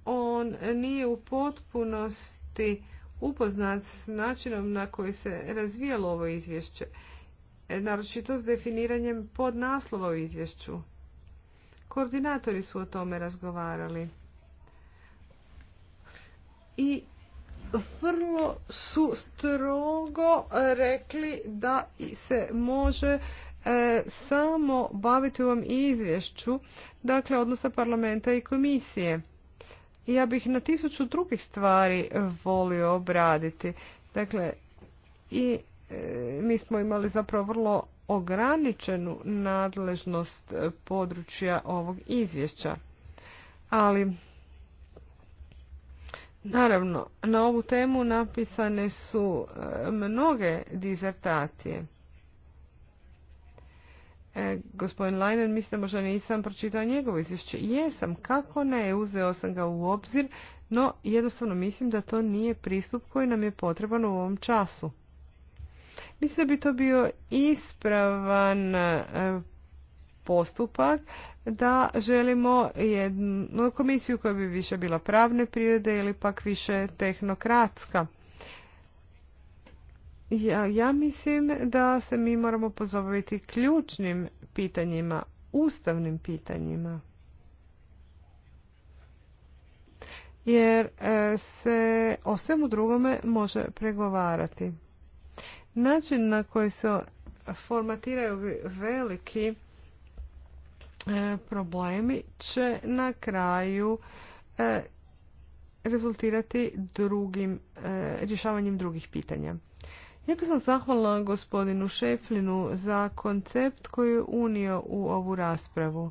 on nije u potpunosti upoznat s načinom na koji se razvijalo ovo izvješće, e, naročito s definiranjem podnaslova u izvješću. Koordinatori su o tome razgovarali. I vrlo su strogo rekli da se može e, samo baviti u ovom izvješću, dakle odnosa parlamenta i komisije ja bih na tisuću drugih stvari volio obraditi. Dakle, i e, mi smo imali zapravo vrlo ograničenu nadležnost područja ovog izvješća. Ali, naravno, na ovu temu napisane su e, mnoge dizertacije. E, gospodin Leinen, mislim da možda nisam pročitao njegovo izvješće. Jesam, kako ne, uzeo sam ga u obzir, no jednostavno mislim da to nije pristup koji nam je potreban u ovom času. Mislim da bi to bio ispravan e, postupak da želimo jednu komisiju koja bi više bila pravne prirode ili pak više tehnokratska. Ja, ja mislim da se mi moramo pozabaviti ključnim pitanjima, ustavnim pitanjima. Jer e, se o svemu drugome može pregovarati. Način na koji se formatiraju veliki e, problemi će na kraju e, rezultirati drugim rješavanjem drugih pitanja. Jako sam zahvalila gospodinu Šeflinu za koncept koji je unio u ovu raspravu.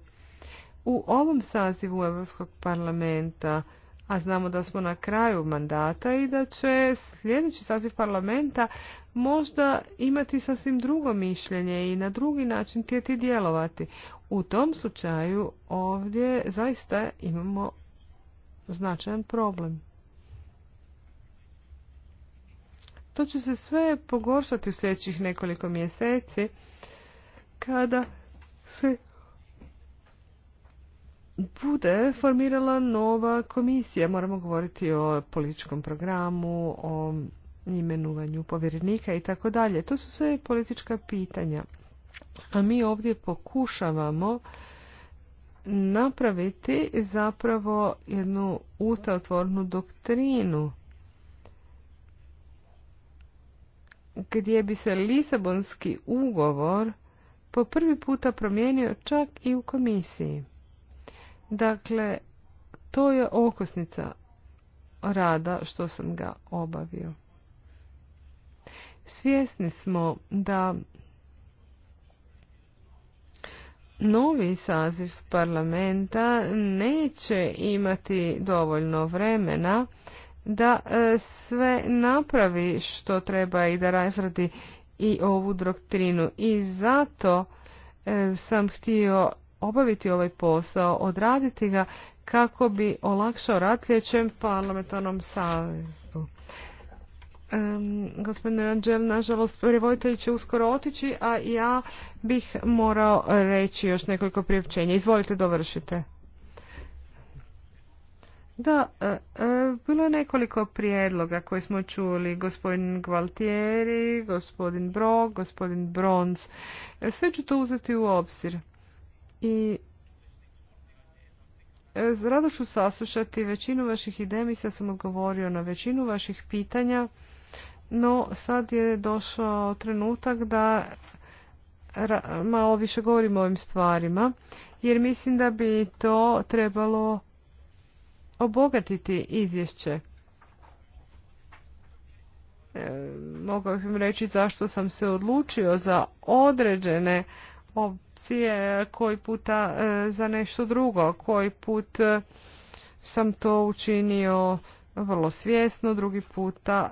U ovom sazivu Europskog parlamenta, a znamo da smo na kraju mandata i da će sljedeći saziv parlamenta možda imati sasvim drugo mišljenje i na drugi način tijeti djelovati. U tom slučaju ovdje zaista imamo značajan problem. To će se sve pogoršati u sljedećih nekoliko mjeseci kada se bude formirala nova komisija. Moramo govoriti o političkom programu, o imenovanju povjerenika i tako dalje. To su sve politička pitanja. A mi ovdje pokušavamo napraviti zapravo jednu ustavotvornu doktrinu gdje bi se Lisabonski ugovor po prvi puta promijenio čak i u komisiji. Dakle, to je okosnica rada što sam ga obavio. Svjesni smo da novi saziv parlamenta neće imati dovoljno vremena da e, sve napravi što treba i da razradi i ovu doktrinu. I zato e, sam htio obaviti ovaj posao, odraditi ga kako bi olakšao rad parlamentarnom savezu. Um, gospodine Ranđel, nažalost, prevojitelj će uskoro otići, a ja bih morao reći još nekoliko priopćenja. Izvolite, dovršite. Da, e, e, bilo je nekoliko prijedloga koje smo čuli, gospodin Gvaltieri, gospodin Brog, gospodin Bronz. E, sve ću to uzeti u obzir. I rado ću saslušati većinu vaših ideja, mislim sam odgovorio na većinu vaših pitanja, no sad je došao trenutak da malo više govorim o ovim stvarima, jer mislim da bi to trebalo obogatiti izvješće. Mogu e, mogao bih reći zašto sam se odlučio za određene opcije, koji puta e, za nešto drugo, koji put e, sam to učinio vrlo svjesno, drugi puta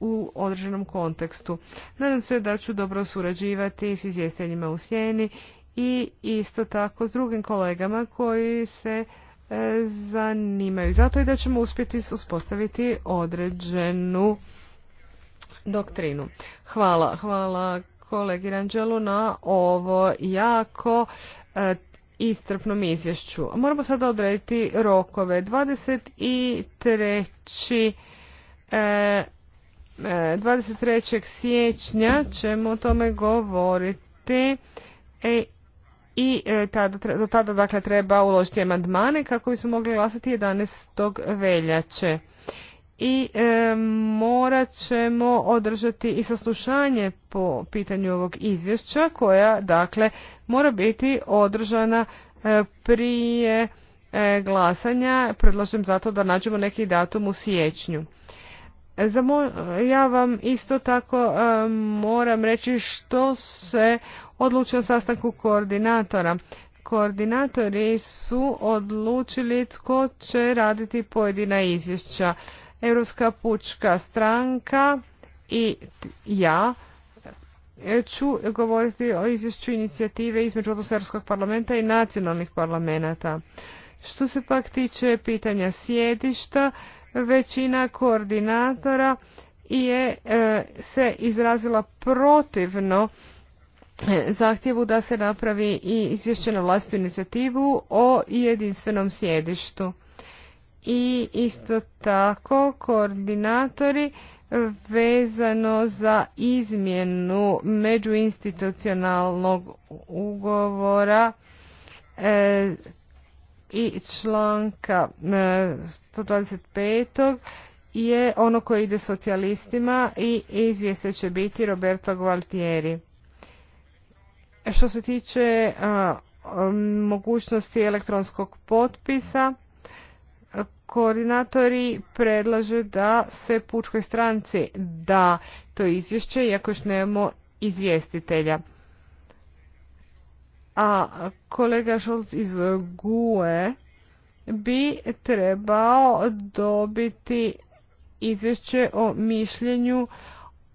u određenom kontekstu. Nadam se da ću dobro surađivati s izvjestiteljima u sjeni i isto tako s drugim kolegama koji se E, zanimaju. Zato i da ćemo uspjeti uspostaviti određenu doktrinu. Hvala, hvala kolegi Ranđelu na ovo jako e, istrpnom izvješću. Moramo sada odrediti rokove. 23. 23. E, siječnja ćemo o tome govoriti i e, tada, tada dakle treba uložiti amandmane kako bi smo mogli glasati 11. veljače. I e, morat ćemo održati i saslušanje po pitanju ovog izvješća koja dakle mora biti održana e, prije e, glasanja. Predlažem zato da nađemo neki datum u siječnju. Ja vam isto tako e, moram reći što se odlučio o sastanku koordinatora. Koordinatori su odlučili tko će raditi pojedina izvješća. Europska pučka stranka i ja e, ću govoriti o izvješću inicijative između odnosa parlamenta i nacionalnih parlamenta. Što se pak tiče pitanja sjedišta, većina koordinatora je e, se izrazila protivno e, zahtjevu da se napravi i izvješće na inicijativu o jedinstvenom sjedištu. I isto tako koordinatori vezano za izmjenu međuinstitucionalnog ugovora e, i članka 125. E, je ono koje ide socijalistima i izvješće će biti Roberto Gualtieri. Što se tiče mogućnosti elektronskog potpisa, koordinatori predlažu da se pučkoj stranci da to izvješće, iako još nemamo izvjestitelja a kolega Šulc iz GUE bi trebao dobiti izvješće o mišljenju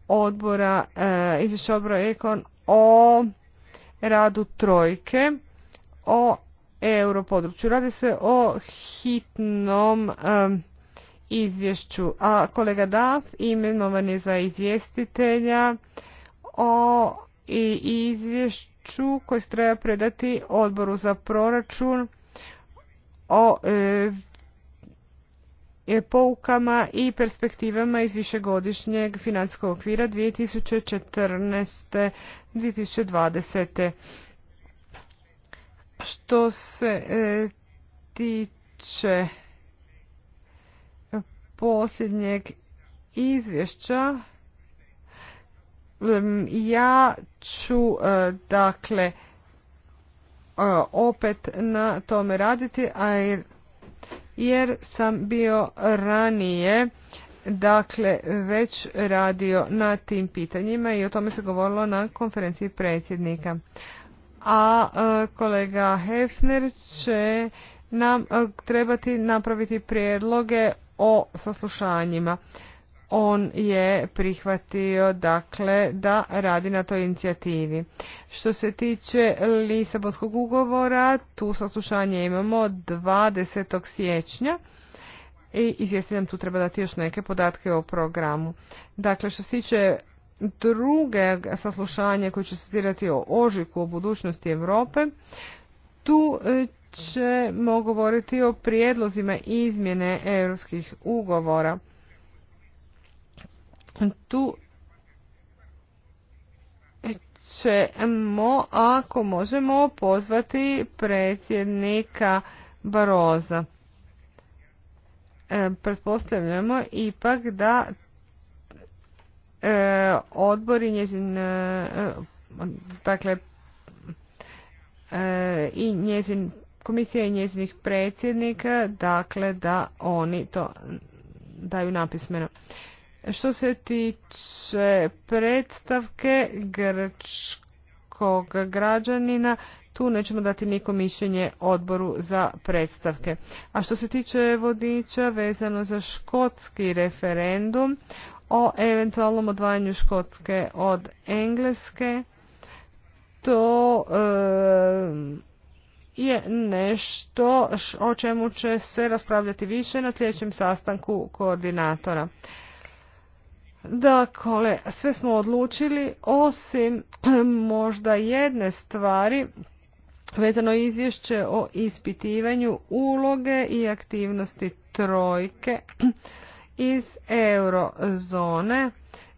odbora, e, izvješće odbora Ekon o radu trojke o europodručju. Radi se o hitnom e, izvješću, a kolega Daf imenovan je za izvjestitelja o i izvješću izvješću koje se treba predati odboru za proračun o e, e poukama i perspektivama iz višegodišnjeg financijskog okvira 2014. 2020. Što se e, tiče posljednjeg izvješća ja ću e, dakle e, opet na tome raditi, a jer sam bio ranije dakle već radio na tim pitanjima i o tome se govorilo na konferenciji predsjednika. A e, kolega Hefner će nam trebati napraviti prijedloge o saslušanjima on je prihvatio dakle da radi na toj inicijativi. Što se tiče Lisabonskog ugovora, tu saslušanje imamo 20. siječnja i izvijesti tu treba dati još neke podatke o programu. Dakle, što se tiče druge saslušanje koje će se dirati o ožiku, o budućnosti Europe, tu e, ćemo govoriti o prijedlozima izmjene europskih ugovora tu ćemo, ako možemo, pozvati predsjednika Baroza. E, pretpostavljamo ipak da e, odbor i njezin e, dakle i njezin komisija i njezinih predsjednika dakle da oni to daju napismeno. Što se tiče predstavke grčkog građanina, tu nećemo dati niko mišljenje odboru za predstavke. A što se tiče vodiča vezano za škotski referendum o eventualnom odvajanju Škotske od Engleske, to e, je nešto o čemu će se raspravljati više na sljedećem sastanku koordinatora. Dakle, sve smo odlučili osim možda jedne stvari vezano izvješće o ispitivanju uloge i aktivnosti trojke iz eurozone.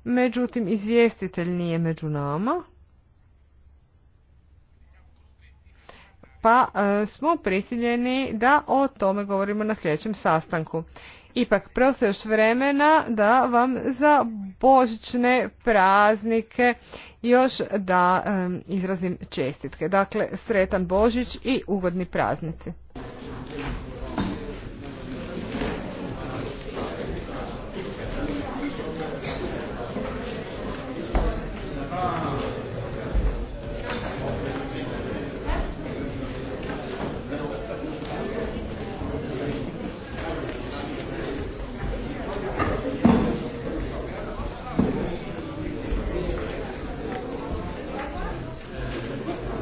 Međutim, izvjestitelj nije među nama. Pa e, smo prisiljeni da o tome govorimo na sljedećem sastanku. Ipak, preostaje još vremena da vam za božićne praznike još da izrazim čestitke. Dakle, sretan Božić i ugodni praznici.